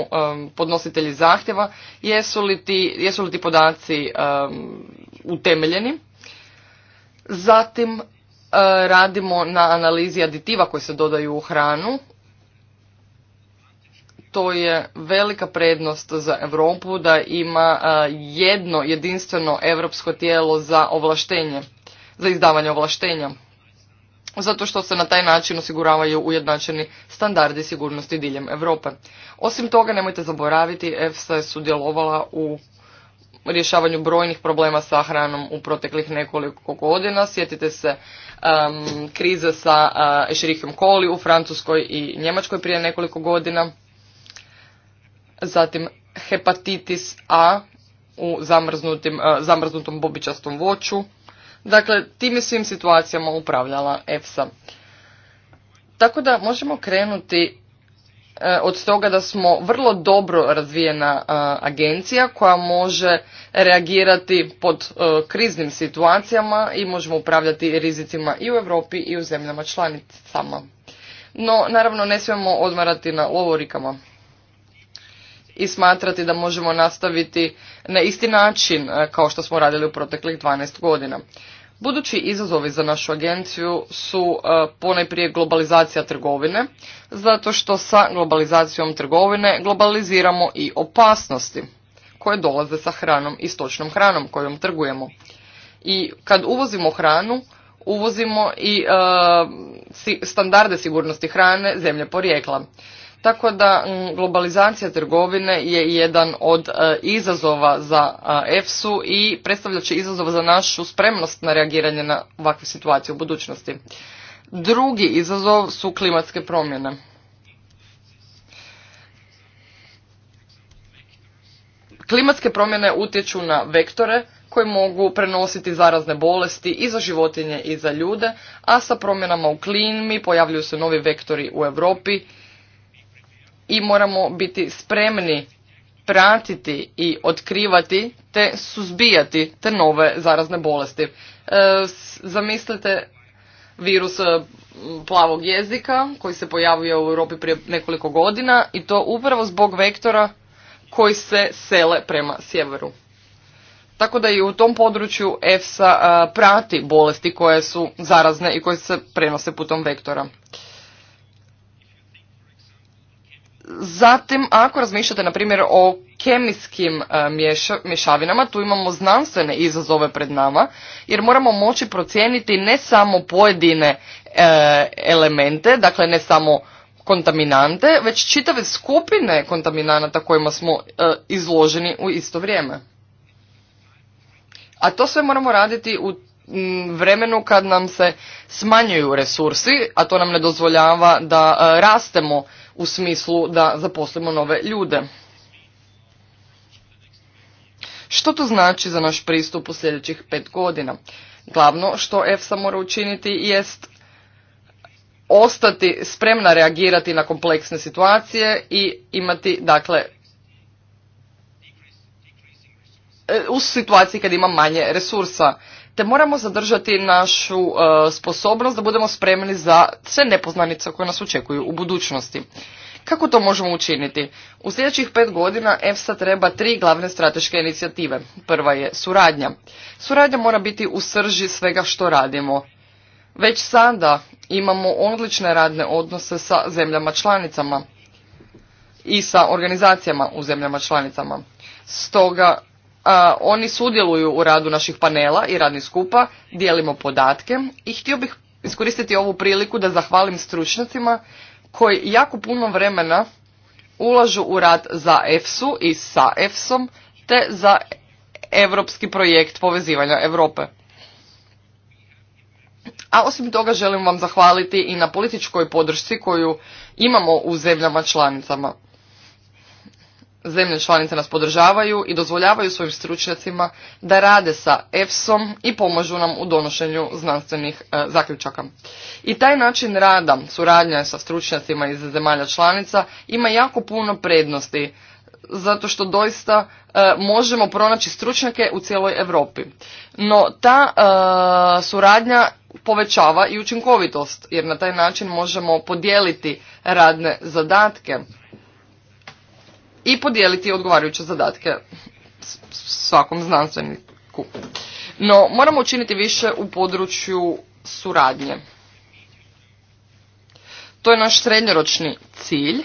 podnositelji zahtjeva jesu li ti, podaci utemeljeni. Zatim radimo na analizi aditiva koji se dodaju u hranu to je velika prednost za Europu da ima jedno jedinstveno europsko tijelo za ovlaštenje, za izdavanje ovlaštenja. Zato što se na taj način osiguravaju ujednačeni standardi sigurnosti diljem Europe. Osim toga, nemojte zaboraviti, EFSA je sudjelovala u rješavanju brojnih problema sa hranom u proteklih nekoliko godina. Sjetite se krize sa uh, Coli Koli u Francuskoj i Njemačkoj prije nekoliko godina zatim hepatitis A u zamrznutim, e, zamrznutom bobičastom voću. Dakle, tim je svim situacijama upravljala EFSA. Tako da možemo krenuti e, od toga da smo vrlo dobro razvijena e, agencija koja može reagirati pod kriznim situacijama i možemo upravljati rizicima i u Europi i u zemljama članicama. No, naravno, ne smijemo odmarati na lovorikama i smatrati da možemo nastaviti na isti način e, kao što smo radili u proteklih 12 godina. Budući izazovi za našu agenciju su e, ponajprije globalizacija trgovine, zato što sa globalizacijom trgovine globaliziramo i opasnosti koje dolaze sa hranom i stočnom hranom kojom trgujemo. I kad uvozimo hranu, uvozimo i e, standarde sigurnosti hrane zemlje porijekla. Tako da mm, globalizacija trgovine je jedan od e, izazova za e, EFSU i predstavlja će izazov za našu spremnost na reagiranje na ovakve situacije u budućnosti. Drugi izazov su klimatske promjene. Klimatske promjene utječu na vektore koji mogu prenositi zarazne bolesti i za životinje i za ljude, a sa promjenama u klimi pojavljuju se novi vektori u Europi i moramo biti spremni pratiti i otkrivati te suzbijati te nove zarazne bolesti. E, zamislite virus e, plavog jezika koji se pojavio u Europi prije nekoliko godina i to upravo zbog vektora koji se sele prema sjeveru. Tako da i u tom području EFSA e, prati bolesti koje su zarazne i koje se prenose putom vektora. Zatim, ako razmišljate, na primjer, o kemijskim e, mješavinama, tu imamo znanstvene izazove pred nama, jer moramo moći procijeniti ne samo pojedine e, elemente, dakle ne samo kontaminante, već čitave skupine kontaminanata kojima smo e, izloženi u isto vrijeme. A to sve moramo raditi u vremenu kad nam se smanjuju resursi, a to nam ne dozvoljava da rastemo u smislu da zaposlimo nove ljude. Što to znači za naš pristup u sljedećih pet godina? Glavno što EFSA mora učiniti jest ostati spremna reagirati na kompleksne situacije i imati, dakle, e, u situaciji kad ima manje resursa te moramo zadržati našu e, sposobnost da budemo spremni za sve nepoznanice koje nas očekuju u budućnosti. Kako to možemo učiniti? U sljedećih pet godina EFSA treba tri glavne strateške inicijative. Prva je suradnja. Suradnja mora biti u srži svega što radimo. Već sada imamo odlične radne odnose sa zemljama članicama i sa organizacijama u zemljama članicama. Stoga oni sudjeluju u radu naših panela i radnih skupa, dijelimo podatke i htio bih iskoristiti ovu priliku da zahvalim stručnjacima koji jako puno vremena ulažu u rad za EFSU i sa EFSom te za europski projekt povezivanja Europe. A osim toga želim vam zahvaliti i na političkoj podršci koju imamo u zemljama članicama zemlje članice nas podržavaju i dozvoljavaju svojim stručnjacima da rade sa EFSOM i pomažu nam u donošenju znanstvenih e, zaključaka. I taj način rada, suradnja sa stručnjacima iz zemalja članica, ima jako puno prednosti, zato što doista e, možemo pronaći stručnjake u cijeloj Europi. No ta e, suradnja povećava i učinkovitost, jer na taj način možemo podijeliti radne zadatke, i podijeliti odgovarajuće zadatke svakom znanstveniku. No, moramo učiniti više u području suradnje. To je naš srednjoročni cilj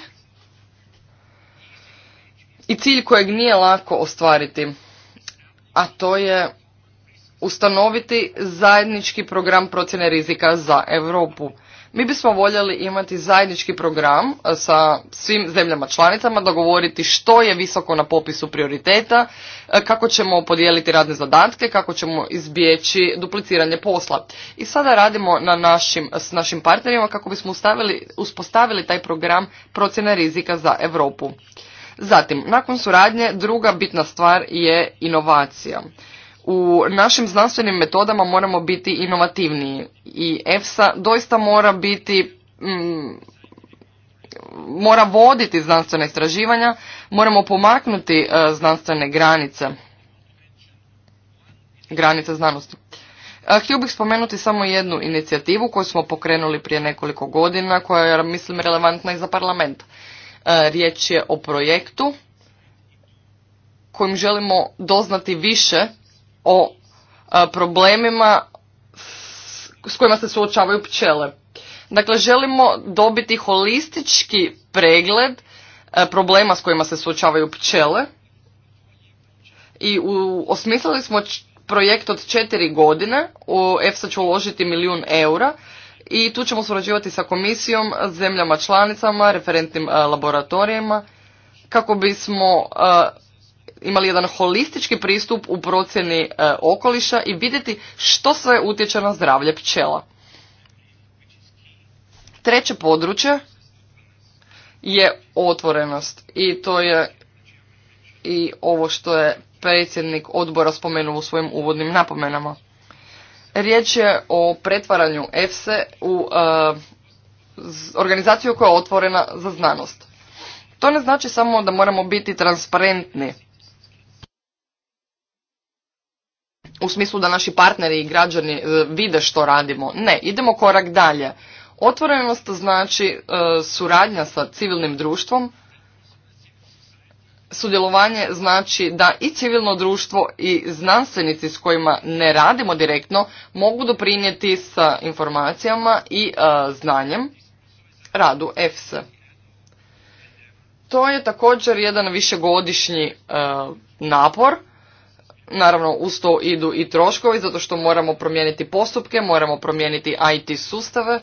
i cilj kojeg nije lako ostvariti, a to je ustanoviti zajednički program procjene rizika za Europu mi bismo voljeli imati zajednički program sa svim zemljama članicama, dogovoriti što je visoko na popisu prioriteta, kako ćemo podijeliti radne zadatke, kako ćemo izbjeći dupliciranje posla. I sada radimo na našim, s našim partnerima kako bismo uspostavili taj program procjene rizika za Europu. Zatim, nakon suradnje, druga bitna stvar je inovacija u našim znanstvenim metodama moramo biti inovativniji i EFSA doista mora biti mm, mora voditi znanstvena istraživanja, moramo pomaknuti e, znanstvene granice granice znanosti. E, htio bih spomenuti samo jednu inicijativu koju smo pokrenuli prije nekoliko godina koja je mislim relevantna i za parlament. E, riječ je o projektu kojim želimo doznati više o e, problemima s kojima se suočavaju pčele. Dakle, želimo dobiti holistički pregled e, problema s kojima se suočavaju pčele i u, osmislili smo projekt od četiri godine, u EFSA će uložiti milijun eura i tu ćemo surađivati sa komisijom, zemljama članicama, referentnim e, laboratorijama kako bismo imali jedan holistički pristup u procjeni e, okoliša i vidjeti što sve utječe na zdravlje pčela. Treće područje je otvorenost i to je i ovo što je predsjednik odbora spomenuo u svojim uvodnim napomenama. Riječ je o pretvaranju EFSE u e, organizaciju koja je otvorena za znanost. To ne znači samo da moramo biti transparentni u smislu da naši partneri i građani e, vide što radimo. Ne, idemo korak dalje. Otvorenost znači e, suradnja sa civilnim društvom, sudjelovanje znači da i civilno društvo i znanstvenici s kojima ne radimo direktno mogu doprinijeti sa informacijama i e, znanjem radu EFSA. To je također jedan višegodišnji napor Naravno, uz to idu i troškovi, zato što moramo promijeniti postupke, moramo promijeniti IT sustave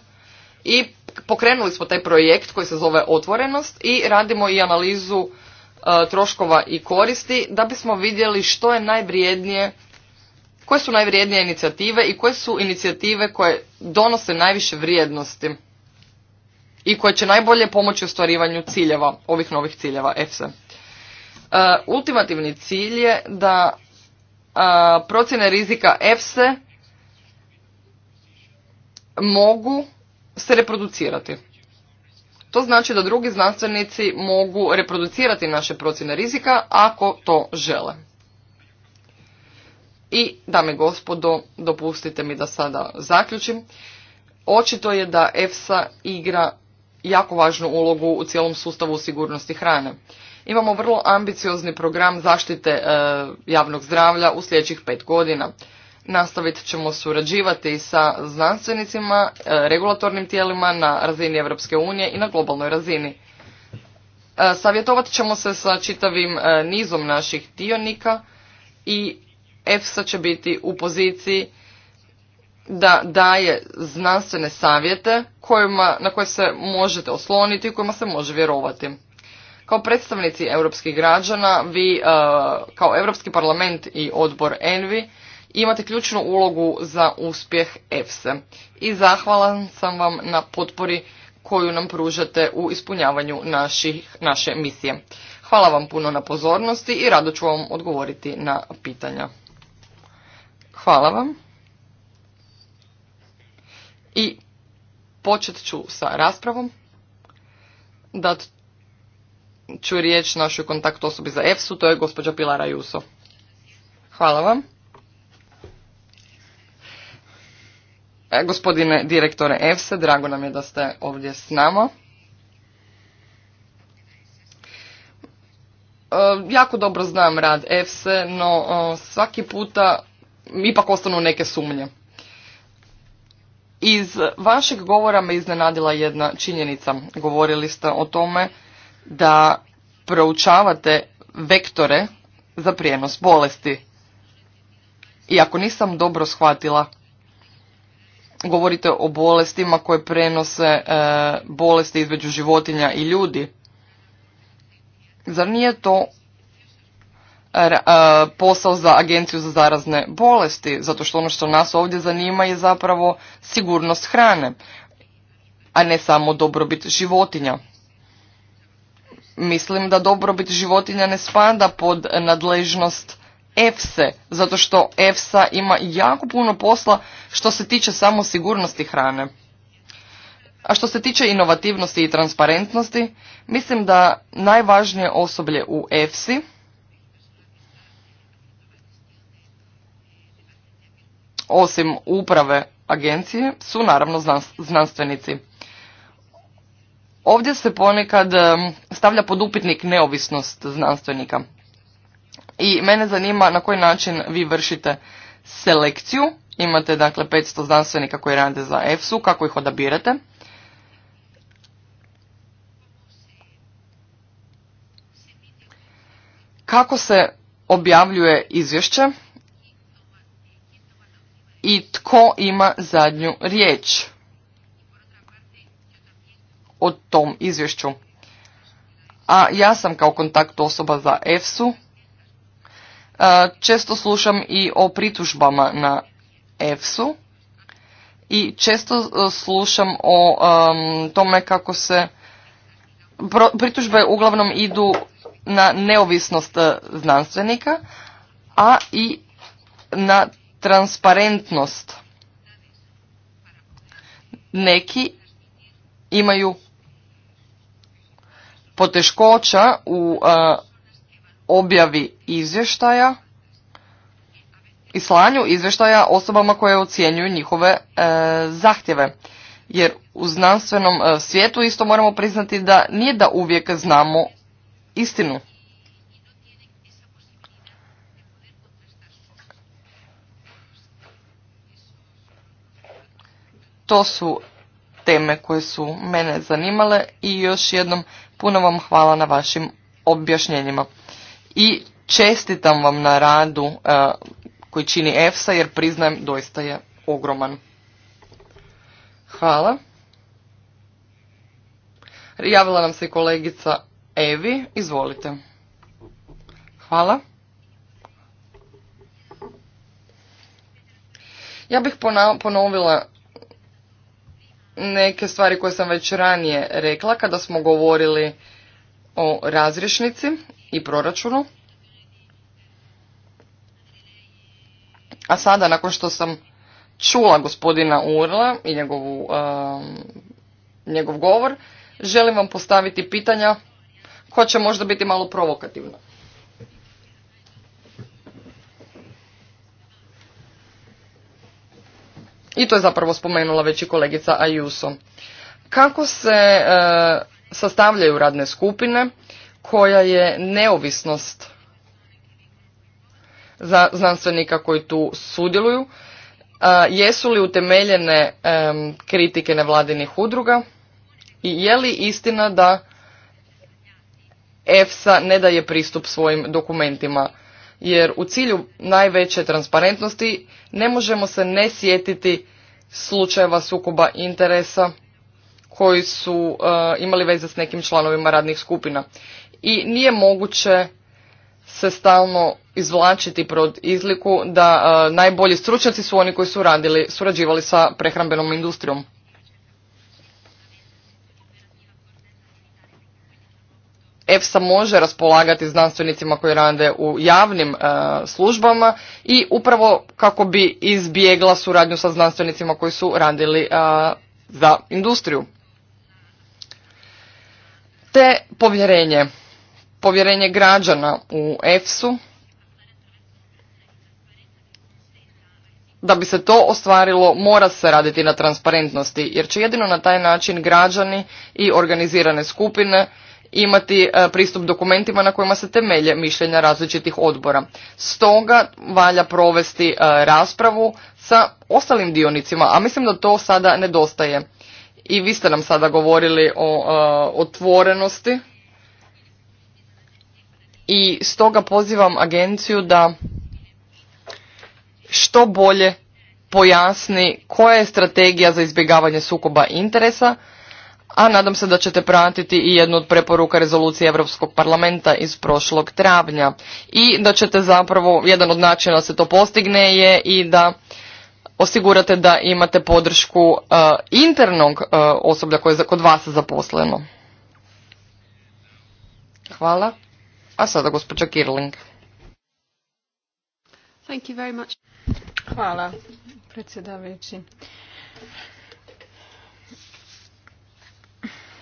i pokrenuli smo taj projekt koji se zove Otvorenost i radimo i analizu e, troškova i koristi da bismo vidjeli što je najvrijednije, koje su najvrijednije inicijative i koje su inicijative koje donose najviše vrijednosti i koje će najbolje pomoći ostvarivanju ciljeva, ovih novih ciljeva EFSE. ultimativni cilj je da procjene rizika EFSE mogu se reproducirati. To znači da drugi znanstvenici mogu reproducirati naše procjene rizika ako to žele. I, dame i gospodo, dopustite mi da sada zaključim. Očito je da EFSA igra jako važnu ulogu u cijelom sustavu sigurnosti hrane. Imamo vrlo ambiciozni program zaštite e, javnog zdravlja u sljedećih pet godina. Nastavit ćemo surađivati sa znanstvenicima, e, regulatornim tijelima na razini Europske unije i na globalnoj razini. E, savjetovat ćemo se sa čitavim nizom naših dionika i EFSA će biti u poziciji da daje znanstvene savjete na koje se možete osloniti i kojima se može vjerovati. Kao predstavnici europskih građana, vi e, kao Europski parlament i odbor ENVI imate ključnu ulogu za uspjeh EFSE i zahvalan sam vam na potpori koju nam pružate u ispunjavanju naše misije. Hvala vam puno na pozornosti i rado ću vam odgovoriti na pitanja. Hvala vam. I počet ću sa raspravom. Dat ću riječ našoj kontakt osobi za EFSU, to je gospođa Pilara Juso. Hvala vam. E, gospodine direktore EFSE, drago nam je da ste ovdje s nama. E, jako dobro znam rad EFSE, no e, svaki puta ipak ostanu neke sumnje. Iz vašeg govora me iznenadila jedna činjenica. Govorili ste o tome da proučavate vektore za prijenos bolesti. I ako nisam dobro shvatila, govorite o bolestima koje prenose e, bolesti između životinja i ljudi. Zar nije to e, posao za Agenciju za zarazne bolesti? Zato što ono što nas ovdje zanima je zapravo sigurnost hrane, a ne samo dobrobit životinja. Mislim da dobrobit životinja ne spada pod nadležnost EFSE, zato što EFSA ima jako puno posla što se tiče samo sigurnosti hrane. A što se tiče inovativnosti i transparentnosti, mislim da najvažnije osoblje u EFSI osim uprave agencije su naravno znanstvenici. Ovdje se ponekad stavlja pod upitnik neovisnost znanstvenika. I mene zanima na koji način vi vršite selekciju. Imate dakle 500 znanstvenika koji rade za EFSU, kako ih odabirate. Kako se objavljuje izvješće i tko ima zadnju riječ? o tom izvješću. A ja sam kao kontakt osoba za EFSU. E, često slušam i o pritužbama na EFSU i često e, slušam o tome kako se pritužbe uglavnom idu na neovisnost e, znanstvenika, a i na transparentnost. Neki imaju poteškoća u e, objavi izvještaja i slanju izvještaja osobama koje ocjenjuju njihove e, zahtjeve jer u znanstvenom e, svijetu isto moramo priznati da nije da uvijek znamo istinu to su teme koje su mene zanimale i još jednom Puno vam hvala na vašim objašnjenjima. I čestitam vam na radu e, koji čini EFSA jer priznajem doista je ogroman. Hvala. Javila nam se i kolegica Evi. Izvolite. Hvala. Ja bih ponovila neke stvari koje sam već ranije rekla kada smo govorili o razrješnici i proračunu. A sada, nakon što sam čula gospodina Urla i njegovu, um, njegov govor, želim vam postaviti pitanja koja će možda biti malo provokativna. i to je zapravo spomenula već i kolegica Ajuso. Kako se e, sastavljaju radne skupine, koja je neovisnost za znanstvenika koji tu sudjeluju, e, jesu li utemeljene e, kritike nevladinih udruga i je li istina da EFSA ne daje pristup svojim dokumentima jer u cilju najveće transparentnosti ne možemo se ne sjetiti slučajeva sukoba interesa koji su e, imali veze s nekim članovima radnih skupina. I nije moguće se stalno izvlačiti pod izliku da e, najbolji stručnjaci su oni koji su radili, surađivali sa prehrambenom industrijom. EFSA može raspolagati znanstvenicima koji rade u javnim e, službama i upravo kako bi izbjegla suradnju sa znanstvenicima koji su radili e, za industriju. Te povjerenje, povjerenje građana u EFSU, da bi se to ostvarilo mora se raditi na transparentnosti jer će jedino na taj način građani i organizirane skupine imati e, pristup dokumentima na kojima se temelje mišljenja različitih odbora. Stoga valja provesti e, raspravu sa ostalim dionicima, a mislim da to sada nedostaje. I vi ste nam sada govorili o e, otvorenosti i stoga pozivam agenciju da što bolje pojasni koja je strategija za izbjegavanje sukoba interesa a nadam se da ćete pratiti i jednu od preporuka rezolucije Europskog parlamenta iz prošlog travnja i da ćete zapravo, jedan od načina da se to postigne je i da osigurate da imate podršku eh, internog eh, osoblja koje je kod vas zaposleno. Hvala. A sada gospođa Kirling. Thank you very much. Hvala predsjedavajući.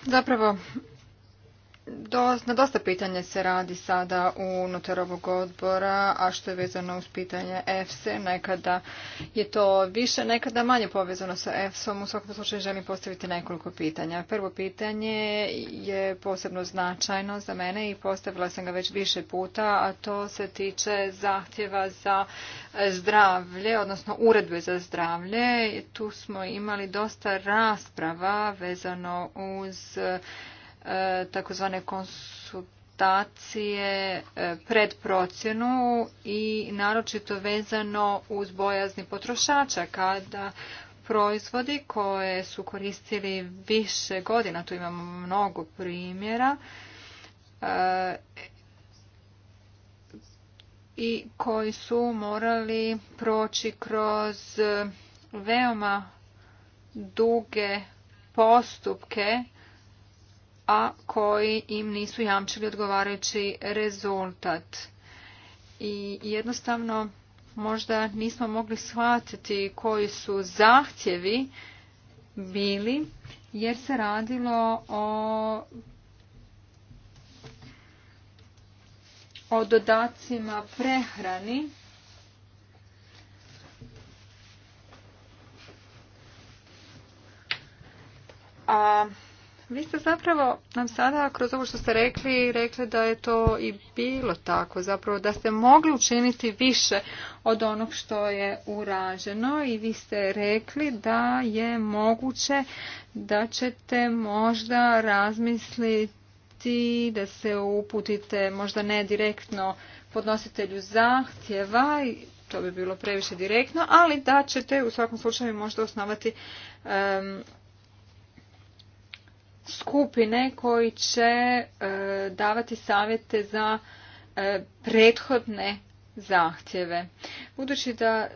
Zapravo, na dosta pitanja se radi sada unutar ovog odbora, a što je vezano uz pitanje EFSE. Nekada je to više, nekada manje povezano sa EFSOM. U svakom slučaju želim postaviti nekoliko pitanja. Prvo pitanje je posebno značajno za mene i postavila sam ga već više puta, a to se tiče zahtjeva za zdravlje, odnosno uredbe za zdravlje. Tu smo imali dosta rasprava vezano uz E, takozvane konsultacije e, pred procjenu i naročito vezano uz bojazni potrošača kada proizvodi koje su koristili više godina, tu imamo mnogo primjera, e, i koji su morali proći kroz veoma duge postupke a koji im nisu jamčili odgovarajući rezultat. I jednostavno možda nismo mogli shvatiti koji su zahtjevi bili jer se radilo o o dodacima prehrani a vi ste zapravo nam sada kroz ovo što ste rekli, rekli da je to i bilo tako, zapravo da ste mogli učiniti više od onog što je uraženo i vi ste rekli da je moguće da ćete možda razmisliti da se uputite možda ne direktno podnositelju zahtjeva to bi bilo previše direktno, ali da ćete u svakom slučaju možda osnovati skupine koji će e, davati savjete za e, prethodne zahtjeve. Budući da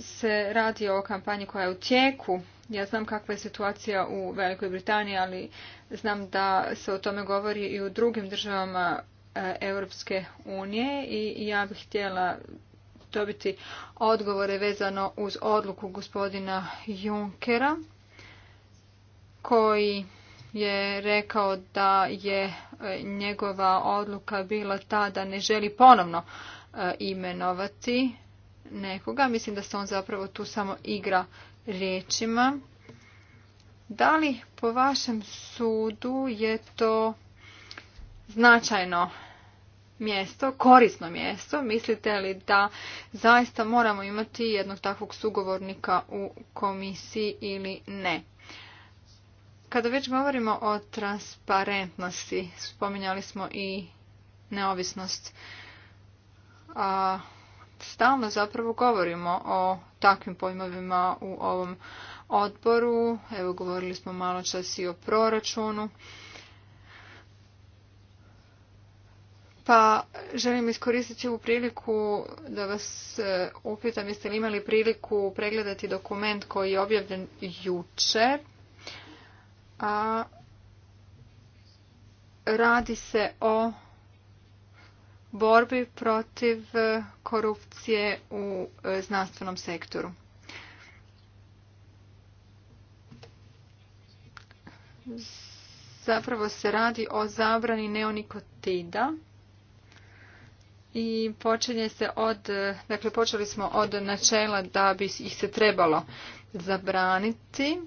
se radi o kampanji koja je u tijeku, ja znam kakva je situacija u Velikoj Britaniji, ali znam da se o tome govori i u drugim državama e, Europske unije i ja bih htjela dobiti odgovore vezano uz odluku gospodina Junkera koji je rekao da je e, njegova odluka bila ta da ne želi ponovno e, imenovati nekoga. Mislim da se on zapravo tu samo igra riječima. Da li po vašem sudu je to značajno mjesto, korisno mjesto? Mislite li da zaista moramo imati jednog takvog sugovornika u komisiji ili ne? Kada već govorimo o transparentnosti, spominjali smo i neovisnost. A, stalno zapravo govorimo o takvim pojmovima u ovom odboru. Evo govorili smo malo čas i o proračunu. Pa želim iskoristiti ovu priliku da vas e, upitam jeste li imali priliku pregledati dokument koji je objavljen jučer a radi se o borbi protiv korupcije u e, znanstvenom sektoru. Zapravo se radi o zabrani neonikotida i počinje se od, dakle počeli smo od načela da bi ih se trebalo zabraniti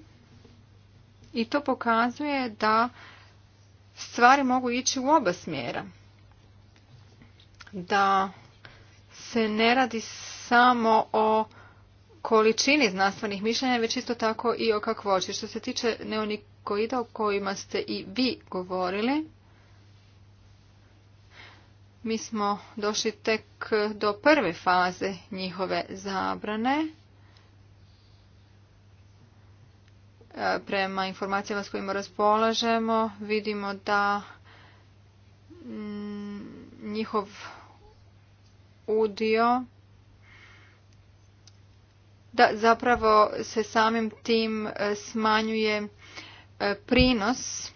i to pokazuje da stvari mogu ići u oba smjera. Da se ne radi samo o količini znanstvenih mišljenja, već isto tako i o kakvoći. Što se tiče neonikoida o kojima ste i vi govorili, mi smo došli tek do prve faze njihove zabrane prema informacijama s kojima raspolažemo vidimo da mm, njihov udio da zapravo se samim tim e, smanjuje e, prinos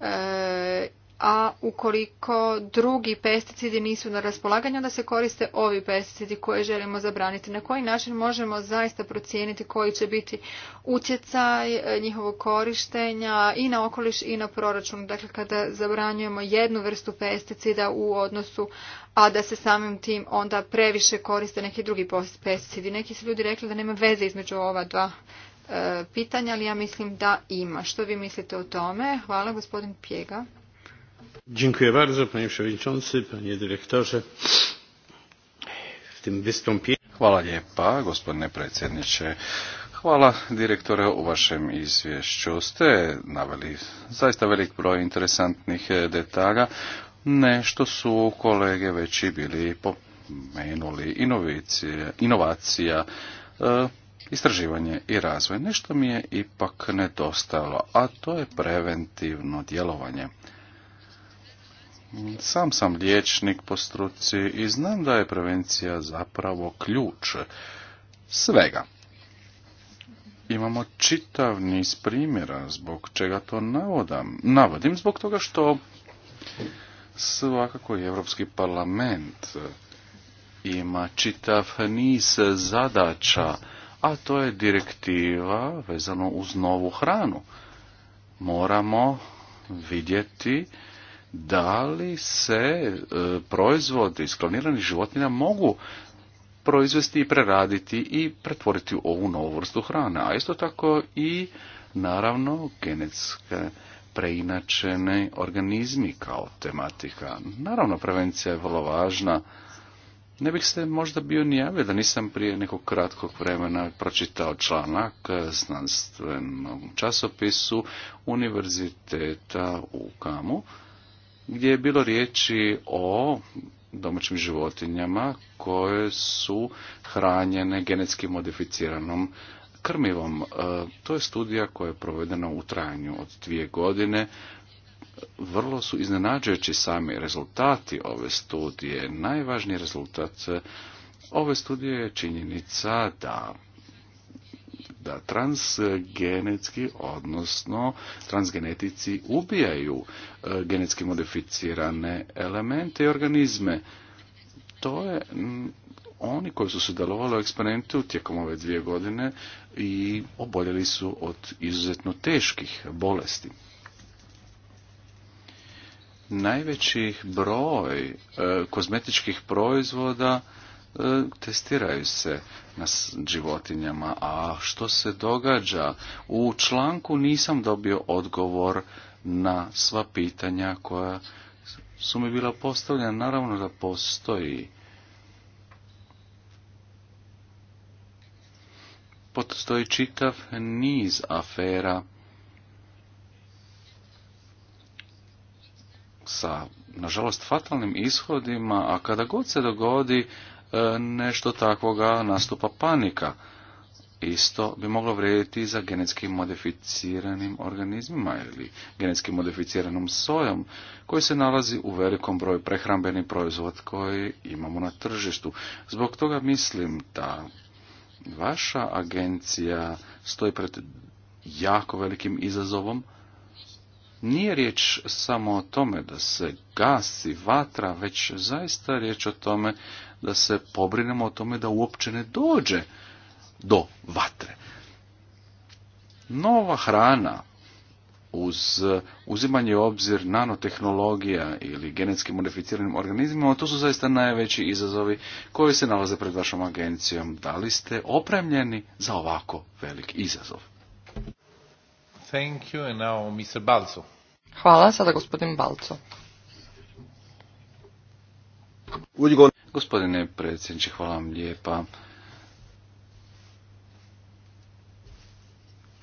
e, a ukoliko drugi pesticidi nisu na raspolaganju, onda se koriste ovi pesticidi koje želimo zabraniti. Na koji način možemo zaista procijeniti koji će biti utjecaj e, njihovog korištenja i na okoliš i na proračun. Dakle, kada zabranjujemo jednu vrstu pesticida u odnosu, a da se samim tim onda previše koriste neki drugi pesticidi. Neki su ljudi rekli da nema veze između ova dva e, pitanja, ali ja mislim da ima. Što vi mislite o tome? Hvala, gospodin Pjega. Hvala lijepa, gospodine predsjedniče. Hvala direktore u vašem izvješću. Ste naveli zaista velik broj interesantnih e, detalja. Nešto su kolege već i bili pomenuli inovacija, inovacija e, istraživanje i razvoj. Nešto mi je ipak nedostalo, a to je preventivno djelovanje. Sam sam liječnik po struci i znam da je prevencija zapravo ključ svega. Imamo čitav niz primjera zbog čega to navodam. Navodim zbog toga što svakako je Europski parlament ima čitav niz zadaća, a to je direktiva vezano uz novu hranu. Moramo vidjeti da li se e, proizvodi iz kloniranih životinja mogu proizvesti i preraditi i pretvoriti u ovu novu vrstu hrane, a isto tako i naravno genetske preinačene organizmi kao tematika. Naravno, prevencija je vrlo važna. Ne bih se možda bio ni javio da nisam prije nekog kratkog vremena pročitao članak znanstvenom časopisu Univerziteta u Kamu, gdje je bilo riječi o domaćim životinjama koje su hranjene genetski modificiranom krmivom. E, to je studija koja je provedena u trajanju od dvije godine. Vrlo su iznenađujući sami rezultati ove studije. Najvažniji rezultat ove studije je činjenica da da transgenetski, odnosno transgenetici ubijaju e, genetski modificirane elemente i organizme. To je oni koji su sudjelovali u eksperimentu tijekom ove dvije godine i oboljeli su od izuzetno teških bolesti. Najveći broj e, kozmetičkih proizvoda E, testiraju se na životinjama. A što se događa? U članku nisam dobio odgovor na sva pitanja koja su mi bila postavljena. Naravno da postoji postoji čitav niz afera sa, nažalost, fatalnim ishodima, a kada god se dogodi, E, nešto takvoga nastupa panika. Isto bi moglo vrijediti za genetski modificiranim organizmima ili genetski modificiranom sojom koji se nalazi u velikom broju prehrambenih proizvod koji imamo na tržištu. Zbog toga mislim da vaša agencija stoji pred jako velikim izazovom. Nije riječ samo o tome da se gasi vatra, već zaista riječ o tome da se pobrinemo o tome da uopće ne dođe do vatre. Nova hrana uz uzimanje u obzir nanotehnologija ili genetski modificiranim organizmima, to su zaista najveći izazovi koji se nalaze pred vašom agencijom. Da li ste opremljeni za ovako velik izazov? Thank you and now Mr. Hvala, sada gospodin Balco. Gospodine predsjedniče, hvala vam lijepa.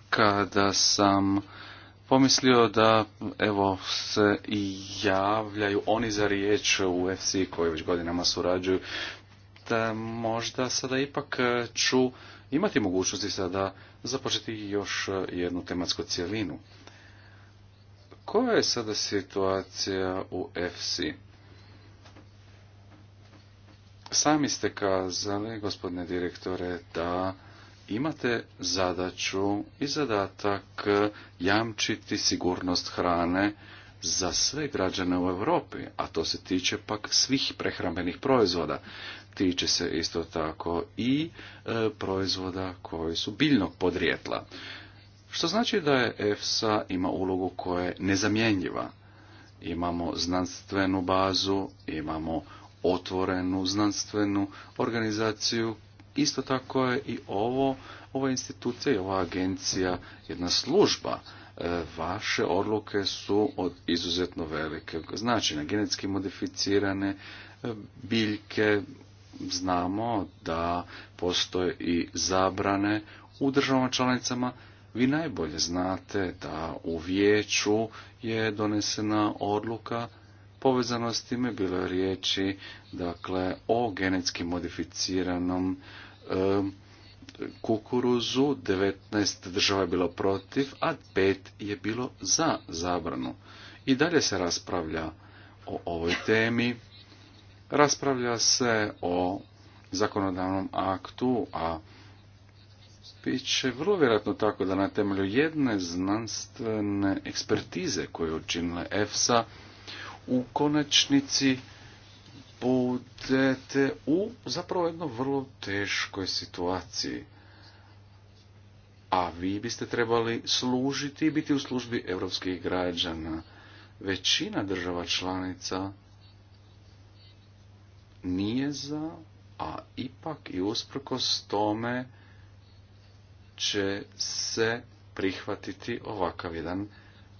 Kada sam pomislio da evo se i javljaju oni za riječ u FC koji već godinama surađuju, da možda sada ipak ću imati mogućnosti sada započeti još jednu tematsku cjelinu. Koja je sada situacija u FC? Sami ste kazali, gospodine direktore, da imate zadaću i zadatak jamčiti sigurnost hrane za sve građane u Europi, a to se tiče pak svih prehrambenih proizvoda. Tiče se isto tako i e, proizvoda koji su biljnog podrijetla. Što znači da je EFSA ima ulogu koja je nezamjenjiva. Imamo znanstvenu bazu, imamo otvorenu znanstvenu organizaciju. Isto tako je i ovo, ova institucija i ova agencija jedna služba. E, vaše odluke su od izuzetno velike na Genetski modificirane e, biljke znamo da postoje i zabrane u državama članicama. Vi najbolje znate da u vijeću je donesena odluka povezano s time bilo je riječi dakle, o genetski modificiranom kukuruzu, 19 država je bilo protiv, a 5 je bilo za zabranu. I dalje se raspravlja o ovoj temi, raspravlja se o zakonodavnom aktu, a bit će vrlo vjerojatno tako da na temelju jedne znanstvene ekspertize koju je učinila EFSA, u konačnici budete u zapravo jednoj vrlo teškoj situaciji. A vi biste trebali služiti i biti u službi europskih građana. Većina država članica nije za, a ipak i usprkos tome će se prihvatiti ovakav jedan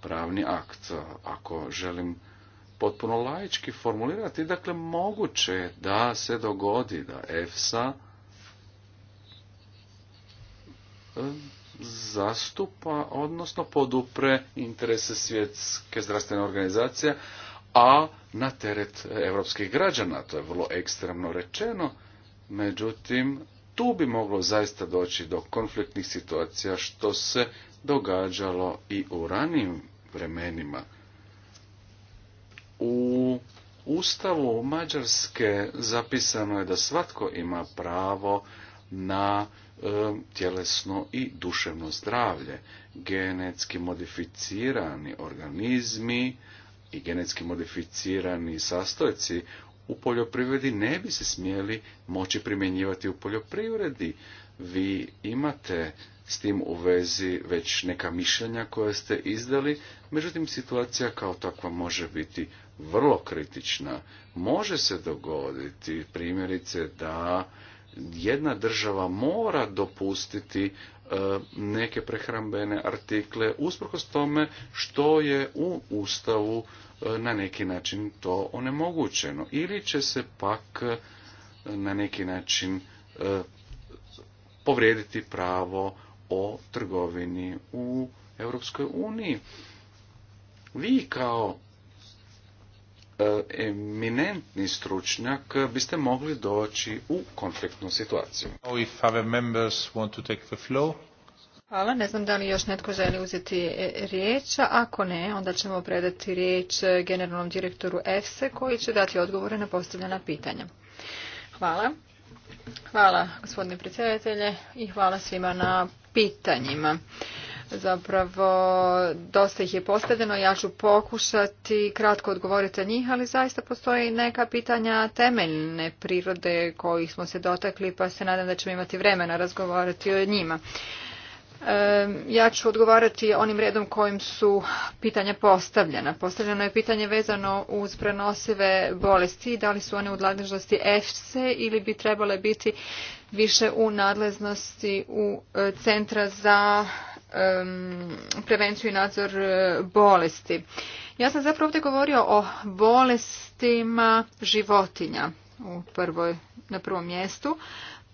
pravni akt. Ako želim potpuno laički formulirati. Dakle, moguće je da se dogodi da EFSA e, zastupa, odnosno podupre interese svjetske zdravstvene organizacije, a na teret evropskih građana. To je vrlo ekstremno rečeno. Međutim, tu bi moglo zaista doći do konfliktnih situacija što se događalo i u ranijim vremenima u Ustavu Mađarske zapisano je da svatko ima pravo na e, tjelesno i duševno zdravlje. Genetski modificirani organizmi i genetski modificirani sastojci u poljoprivredi ne bi se smjeli moći primjenjivati u poljoprivredi. Vi imate s tim u vezi već neka mišljenja koje ste izdali, međutim situacija kao takva može biti vrlo kritična. Može se dogoditi primjerice da jedna država mora dopustiti e, neke prehrambene artikle usprkos tome što je u Ustavu e, na neki način to onemogućeno ili će se pak e, na neki način povrijediti pravo o trgovini u Europskoj uniji. Vi kao E, eminentni stručnjak biste mogli doći u konfliktnu situaciju. Hvala, ne znam da li još netko želi uzeti e, riječ, ako ne, onda ćemo predati riječ e, generalnom direktoru EFSE koji će dati odgovore na postavljena pitanja. Hvala. Hvala gospodine predsjedatelje i hvala svima na pitanjima. Zapravo, dosta ih je postavljeno. Ja ću pokušati kratko odgovoriti na njih, ali zaista postoje neka pitanja temeljne prirode kojih smo se dotakli, pa se nadam da ćemo imati vremena razgovarati o njima. Ja ću odgovarati onim redom kojim su pitanja postavljena. Postavljeno je pitanje vezano uz prenosive bolesti, da li su one u nadležnosti EFSE ili bi trebale biti više u nadležnosti u e, Centra za prevenciju i nadzor e, bolesti. Ja sam zapravo ovdje govorio o bolestima životinja u na prvom mjestu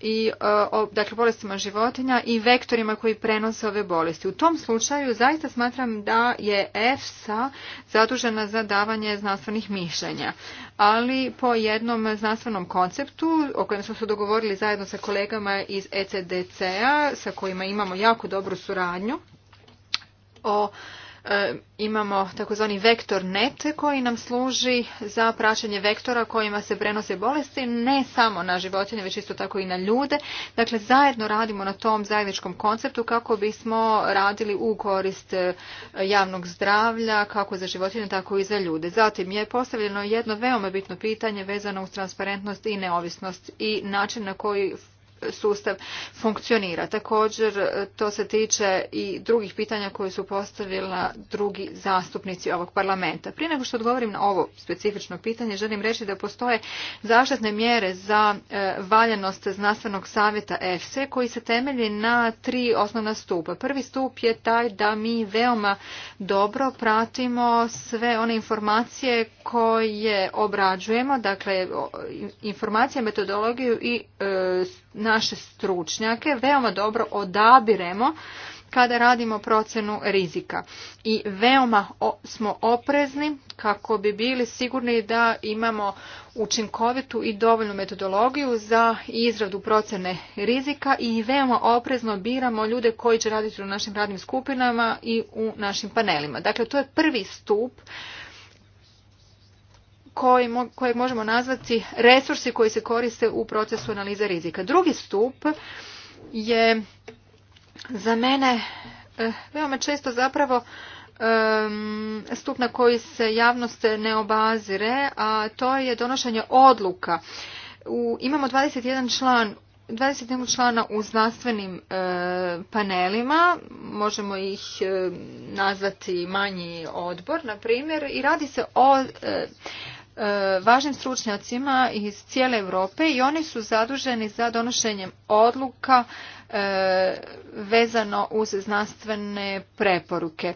i e, o dakle, bolestima životinja i vektorima koji prenose ove bolesti. U tom slučaju zaista smatram da je EFSA zadužena za davanje znanstvenih mišljenja, ali po jednom znanstvenom konceptu o kojem smo se dogovorili zajedno sa kolegama iz ECDC-a sa kojima imamo jako dobru suradnju o E, imamo takozvani vektor net koji nam služi za praćenje vektora kojima se prenose bolesti ne samo na životinje već isto tako i na ljude. Dakle zajedno radimo na tom zajedničkom konceptu kako bismo radili u korist e, javnog zdravlja kako za životinje tako i za ljude. Zatim je postavljeno jedno veoma bitno pitanje vezano uz transparentnost i neovisnost i način na koji sustav funkcionira. Također e, to se tiče i drugih pitanja koje su postavila drugi zastupnici ovog parlamenta. Prije nego što odgovorim na ovo specifično pitanje, želim reći da postoje zaštitne mjere za e, valjanost znanstvenog savjeta EFSE koji se temelji na tri osnovna stupa. Prvi stup je taj da mi veoma dobro pratimo sve one informacije koje obrađujemo, dakle informacije, metodologiju i e, naše stručnjake veoma dobro odabiremo kada radimo procjenu rizika i veoma smo oprezni kako bi bili sigurni da imamo učinkovitu i dovoljnu metodologiju za izradu procjene rizika i veoma oprezno biramo ljude koji će raditi u našim radnim skupinama i u našim panelima. Dakle, to je prvi stup koji, kojeg možemo nazvati resursi koji se koriste u procesu analize rizika. Drugi stup je za mene eh, veoma često zapravo stup na koji se javnost ne obazire, a to je donošenje odluka. imamo 21 član 21 člana u znanstvenim eh, panelima, možemo ih eh, nazvati manji odbor, na primjer, i radi se o E, važnim stručnjacima iz cijele Europe i oni su zaduženi za donošenje odluka e, vezano uz znanstvene preporuke.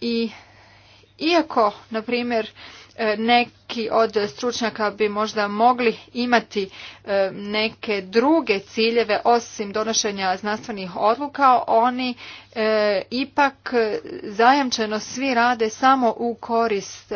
I iako, na primjer, e, neki od stručnjaka bi možda mogli imati neke druge ciljeve osim donošenja znanstvenih odluka, oni ipak zajamčeno svi rade samo u korist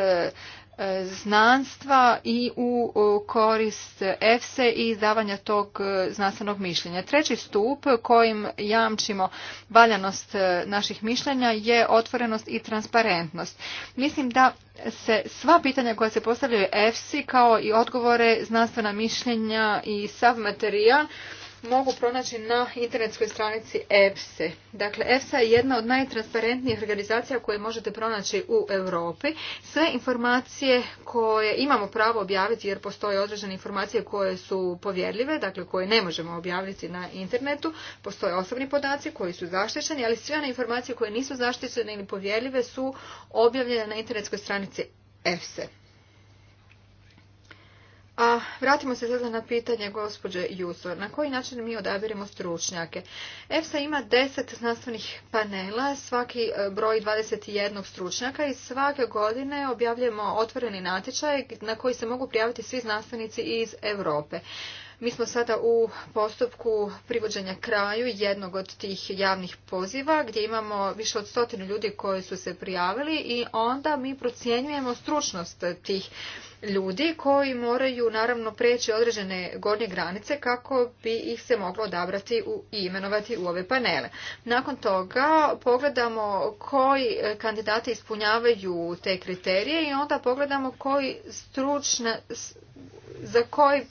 E, znanstva i u korist EFSE i izdavanja tog e, znanstvenog mišljenja. Treći stup kojim jamčimo valjanost e, naših mišljenja je otvorenost i transparentnost. Mislim da se sva pitanja koja se postavljaju EFSI kao i odgovore, znanstvena mišljenja i sav materijal mogu pronaći na internetskoj stranici EFSA. E. Dakle, EFSA je jedna od najtransparentnijih organizacija koje možete pronaći u Europi. Sve informacije koje imamo pravo objaviti jer postoje određene informacije koje su povjerljive, dakle koje ne možemo objaviti na internetu, postoje osobni podaci koji su zaštićeni, ali sve one informacije koje nisu zaštićene ili povjerljive su objavljene na internetskoj stranici EFSE. A vratimo se sada na pitanje gospođe Jusor. Na koji način mi odabiremo stručnjake? EFSA ima 10 znanstvenih panela, svaki e, broj 21 stručnjaka i svake godine objavljujemo otvoreni natječaj na koji se mogu prijaviti svi znanstvenici iz Europe. Mi smo sada u postupku privođenja kraju jednog od tih javnih poziva gdje imamo više od stotinu ljudi koji su se prijavili i onda mi procjenjujemo stručnost tih ljudi koji moraju naravno preći određene gornje granice kako bi ih se moglo odabrati i imenovati u ove panele. Nakon toga pogledamo koji kandidati ispunjavaju te kriterije i onda pogledamo koji stručna, za koji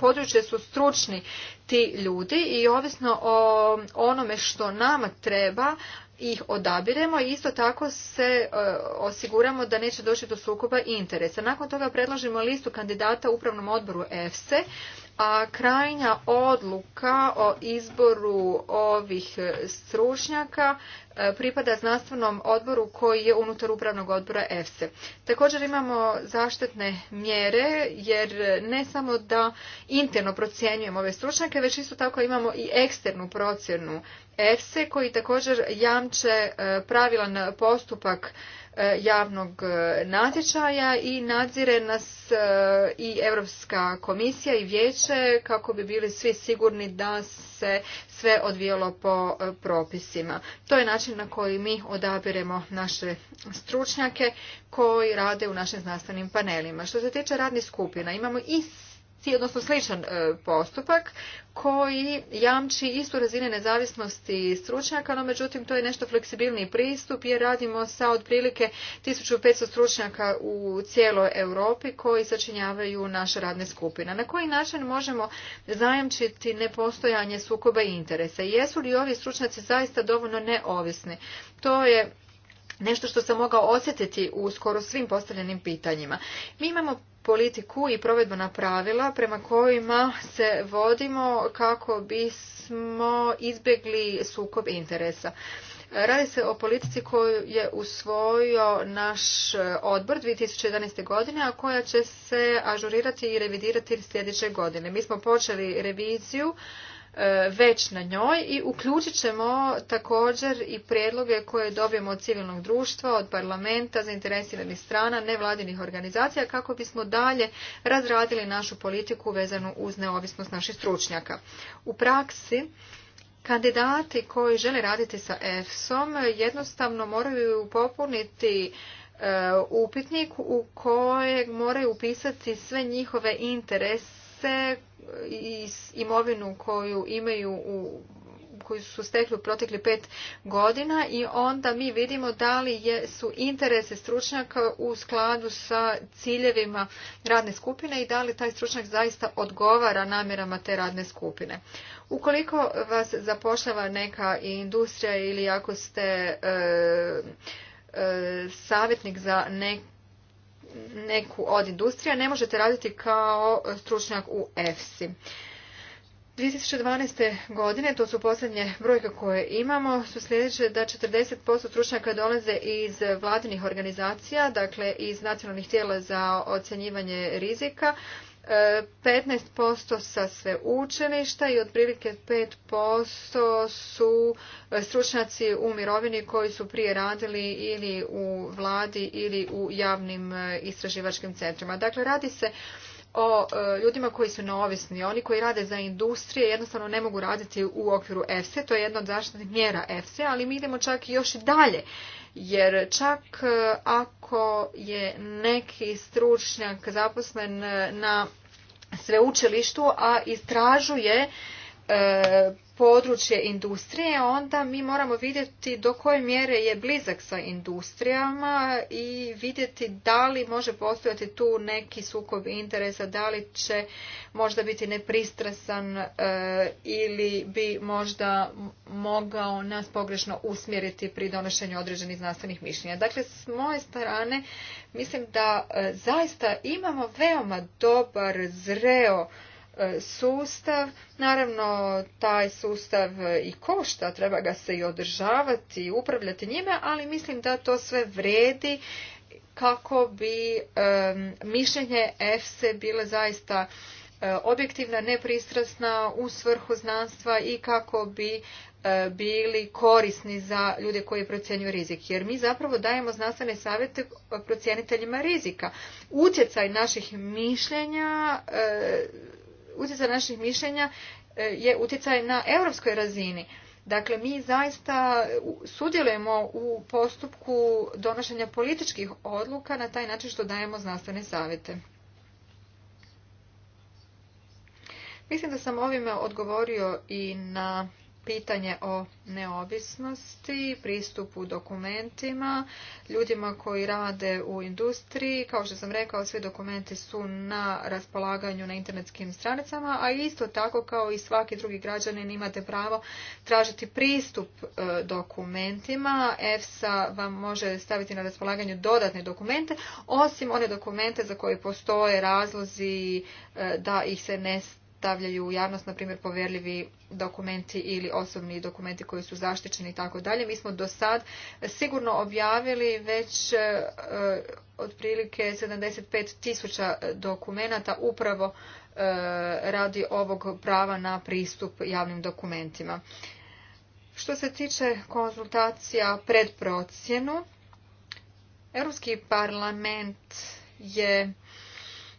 područje su stručni ti ljudi i ovisno o onome što nama treba ih odabiremo i isto tako se e, osiguramo da neće doći do sukoba interesa. Nakon toga predložimo listu kandidata u upravnom odboru EFSE a krajnja odluka o izboru ovih stručnjaka e, pripada znanstvenom odboru koji je unutar upravnog odbora EFSE. Također imamo zaštitne mjere jer ne samo da interno procjenjujemo ove stručnjake, već isto tako imamo i eksternu procjenu EFSE koji također jamče e, pravilan postupak E, javnog e, natječaja i nadzire nas e, i Europska komisija i vijeće kako bi bili svi sigurni da se sve odvijalo po propisima. To je način na koji mi odabiremo naše stručnjake koji rade u našim znanstvenim panelima. Što se tiče radnih skupina, imamo i odnosno sličan e, postupak koji jamči istu razinu nezavisnosti stručnjaka, no međutim to je nešto fleksibilniji pristup jer radimo sa otprilike 1500 stručnjaka u cijeloj Europi koji sačinjavaju naše radne skupine. Na koji način možemo zajamčiti nepostojanje sukoba interesa? Jesu li ovi stručnjaci zaista dovoljno neovisni? To je nešto što sam mogao osjetiti u skoro svim postavljenim pitanjima. Mi imamo politiku i provedbena pravila prema kojima se vodimo kako bismo izbjegli sukob interesa. Radi se o politici koju je usvojio naš odbor 2011. godine, a koja će se ažurirati i revidirati sljedeće godine. Mi smo počeli reviziju E, već na njoj i uključit ćemo također i prijedloge koje dobijemo od civilnog društva, od parlamenta, zainteresiranih strana, nevladinih organizacija kako bismo dalje razradili našu politiku vezanu uz neovisnost naših stručnjaka. U praksi kandidati koji žele raditi sa EFSOM jednostavno moraju popuniti e, upitnik u kojeg moraju upisati sve njihove interese se i imovinu koju imaju u koju su stekli u protekli pet godina i onda mi vidimo da li su interese stručnjaka u skladu sa ciljevima radne skupine i da li taj stručnjak zaista odgovara namjerama te radne skupine. Ukoliko vas zapošljava neka industrija ili ako ste e, e, savjetnik za neku neku od industrija ne možete raditi kao stručnjak u EFSI. 2012. godine, to su posljednje brojke koje imamo, su sljedeće da 40% stručnjaka dolaze iz vladinih organizacija, dakle iz nacionalnih tijela za ocjenjivanje rizika, 15% sa sve učilišta i otprilike 5% su e, stručnjaci u mirovini koji su prije radili ili u vladi ili u javnim e, istraživačkim centrima. Dakle, radi se o e, ljudima koji su neovisni, oni koji rade za industrije jednostavno ne mogu raditi u okviru EFSE, to je jedna od zaštitnih mjera EFSE, ali mi idemo čak i još i dalje, jer čak ako je neki stručnjak zaposlen na sveučilištu, a istražuje E, područje industrije, onda mi moramo vidjeti do koje mjere je blizak sa industrijama i vidjeti da li može postojati tu neki sukob interesa, da li će možda biti nepristrasan e, ili bi možda mogao nas pogrešno usmjeriti pri donošenju određenih znanstvenih mišljenja. Dakle, s moje strane mislim da e, zaista imamo veoma dobar zreo E, sustav. Naravno, taj sustav i košta, treba ga se i održavati i upravljati njime, ali mislim da to sve vredi kako bi e, mišljenje EFSE bile zaista e, objektivna, nepristrasna u svrhu znanstva i kako bi bili korisni za ljude koji procjenjuju rizik. Jer mi zapravo dajemo znanstvene savjete procjeniteljima rizika. Utjecaj naših mišljenja utjecaj naših mišljenja e, je utjecaj na europskoj razini. Dakle, mi zaista sudjelujemo u postupku donošenja političkih odluka na taj način što dajemo znanstvene savjete. Mislim da sam ovime odgovorio i na pitanje o neovisnosti, pristupu dokumentima, ljudima koji rade u industriji. Kao što sam rekao, svi dokumenti su na raspolaganju na internetskim stranicama, a isto tako kao i svaki drugi građanin imate pravo tražiti pristup e, dokumentima. EFSA vam može staviti na raspolaganju dodatne dokumente, osim one dokumente za koje postoje razlozi e, da ih se ne stavljaju u javnost, na primjer, povjerljivi dokumenti ili osobni dokumenti koji su zaštićeni i tako dalje. Mi smo do sad sigurno objavili već e, otprilike 75 tisuća dokumenata upravo e, radi ovog prava na pristup javnim dokumentima. Što se tiče konzultacija pred procjenu, Europski parlament je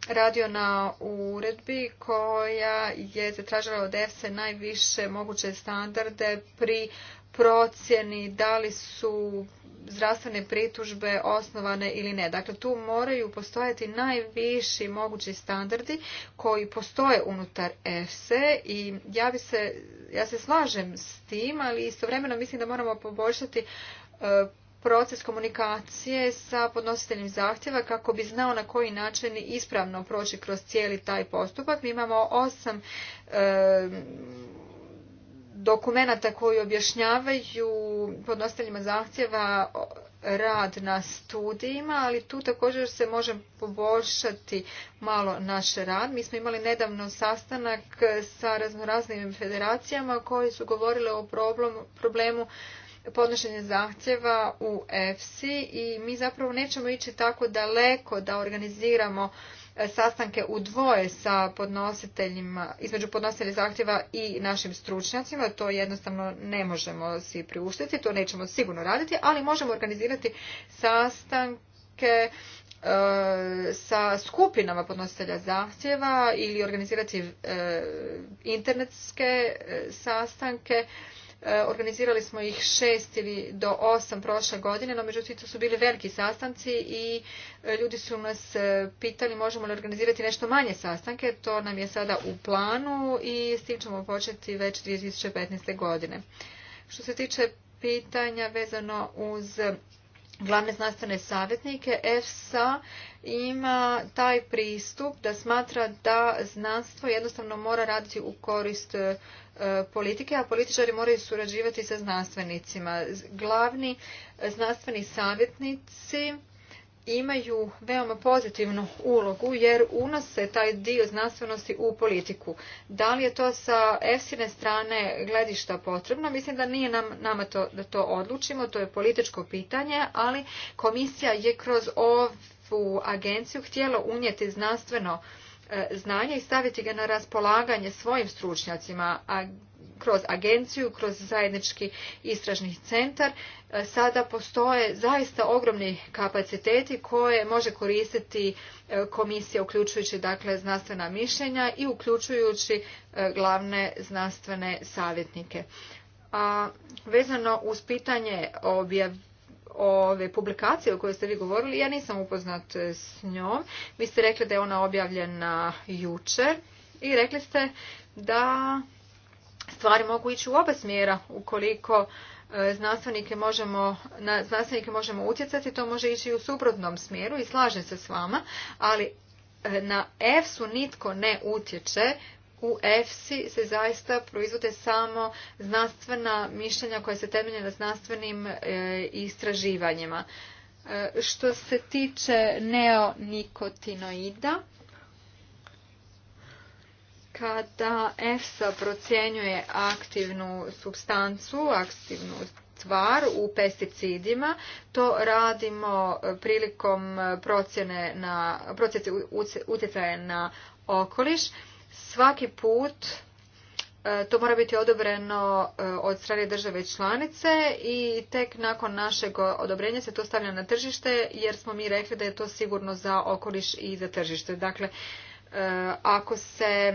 radio na uredbi koja je zatražila od se najviše moguće standarde pri procjeni da li su zdravstvene pritužbe osnovane ili ne. Dakle, tu moraju postojati najviši mogući standardi koji postoje unutar EFSA i ja, bi se, ja se slažem s tim, ali istovremeno mislim da moramo poboljšati e, proces komunikacije sa podnositeljem zahtjeva kako bi znao na koji način ispravno proći kroz cijeli taj postupak. Mi imamo osam e, dokumenata koji objašnjavaju podnositeljima zahtjeva rad na studijima, ali tu također se može poboljšati malo naš rad. Mi smo imali nedavno sastanak sa raznoraznim federacijama koji su govorile o problemu podnošenje zahtjeva u EFSI i mi zapravo nećemo ići tako daleko da organiziramo e, sastanke u dvoje sa podnositeljima, između podnositelja zahtjeva i našim stručnjacima. To jednostavno ne možemo si priuštiti, to nećemo sigurno raditi, ali možemo organizirati sastanke e, sa skupinama podnositelja zahtjeva ili organizirati e, internetske sastanke E, organizirali smo ih šest ili do osam prošle godine, no međutim to su bili veliki sastanci i e, ljudi su nas e, pitali možemo li organizirati nešto manje sastanke. To nam je sada u planu i s tim ćemo početi već 2015. godine. Što se tiče pitanja vezano uz glavne znanstvene savjetnike, EFSA ima taj pristup da smatra da znanstvo jednostavno mora raditi u korist E, politike, a političari moraju surađivati sa znanstvenicima. Glavni znanstveni savjetnici imaju veoma pozitivnu ulogu jer unose taj dio znanstvenosti u politiku. Da li je to sa EFSINE strane gledišta potrebno? Mislim da nije nam, nama to, da to odlučimo, to je političko pitanje, ali komisija je kroz ovu agenciju htjela unijeti znanstveno E, znanje i staviti ga na raspolaganje svojim stručnjacima, kroz agenciju, kroz zajednički istražni centar. E, sada postoje zaista ogromni kapaciteti koje može koristiti e, komisija uključujući dakle znanstvena mišljenja i uključujući glavne znanstvene savjetnike. A vezano uz pitanje objavljivanja ove publikacije o kojoj ste vi govorili, ja nisam upoznat s njom. Vi ste rekli da je ona objavljena jučer i rekli ste da stvari mogu ići u oba smjera ukoliko e, znanstvenike možemo, na znanstvenike možemo utjecati, to može ići u suprotnom smjeru i slažem se s vama, ali e, na EFSU nitko ne utječe, u EFSI se zaista proizvode samo znanstvena mišljenja koja se temelje na znanstvenim e, istraživanjima. E, što se tiče neonikotinoida, kada EFSA procjenjuje aktivnu substancu, aktivnu tvar u pesticidima, to radimo prilikom procjene na, procjene utjecaja na okoliš svaki put e, to mora biti odobreno e, od strane države članice i tek nakon našeg odobrenja se to stavlja na tržište jer smo mi rekli da je to sigurno za okoliš i za tržište. Dakle, e, ako se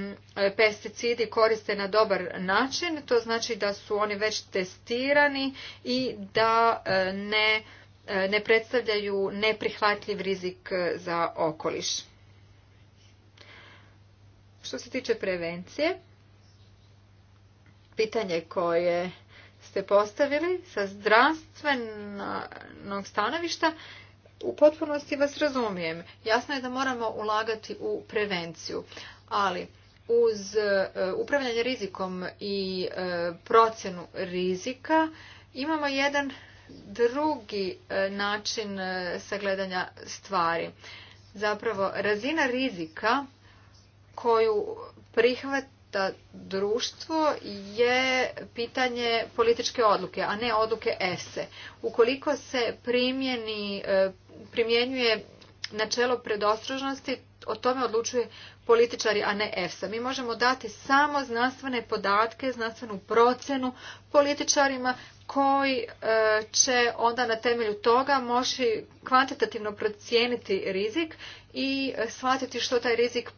pesticidi koriste na dobar način, to znači da su oni već testirani i da ne, ne predstavljaju neprihvatljiv rizik za okoliš. Što se tiče prevencije, pitanje koje ste postavili sa zdravstvenog stanovišta, u potpunosti vas razumijem. Jasno je da moramo ulagati u prevenciju, ali uz eh, upravljanje rizikom i eh, procjenu rizika imamo jedan drugi eh, način sagledanja stvari. Zapravo, razina rizika koju prihvata društvo je pitanje političke odluke, a ne odluke ESE. Ukoliko se primjeni, e, primjenjuje načelo predostrožnosti, o tome odlučuje političari, a ne EFSA. Mi možemo dati samo znanstvene podatke, znanstvenu procjenu političarima koji e, će onda na temelju toga moći kvantitativno procijeniti rizik i shvatiti što taj rizik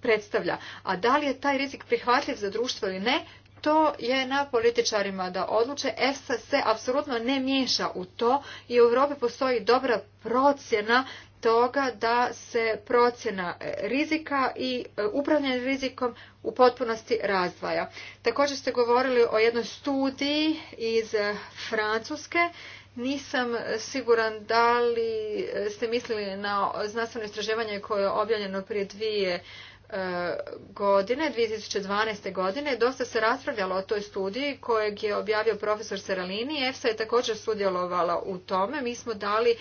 predstavlja. A da li je taj rizik prihvatljiv za društvo ili ne, to je na političarima da odluče. EFSA se apsolutno ne miješa u to i u Europi postoji dobra procjena toga da se procjena e, rizika i e, upravljanje rizikom u potpunosti razdvaja. Također ste govorili o jednoj studiji iz Francuske nisam siguran da li e, ste mislili na znanstveno istraživanje koje je objavljeno prije dvije e, godine, 2012. godine, dosta se raspravljalo o toj studiji kojeg je objavio profesor Seralini. EFSA je također sudjelovala u tome. Mi smo dali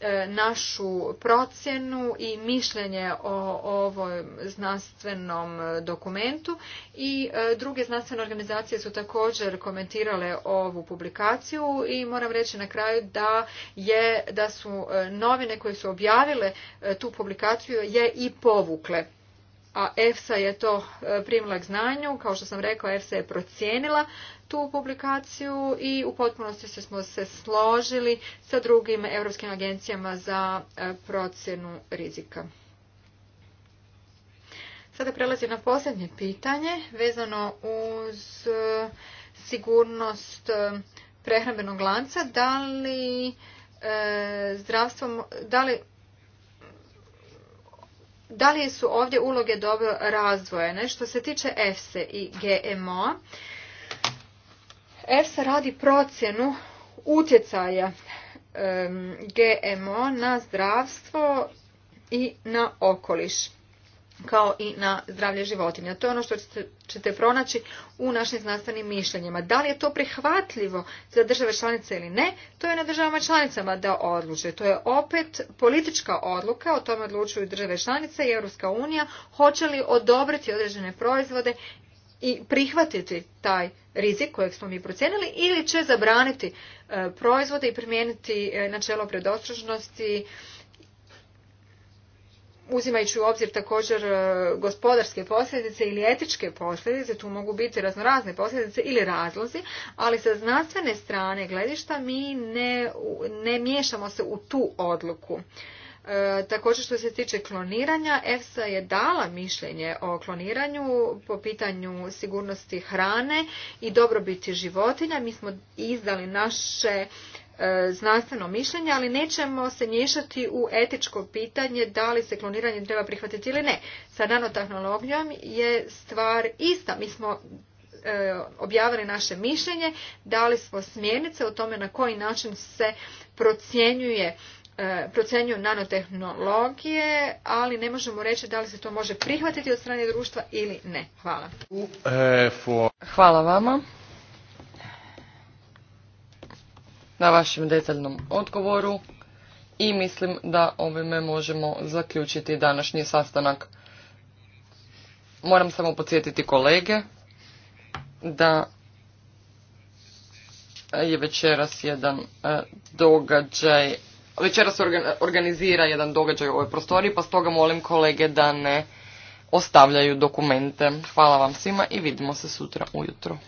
E, našu procjenu i mišljenje o ovom znanstvenom dokumentu i e, druge znanstvene organizacije su također komentirale ovu publikaciju i moram reći na kraju da je da su e, novine koje su objavile tu publikaciju je i povukle a EFSA je to primila k znanju. Kao što sam rekla, EFSA je procijenila tu publikaciju i u potpunosti smo se složili sa drugim europskim agencijama za e, procjenu rizika. Sada prelazim na posljednje pitanje vezano uz e, sigurnost e, prehrambenog lanca. Da li zdravstvo, da li da li su ovdje uloge dobro razdvojene Što se tiče EFSE i GMO-a, EFSA radi procjenu utjecaja GMO na zdravstvo i na okoliš kao i na zdravlje životinja. To je ono što ćete pronaći u našim znanstvenim mišljenjima. Da li je to prihvatljivo za države članice ili ne, to je na državama članicama da odluče. To je opet politička odluka, o tome odlučuju države članice i Europska unija, hoće li odobriti određene proizvode i prihvatiti taj rizik kojeg smo mi procijenili ili će zabraniti e, proizvode i primijeniti e, načelo predostrožnosti uzimajući u obzir također e, gospodarske posljedice ili etičke posljedice, tu mogu biti raznorazne posljedice ili razlozi, ali sa znanstvene strane gledišta mi ne, ne miješamo se u tu odluku. E, također što se tiče kloniranja, EFSA je dala mišljenje o kloniranju po pitanju sigurnosti hrane i dobrobiti životinja. Mi smo izdali naše e, znanstveno mišljenje, ali nećemo se miješati u etičko pitanje da li se kloniranje treba prihvatiti ili ne. Sa nanotehnologijom je stvar ista. Mi smo e, objavili naše mišljenje, dali smo smjernice o tome na koji način se procjenjuje E, procenjuju nanotehnologije, ali ne možemo reći da li se to može prihvatiti od strane društva ili ne. Hvala. E, Hvala vama na vašem detaljnom odgovoru i mislim da ovime možemo zaključiti današnji sastanak. Moram samo podsjetiti kolege da je večeras jedan e, događaj večeras organizira jedan događaj u ovoj prostoriji, pa stoga molim kolege da ne ostavljaju dokumente. Hvala vam svima i vidimo se sutra ujutro.